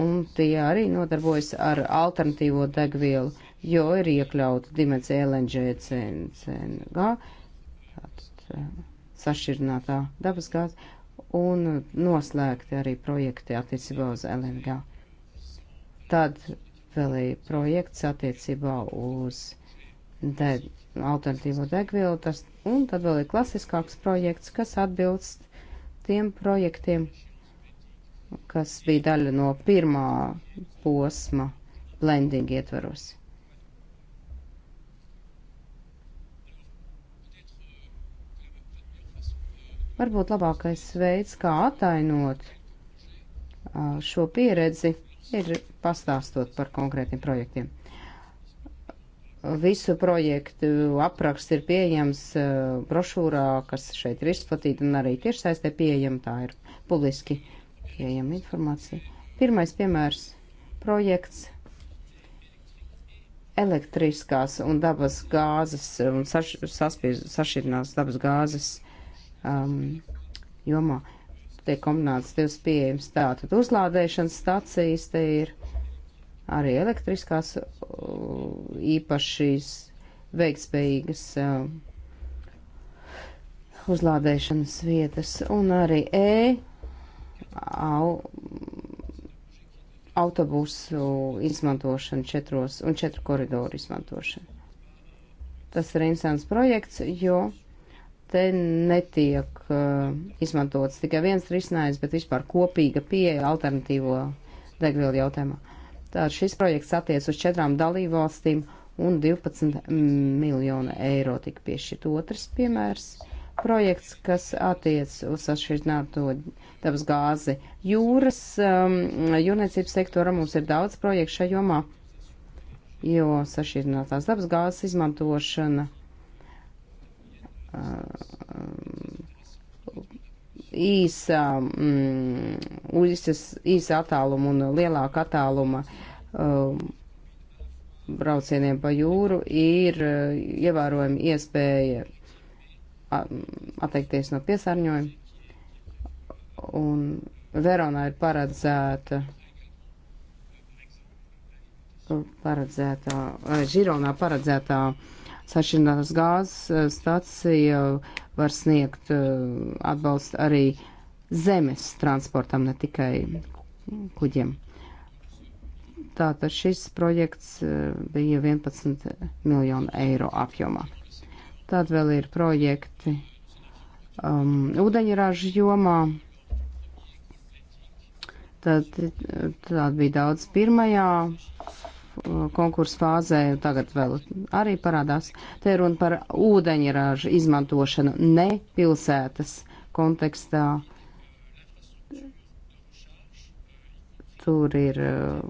un tie arī nodarbojas ar alternatīvo degvielu, jo ir iekļauta dimensija LNG, CNG, uh, sašķirinātā dabasgāze, un noslēgti arī projekti attiecībā uz LNG. Tad portfelī projekts attiecībā uz de alternatīvo degvielu, tas, un tad vēl ir klasiskāks projekts, kas atbilst tiem projektiem, kas bija daļa no pirmā posma blending ietvaros. Varbūt labākais veids, kā atainot šo pieredzi, ir pastāstot par konkrētiem projektiem. Visu projektu apraksts ir pieejams eh, brošūrā, kas šeit ir izplatīta un arī tiešsaistē pieejama, tā ir publiski pieejama informācija. Pirmais piemērs - projekts elektriskās un dabas gāzes un saš, saspīz, sašķirnās dabas gāzes um, jomā. Uh, tiek kombinētas divas pieejamas. Tātad uzlādēšanas stacijas te ir arī elektriskās uh, īpašīs veiktspējīgas uh, uzlādēšanas vietas un arī E au, autobusu izmantošana četros un četru koridoru izmantošana. Tas ir interesants projekts, jo te netiek tiek uh, izmantots tikai viens risinājums, bet vispār kopīga pieeja alternatīvo degvielu jautājumā. Tātad šis projekts attiec uz četrām dalībvalstīm un 12 mm, miljonu eiro tika piešķirt. Otrs piemērs - projekts, kas attiec uz sašķirtināto dabas gāzi jūras um, jūrniecības sektora. Mums ir daudz projektu šajā jomā, jo sašķirtinātās dabas gāzes izmantošana. Uh, um, īsā, mm, īsas, īsa attāluma un lielāka attāluma um, braucieniem pa jūru ir uh, ievērojami iespēja atteikties no piesārņojuma. Un Veronā ir paredzēta paredzētā, Žironā uh, paredzētā uh, sašķirnās gāzes eh, stacija var sniegt eh, atbalstu arī zemes transportam, ne tikai kuģiem. Tātad šis projekts eh, bija 11 miljonu eiro apjomā. Tad vēl ir projekti um, ūdeņraža jomā. Tad, tad bija daudz pirmajā konkursu fāzē, tagad vēl arī parādās. Te ir runa par ūdeņraža izmantošanu ne pilsētas kontekstā. Tur ir uh,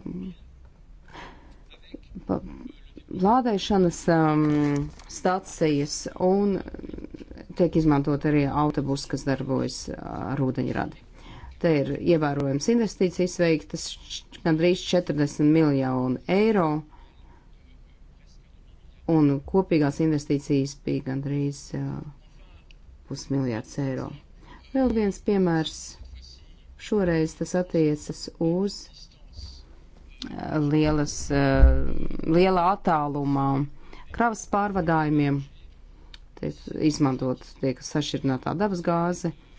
lādēšanas um, stacijas un tiek izmantot arī autobus, kas darbojas ar ūdeņradi. Te ir ievērojams investīcijas veiktas gandrīz 40 miljonu eiro, un kopīgās investīcijas bija gandrīz uh, pusmiljārds eiro. Vēl viens piemērs. Šoreiz tas attiecas uz lielas, uh, lielā attālumā kravas pārvadājumiem. Tiek izmantot tiek sašķirtinātā dabas gāze. Uh,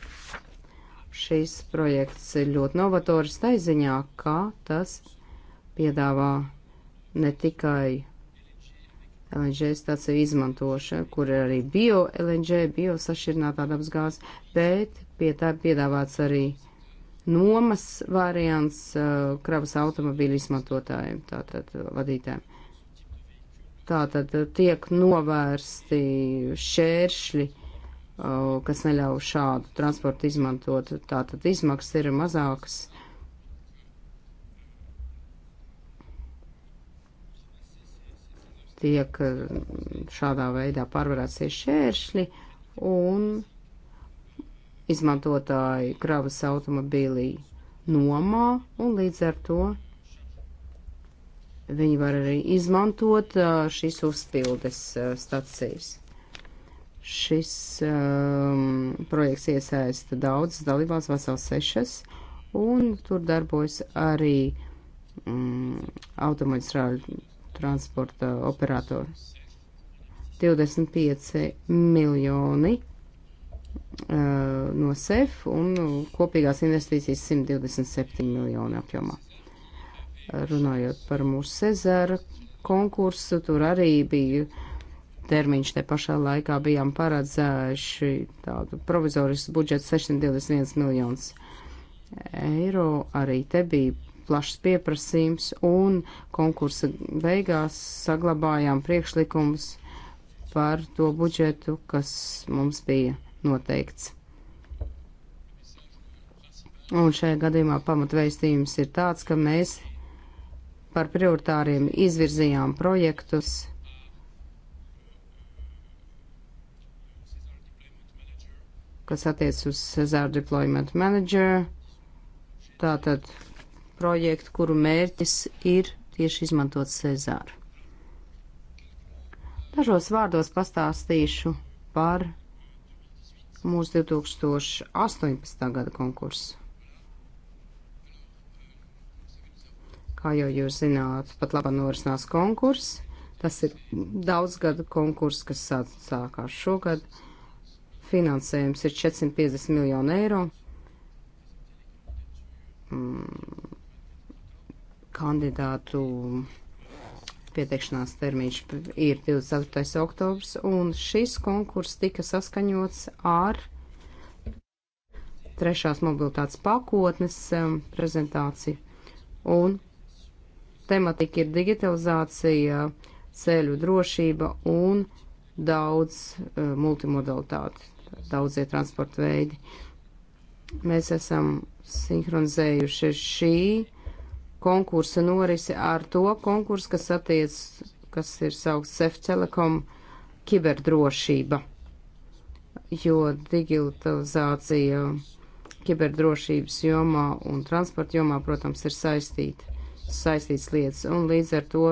Šis projekts ir ļoti novatoris taiziņā, kā tas piedāvā ne tikai LNG stāciju izmantošanu, kur ir arī bio-LNG, bio-sašķirinātā dabasgāze, bet pie tā piedāvāts arī nomas variants uh, kravas automobīļu izmantotājiem, tātad uh, vadītājiem. Tātad uh, tiek novērsti šēršļi kas neļauj šādu transportu izmantot. Tātad izmaksas ir mazākas. Tiek eh, šādā veidā pārvarēts tie šķēršļi un izmantotāji kravas automobīlī nomā un līdz ar to viņi var arī izmantot eh, šīs uzpildes eh, stacijas. Šis um, projekts iesaista daudzas dalībās, vesels sešas, un tur darbojas arī um, automaģistrāļu transporta operatori. 25 miljoni uh, no SEF un nu, kopīgās investīcijas 127 miljoni apjomā. Runājot par mūsu Cezara konkursu, tur arī bija uh, termiņš. Te pašā laikā bijām paredzējuši tādu provizorisku budžetu 621 miljonus eiro. Arī te bija plašs pieprasījums un konkursa beigās saglabājām priekšlikumus par to budžetu, kas mums bija noteikts. Un šajā gadījumā pamatveistījums ir tāds, ka mēs par prioritāriem izvirzījām projektus, kas attiec uz Cezāru Deployment Manager, tātad projektu, kuru mērķis ir tieši izmantot Cezāru. Dažos vārdos pastāstīšu par mūsu 2018. gada konkursu. Kā jau jūs zināt, pat labā norisinās konkurss. Tas ir daudz gadu konkurss, kas sākās šogad. Uh, Finansējums ir 450 miljonu eiro. Mm, kandidātu pieteikšanās termiņš ir 24. oktobrs, un šis konkurss tika saskaņots ar trešās mobilitātes pakotnes um, prezentāciju, un tematika ir digitalizācija, ceļu drošība un daudz uh, multimodalitāti daudzie transporta veidi. Mēs esam sinhronizējuši šī konkursa norisi ar to konkursu, kas attiec, kas ir saukts CEF Telekom kiberdrošība, jo digitalizācija kiberdrošības jomā un transporta jomā, protams, ir saistīta, saistīts lietas, un līdz ar to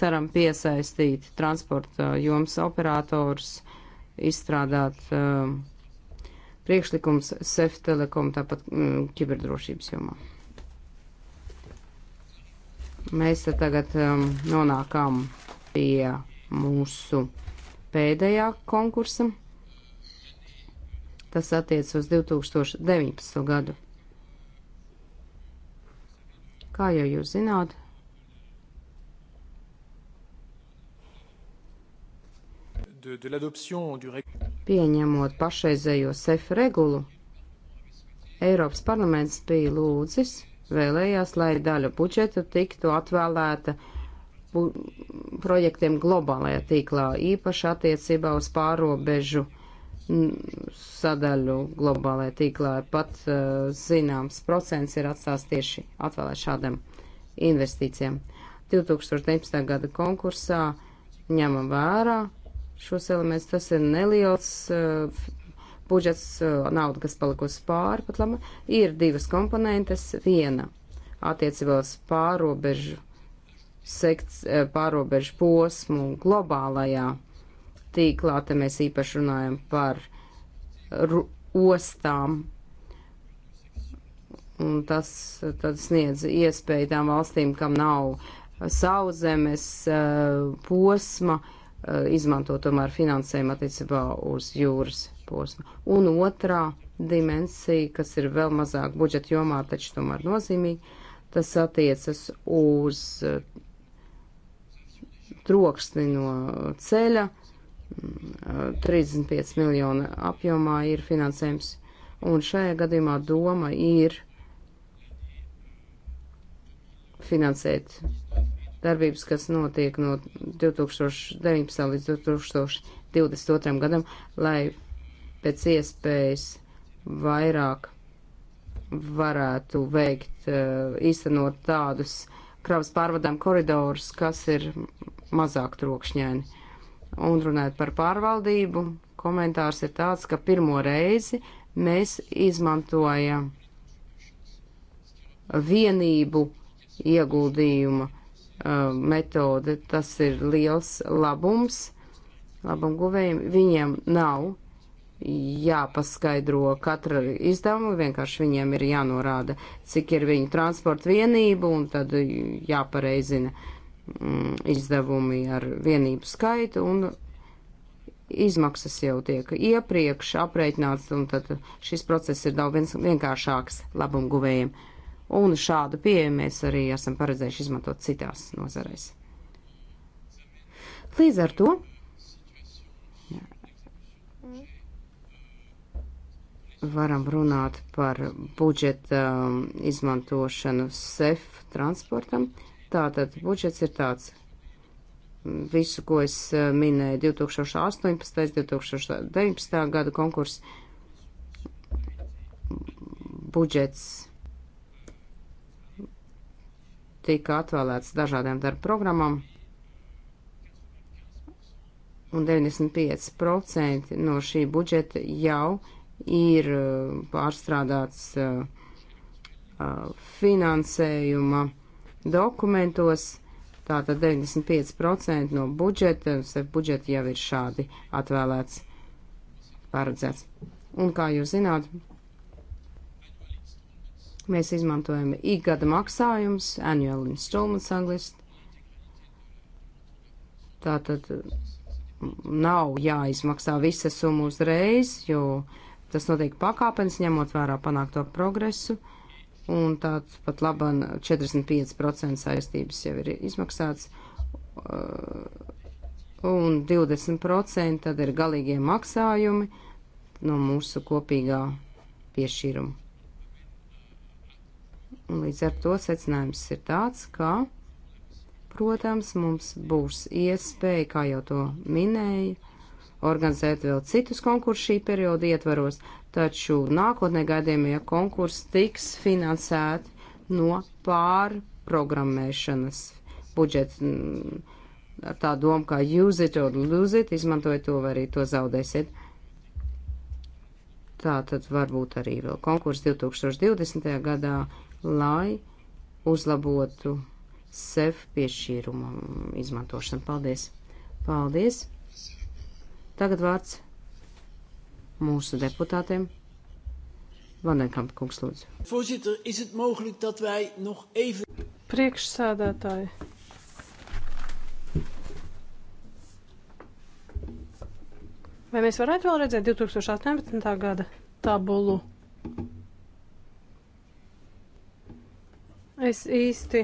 ceram piesaistīt transporta jomas operators izstrādāt uh, priekšlikums SEF telekom, tāpat mm, kiberdrošības jomā. Mēs te tagad um, nonākam pie mūsu pēdējā konkursa. Tas attiec uz 2019. gadu. Kā jau jūs zināt, Pieņemot pašreizējo sefa regulu, Eiropas parlaments bija lūdzis, vēlējās, lai daļa budžeta tiktu atvēlēta projektiem globālajā tīklā, īpaši attiecībā uz pārobežu sadaļu globālajā tīklā. Pat uh, zināms procents ir atstās tieši atvēlēt šādam investīcijām. 2019. gada konkursā ņemam vērā šos elementus. Tas ir neliels uh, budžets, uh, nauda, kas palikusi pāri pat lama. Ir divas komponentes. Viena attiecībā uz pārobežu sekts, uh, pārobežu posmu globālajā tīklā. Te mēs īpaši runājam par ostām. Un tas uh, tad sniedz iespēju tām valstīm, kam nav sauszemes uh, posma, uh, Eh, izmanto tomēr finansējumu attiecībā uz jūras posmu. Un otrā dimensija, kas ir vēl mazāk budžeta jomā, taču tomēr nozīmīgi, tas attiecas uz eh, troksni no ceļa. 35 mm, eh, miljonu apjomā ir finansējums. Un šajā gadījumā doma ir finansēt darbības, kas notiek no 2019. līdz 2022. gadam, lai pēc iespējas vairāk varētu veikt, eh, īstenot tādus kravas pārvadām koridorus, kas ir mazāk trokšņēni. Un runājot par pārvaldību, komentārs ir tāds, ka pirmo reizi mēs izmantojam vienību ieguldījuma Um, metode. Tas ir liels labums labumguvējiem. Viņiem nav jāpaskaidro katra izdevuma, vienkārši viņiem ir jānorāda, cik ir viņu transporta vienība un tad jāpareizina mm, izdevumi ar vienību skaitu un izmaksas jau tiek iepriekš aprēķināts un tad šis process ir daudz vienkāršāks labumguvējiem. guvējiem. Un šādu pieeju mēs arī esam paredzējuši izmantot citās nozareis. Līdz ar to varam runāt par budžeta um, izmantošanu SEF transportam. Tātad budžets ir tāds visu, ko es uh, minēju 2018. 2019. gada konkursu budžets tika atvēlēts dažādām darba programmām, un 95% no šī budžeta jau ir uh, pārstrādāts uh, uh, finansējuma dokumentos. Tātad 95% no budžeta, budžeta jau ir šādi atvēlēts, paredzēts. Un kā jūs zināt, Mēs izmantojam ikgada maksājums, annual installments angliski. Tātad mm, nav jāizmaksā visa summa uzreiz, jo tas notiek pakāpenis, ņemot vērā panākto progresu. Un tāds pat laban 45% saistības jau ir izmaksāts. Uh, un 20% tad ir galīgie maksājumi no mūsu kopīgā piešķīruma. Un līdz ar to secinājums ir tāds, ka, protams, mums būs iespēja, kā jau to minēju, organizēt vēl citus konkursus šī perioda ietvaros, taču nākotnē gaidījumie konkursi tiks finansēti no pārprogrammēšanas budžeta mm, ar tā domu kā use it or lose it, izmantojiet to vai arī to zaudēsiet. Tā tad varbūt arī vēl konkurss 2020. gadā lai uzlabotu sev piešķīrumu izmantošanu. Paldies! Paldies! Tagad vārds mūsu deputātiem. Vandenkamp, kungs, lūdzu. Voorzitter, is het mogelijk dat wij nog even... Priekšsēdētāji. Vai mēs varētu vēl redzēt 2018. gada tabulu? Es īsti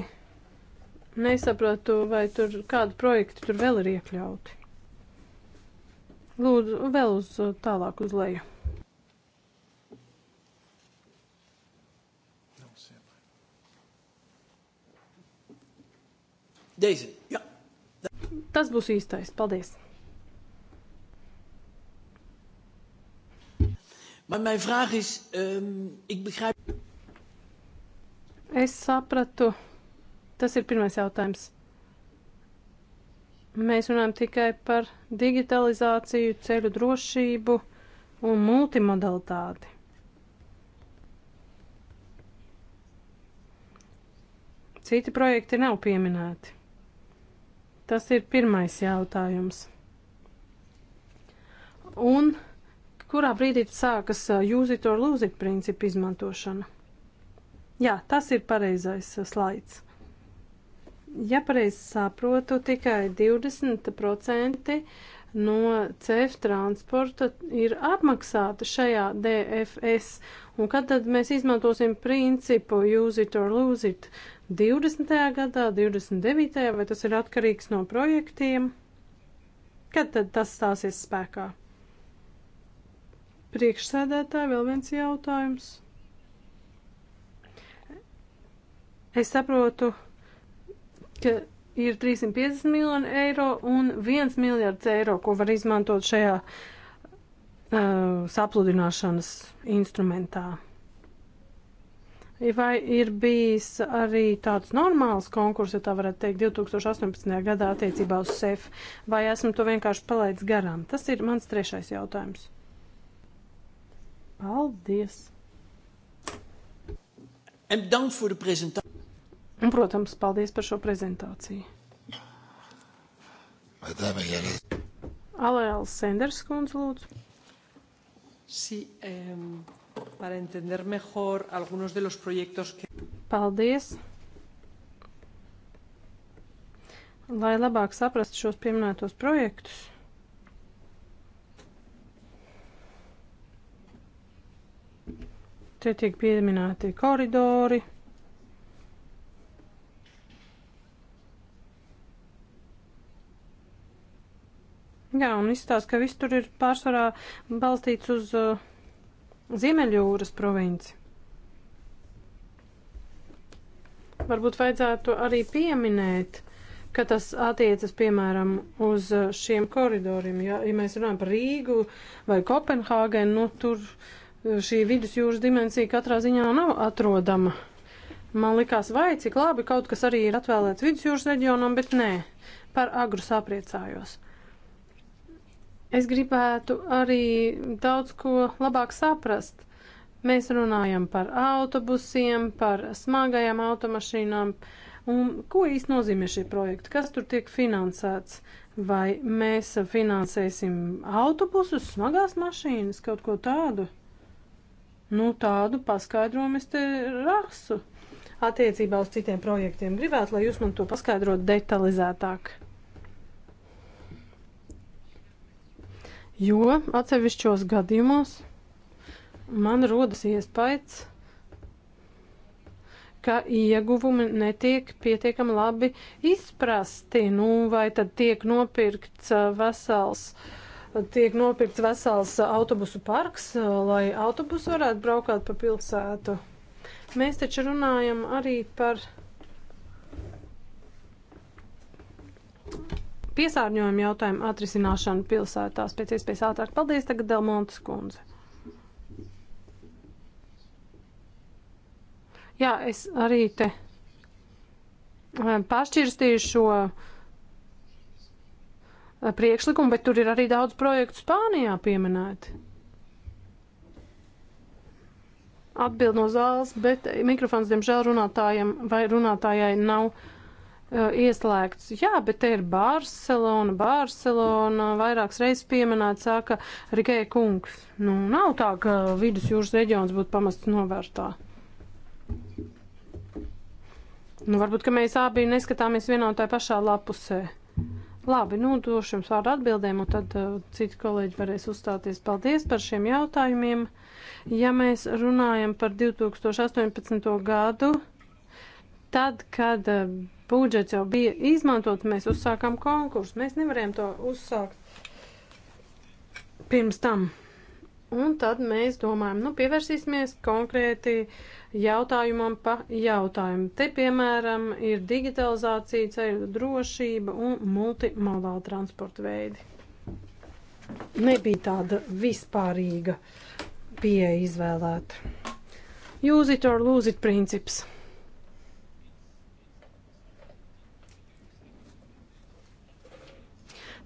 nesapratu, vai tur kādu projektu tur vēl ir iekļauti. Lūdzu, vēl uz tālāk uz leju. Deze, jā. Tas būs īstais. Paldies. Maar mijn vraag is, um, ik begrijp es sapratu, tas ir pirmais jautājums. Mēs runājam tikai par digitalizāciju, ceļu drošību un multimodalitāti. Citi projekti nav pieminēti. Tas ir pirmais jautājums. Un kurā brīdī sākas use it or lose it principu izmantošana? Jā, tas ir pareizais uh, slaids. Ja pareizi saprotu, tikai 20% no CEF transporta ir apmaksāta šajā DFS. Un kad tad mēs izmantosim principu use it or lose it 20. gadā, 29. vai tas ir atkarīgs no projektiem? Kad tad tas stāsies spēkā? Priekšsēdētāji vēl viens jautājums. Es saprotu, ka ir 350 miljoni eiro un 1 miljards eiro, ko var izmantot šajā uh, sapludināšanas instrumentā. Vai ir bijis arī tāds normāls konkurss, ja tā varētu teikt, 2018. gadā attiecībā uz SEF, vai esmu to vienkārši palaidis garām? Tas ir mans trešais jautājums. Paldies! En bedankt voor de presentatie. Un, protams, paldies par šo prezentāciju. Alēls Senders kundze, lūdzu. Sí, um, para entender mejor algunos de los proyectos que... Paldies. Lai labāk saprastu šos pieminētos projektus. Te tiek pieminēti koridori. Jā, un izstāsta, ka viss tur ir pārsvarā balstīts uz uh, Ziemeļjūras provinci. Varbūt vajadzētu arī pieminēt, ka tas attiecas, piemēram, uz uh, šiem koridoriem. Ja, ja mēs runājam par Rīgu vai Kopenhāgenu, nu tur uh, šī vidusjūras dimensija katrā ziņā nav atrodama. Man likās, vai cik labi kaut kas arī ir atvēlēts vidusjūras reģionam, bet nē, par agru sapriecājos. Es gribētu arī daudz ko labāk saprast. Mēs runājam par autobusiem, par smagajām automašīnām. Un ko īsti nozīmē šie projekti? Kas tur tiek finansēts? Vai mēs finansēsim autobusus, smagās mašīnas, kaut ko tādu? Nu, tādu paskaidrojumu es te rasu attiecībā uz citiem projektiem. Gribētu, lai jūs man to paskaidrot detalizētāk. jo atsevišķos gadījumos man rodas iespējas, ka ieguvumi netiek pietiekami labi izprasti, nu vai tad tiek nopirkts uh, vesels. Tiek nopirkts vesels uh, autobusu parks, uh, lai autobusu varētu braukāt pa pilsētu. Mēs taču runājam arī par piesārņojuma jautājumu atrisināšanu pilsētās pēc iespējas ātrāk. Paldies tagad Delmontas kundze. Jā, es arī te eh, pašķirstīju šo eh, priekšlikumu, bet tur ir arī daudz projektu Spānijā pieminēti. Atbild no zāles, bet mikrofons, diemžēl, runātājiem vai runātājai nav ieslēgts. Jā, bet te ir Barcelona, Barcelona, vairākas reizes pieminēta, saka Rikēja kungs. Nu, nav tā, ka vidusjūras reģions būtu pamests novērtā. Nu, varbūt, ka mēs abi neskatāmies vienā un tā pašā lapusē. Labi, nu, došu jums vārdu atbildēm, un tad uh, citi kolēģi varēs uzstāties. Paldies par šiem jautājumiem. Ja mēs runājam par 2018. gadu, tad, kad uh, budžets jau bija izmantots, mēs uzsākām konkursu. Mēs nevarējām to uzsākt pirms tam. Un tad mēs domājam, nu, pievērsīsimies konkrēti jautājumam pa jautājumu. Te, piemēram, ir digitalizācija, ceļu drošība un multimodāla transporta veidi. Nebija tāda vispārīga pieeja izvēlēta. Use it or lose it princips.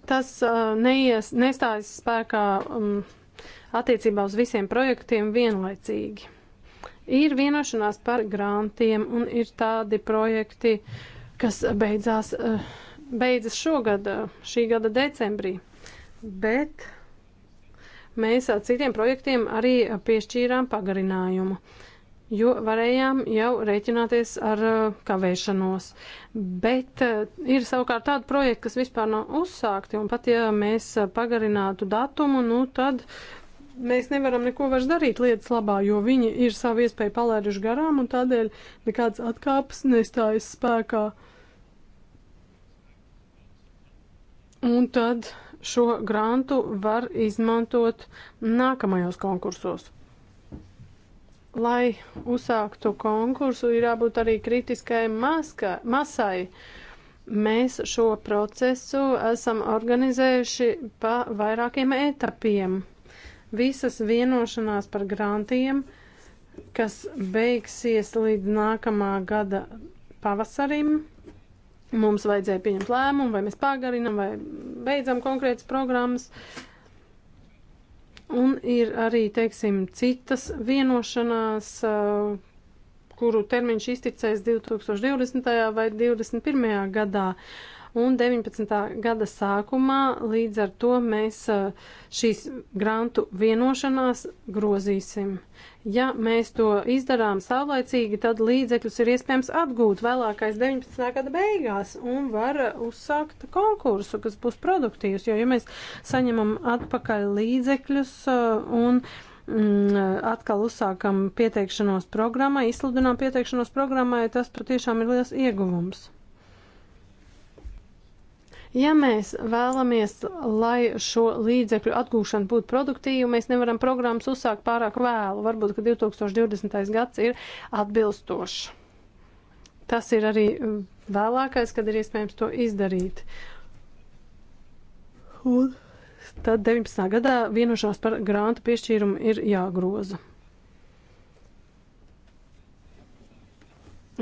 Tas uh, neies, nestājas spēkā um, attiecībā uz visiem projektiem vienlaicīgi. Ir vienošanās par grantiem un ir tādi projekti, kas beidzās, uh, beidzas šogad, uh, šī gada decembrī. Bet mēs uh, citiem projektiem arī uh, piešķīrām pagarinājumu. Uh, jo varējām jau rēķināties ar uh, kavēšanos. Bet uh, ir savukārt tādi projekti, kas vispār nav uzsākti, un pat ja mēs uh, pagarinātu datumu, nu tad mēs nevaram neko vairs darīt lietas labā, jo viņi ir savu iespēju palaiduši garām, un tādēļ nekādas atkāpes nestājas spēkā. Un tad šo grantu var izmantot nākamajos konkursos lai uzsāktu konkursu, ir jābūt arī kritiskai maska, masai. Mēs šo procesu esam organizējuši pa vairākiem etapiem. Visas vienošanās par grantiem, kas beigsies līdz nākamā gada pavasarim, mums vajadzēja pieņemt lēmumu, vai mēs pagarinam, vai beidzam konkrētas programmas. Uh, Un ir arī, teiksim, citas vienošanās, eh, kuru termiņš izticēs 2020. vai 2021. gadā un 19. gada sākumā līdz ar to mēs uh, šīs grantu vienošanās grozīsim. Ja mēs to izdarām saulaicīgi, tad līdzekļus ir iespējams atgūt vēlākais 19. gada beigās un var uh, uzsākt konkursu, kas būs produktīvs, jo ja mēs saņemam atpakaļ līdzekļus uh, un mm, atkal uzsākam pieteikšanos programmai, izsludinām pieteikšanos programmai, tas patiešām ir liels ieguvums. Ja mēs vēlamies, lai šo līdzekļu atgūšana būtu produktīva, mēs nevaram programmas uzsākt pārāk vēlu. Varbūt, ka 2020. gads ir atbilstošs. Tas ir arī vēlākais, kad ir iespējams to izdarīt. Un tad 19. gadā vienošanās par grāntu piešķīrumu ir jāgroza.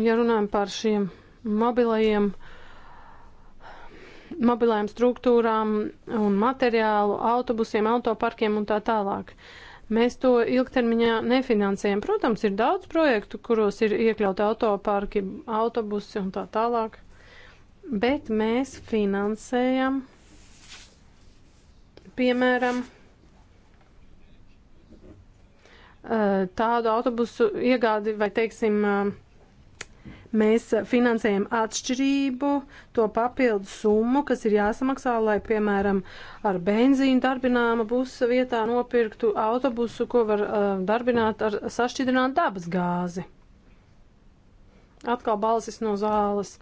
Ja runājam par šiem mobilajiem uh, mobilajām struktūrām un materiālu, autobusiem, autoparkiem un tā tālāk. Mēs to ilgtermiņā nefinansējam. Protams, ir daudz projektu, kuros ir iekļauti autoparki, autobusi un tā tālāk, bet mēs finansējam, piemēram, eh, tādu autobusu iegādi vai, teiksim, eh, Mēs finansējam atšķirību, to papildu summu, kas ir jāsamaksā, lai, piemēram, ar benzīnu darbināma busa vietā nopirktu autobusu, ko var uh, darbināt ar sašķidrināt dabas gāzi. Atkal balsis no zāles.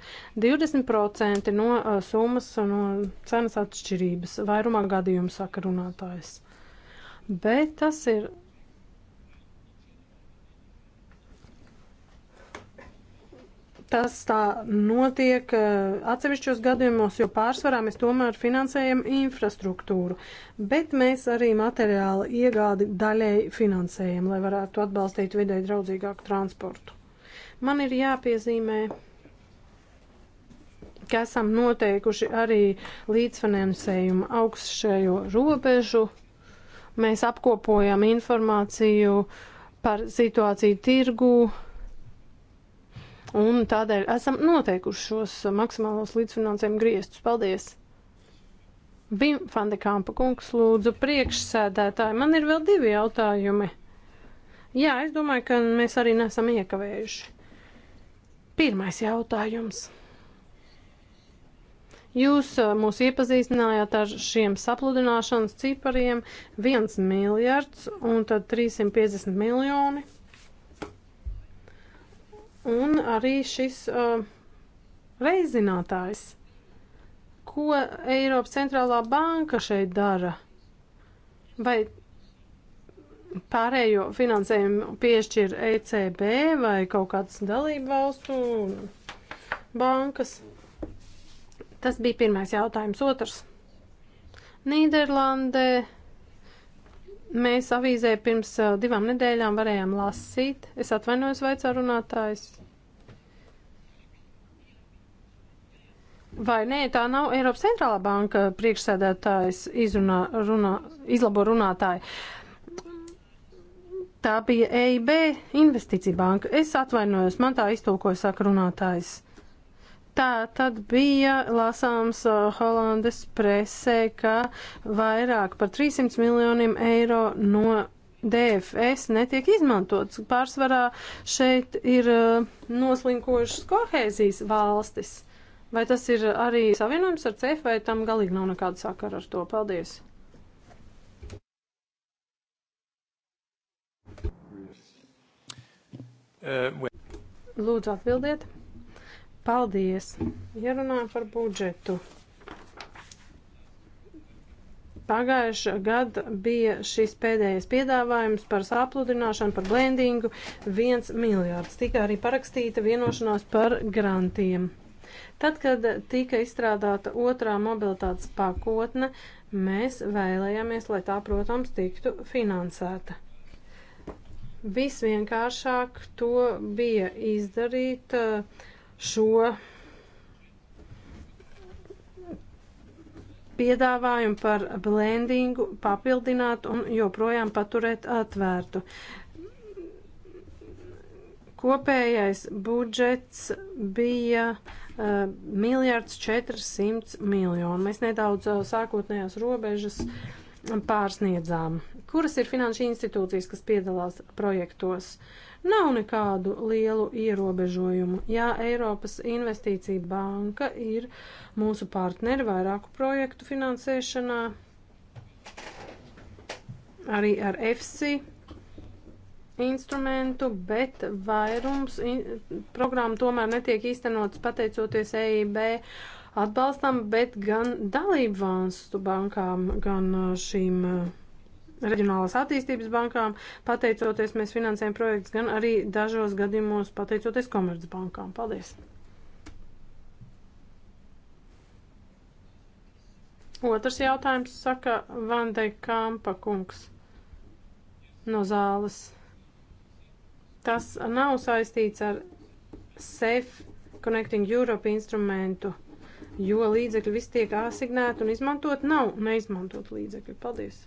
20% no uh, summas, no cenas atšķirības, vairumā gadījumu saka runātājs. Bet tas ir tas tā notiek eh, atsevišķos gadījumos, jo pārsvarā mēs tomēr finansējam infrastruktūru, bet mēs arī materiāli iegādi daļēji finansējam, lai varētu atbalstīt vidē draudzīgāku transportu. Man ir jāpiezīmē, ka esam noteikuši arī līdzfinansējumu augstšējo robežu. Mēs apkopojam informāciju par situāciju tirgū, Un tādēļ esam noteikuši šos maksimālos līdzfinansējumu griestus. Paldies! Bim Fandekāmpa kungs lūdzu priekšsēdētāji. Man ir vēl divi jautājumi. Jā, es domāju, ka mēs arī nesam iekavējuši. Pirmais jautājums. Jūs uh, mūs iepazīstinājāt ar šiem sapludināšanas cipariem - 1 miljards un tad 350 miljoni un arī šis uh, reizinātājs. Ko Eiropas centrālā banka šeit dara? Vai pārējo finansējumu piešķir ECB vai kaut kādas dalību valstu bankas? Tas bija pirmais jautājums. Otrs. Nīderlandē Mēs avīzē pirms divām nedēļām varējām lasīt. Es atvainojos, vaicā runātājs. Vai nē, tā nav Eiropas centrālā banka priekšsēdētājs izrunā, runā, izlabo runātāju. Tā bija EIB investīcija banka. Es atvainojos, man tā iztūkoja, saka runātājs. Tā tad bija lasāms uh, Holandes presē, ka vairāk par 300 miljoniem eiro no DFS netiek izmantots. Pārsvarā šeit ir uh, noslinkojušas kohēzijas valstis. Vai tas ir arī savienojums ar CEF, vai tam galīgi nav nekāda sakara ar to? Paldies! Uh, Lūdzu, atbildiet! Paldies! Ja runājam par budžetu. Pagājušā gada bija šis pēdējais piedāvājums par sāpludināšanu, par blendingu. Viens miljārds tika arī parakstīta vienošanās par grantiem. Tad, kad tika izstrādāta otrā mobilitātes pakotne, mēs vēlējāmies, lai tā, protams, tiktu finansēta. Visvienkāršāk to bija izdarīt. Uh, šo piedāvājumu par blendingu papildināt un joprojām paturēt atvērtu. Kopējais budžets bija uh, miljards 400 miljonu. Mēs nedaudz uh, sākotnējās robežas pārsniedzām. Kuras ir finanšu institūcijas, kas piedalās projektos? Uh, Nav nekādu lielu ierobežojumu. Jā, Eiropas investīcija banka ir mūsu partneri vairāku projektu finansēšanā, arī ar EFSI instrumentu, bet vairums in programmu tomēr netiek īstenotas pateicoties EIB atbalstam, bet gan dalību valstu bankām, gan uh, šīm uh, reģionālās attīstības bankām, pateicoties mēs finansējam projekts, gan arī dažos gadījumos pateicoties komercbankām. Paldies! Otrs jautājums saka Vandei Kampa kungs no zāles. Tas nav saistīts ar Safe Connecting Europe instrumentu, jo līdzekļi viss tiek asignēti un izmantot nav neizmantot līdzekļi. Paldies!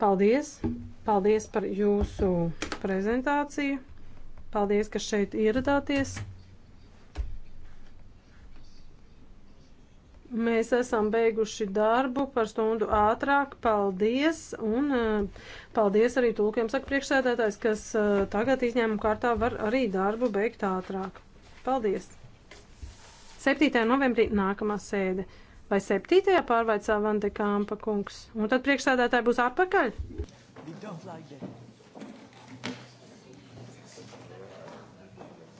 Paldies! Paldies par jūsu prezentāciju. Paldies, ka šeit ieradāties. Mēs esam beiguši darbu par stundu ātrāk. Paldies! Un eh, paldies arī tulkiem, saka priekšsēdētājs, kas eh, tagad izņēmuma kārtā var arī darbu beigt ātrāk. Paldies! 7. novembrī nākamā sēde. Vai septītajā pārvaicā Vandekāmpa kungs? Un tad priekšsēdētāji būs atpakaļ? They don't like that.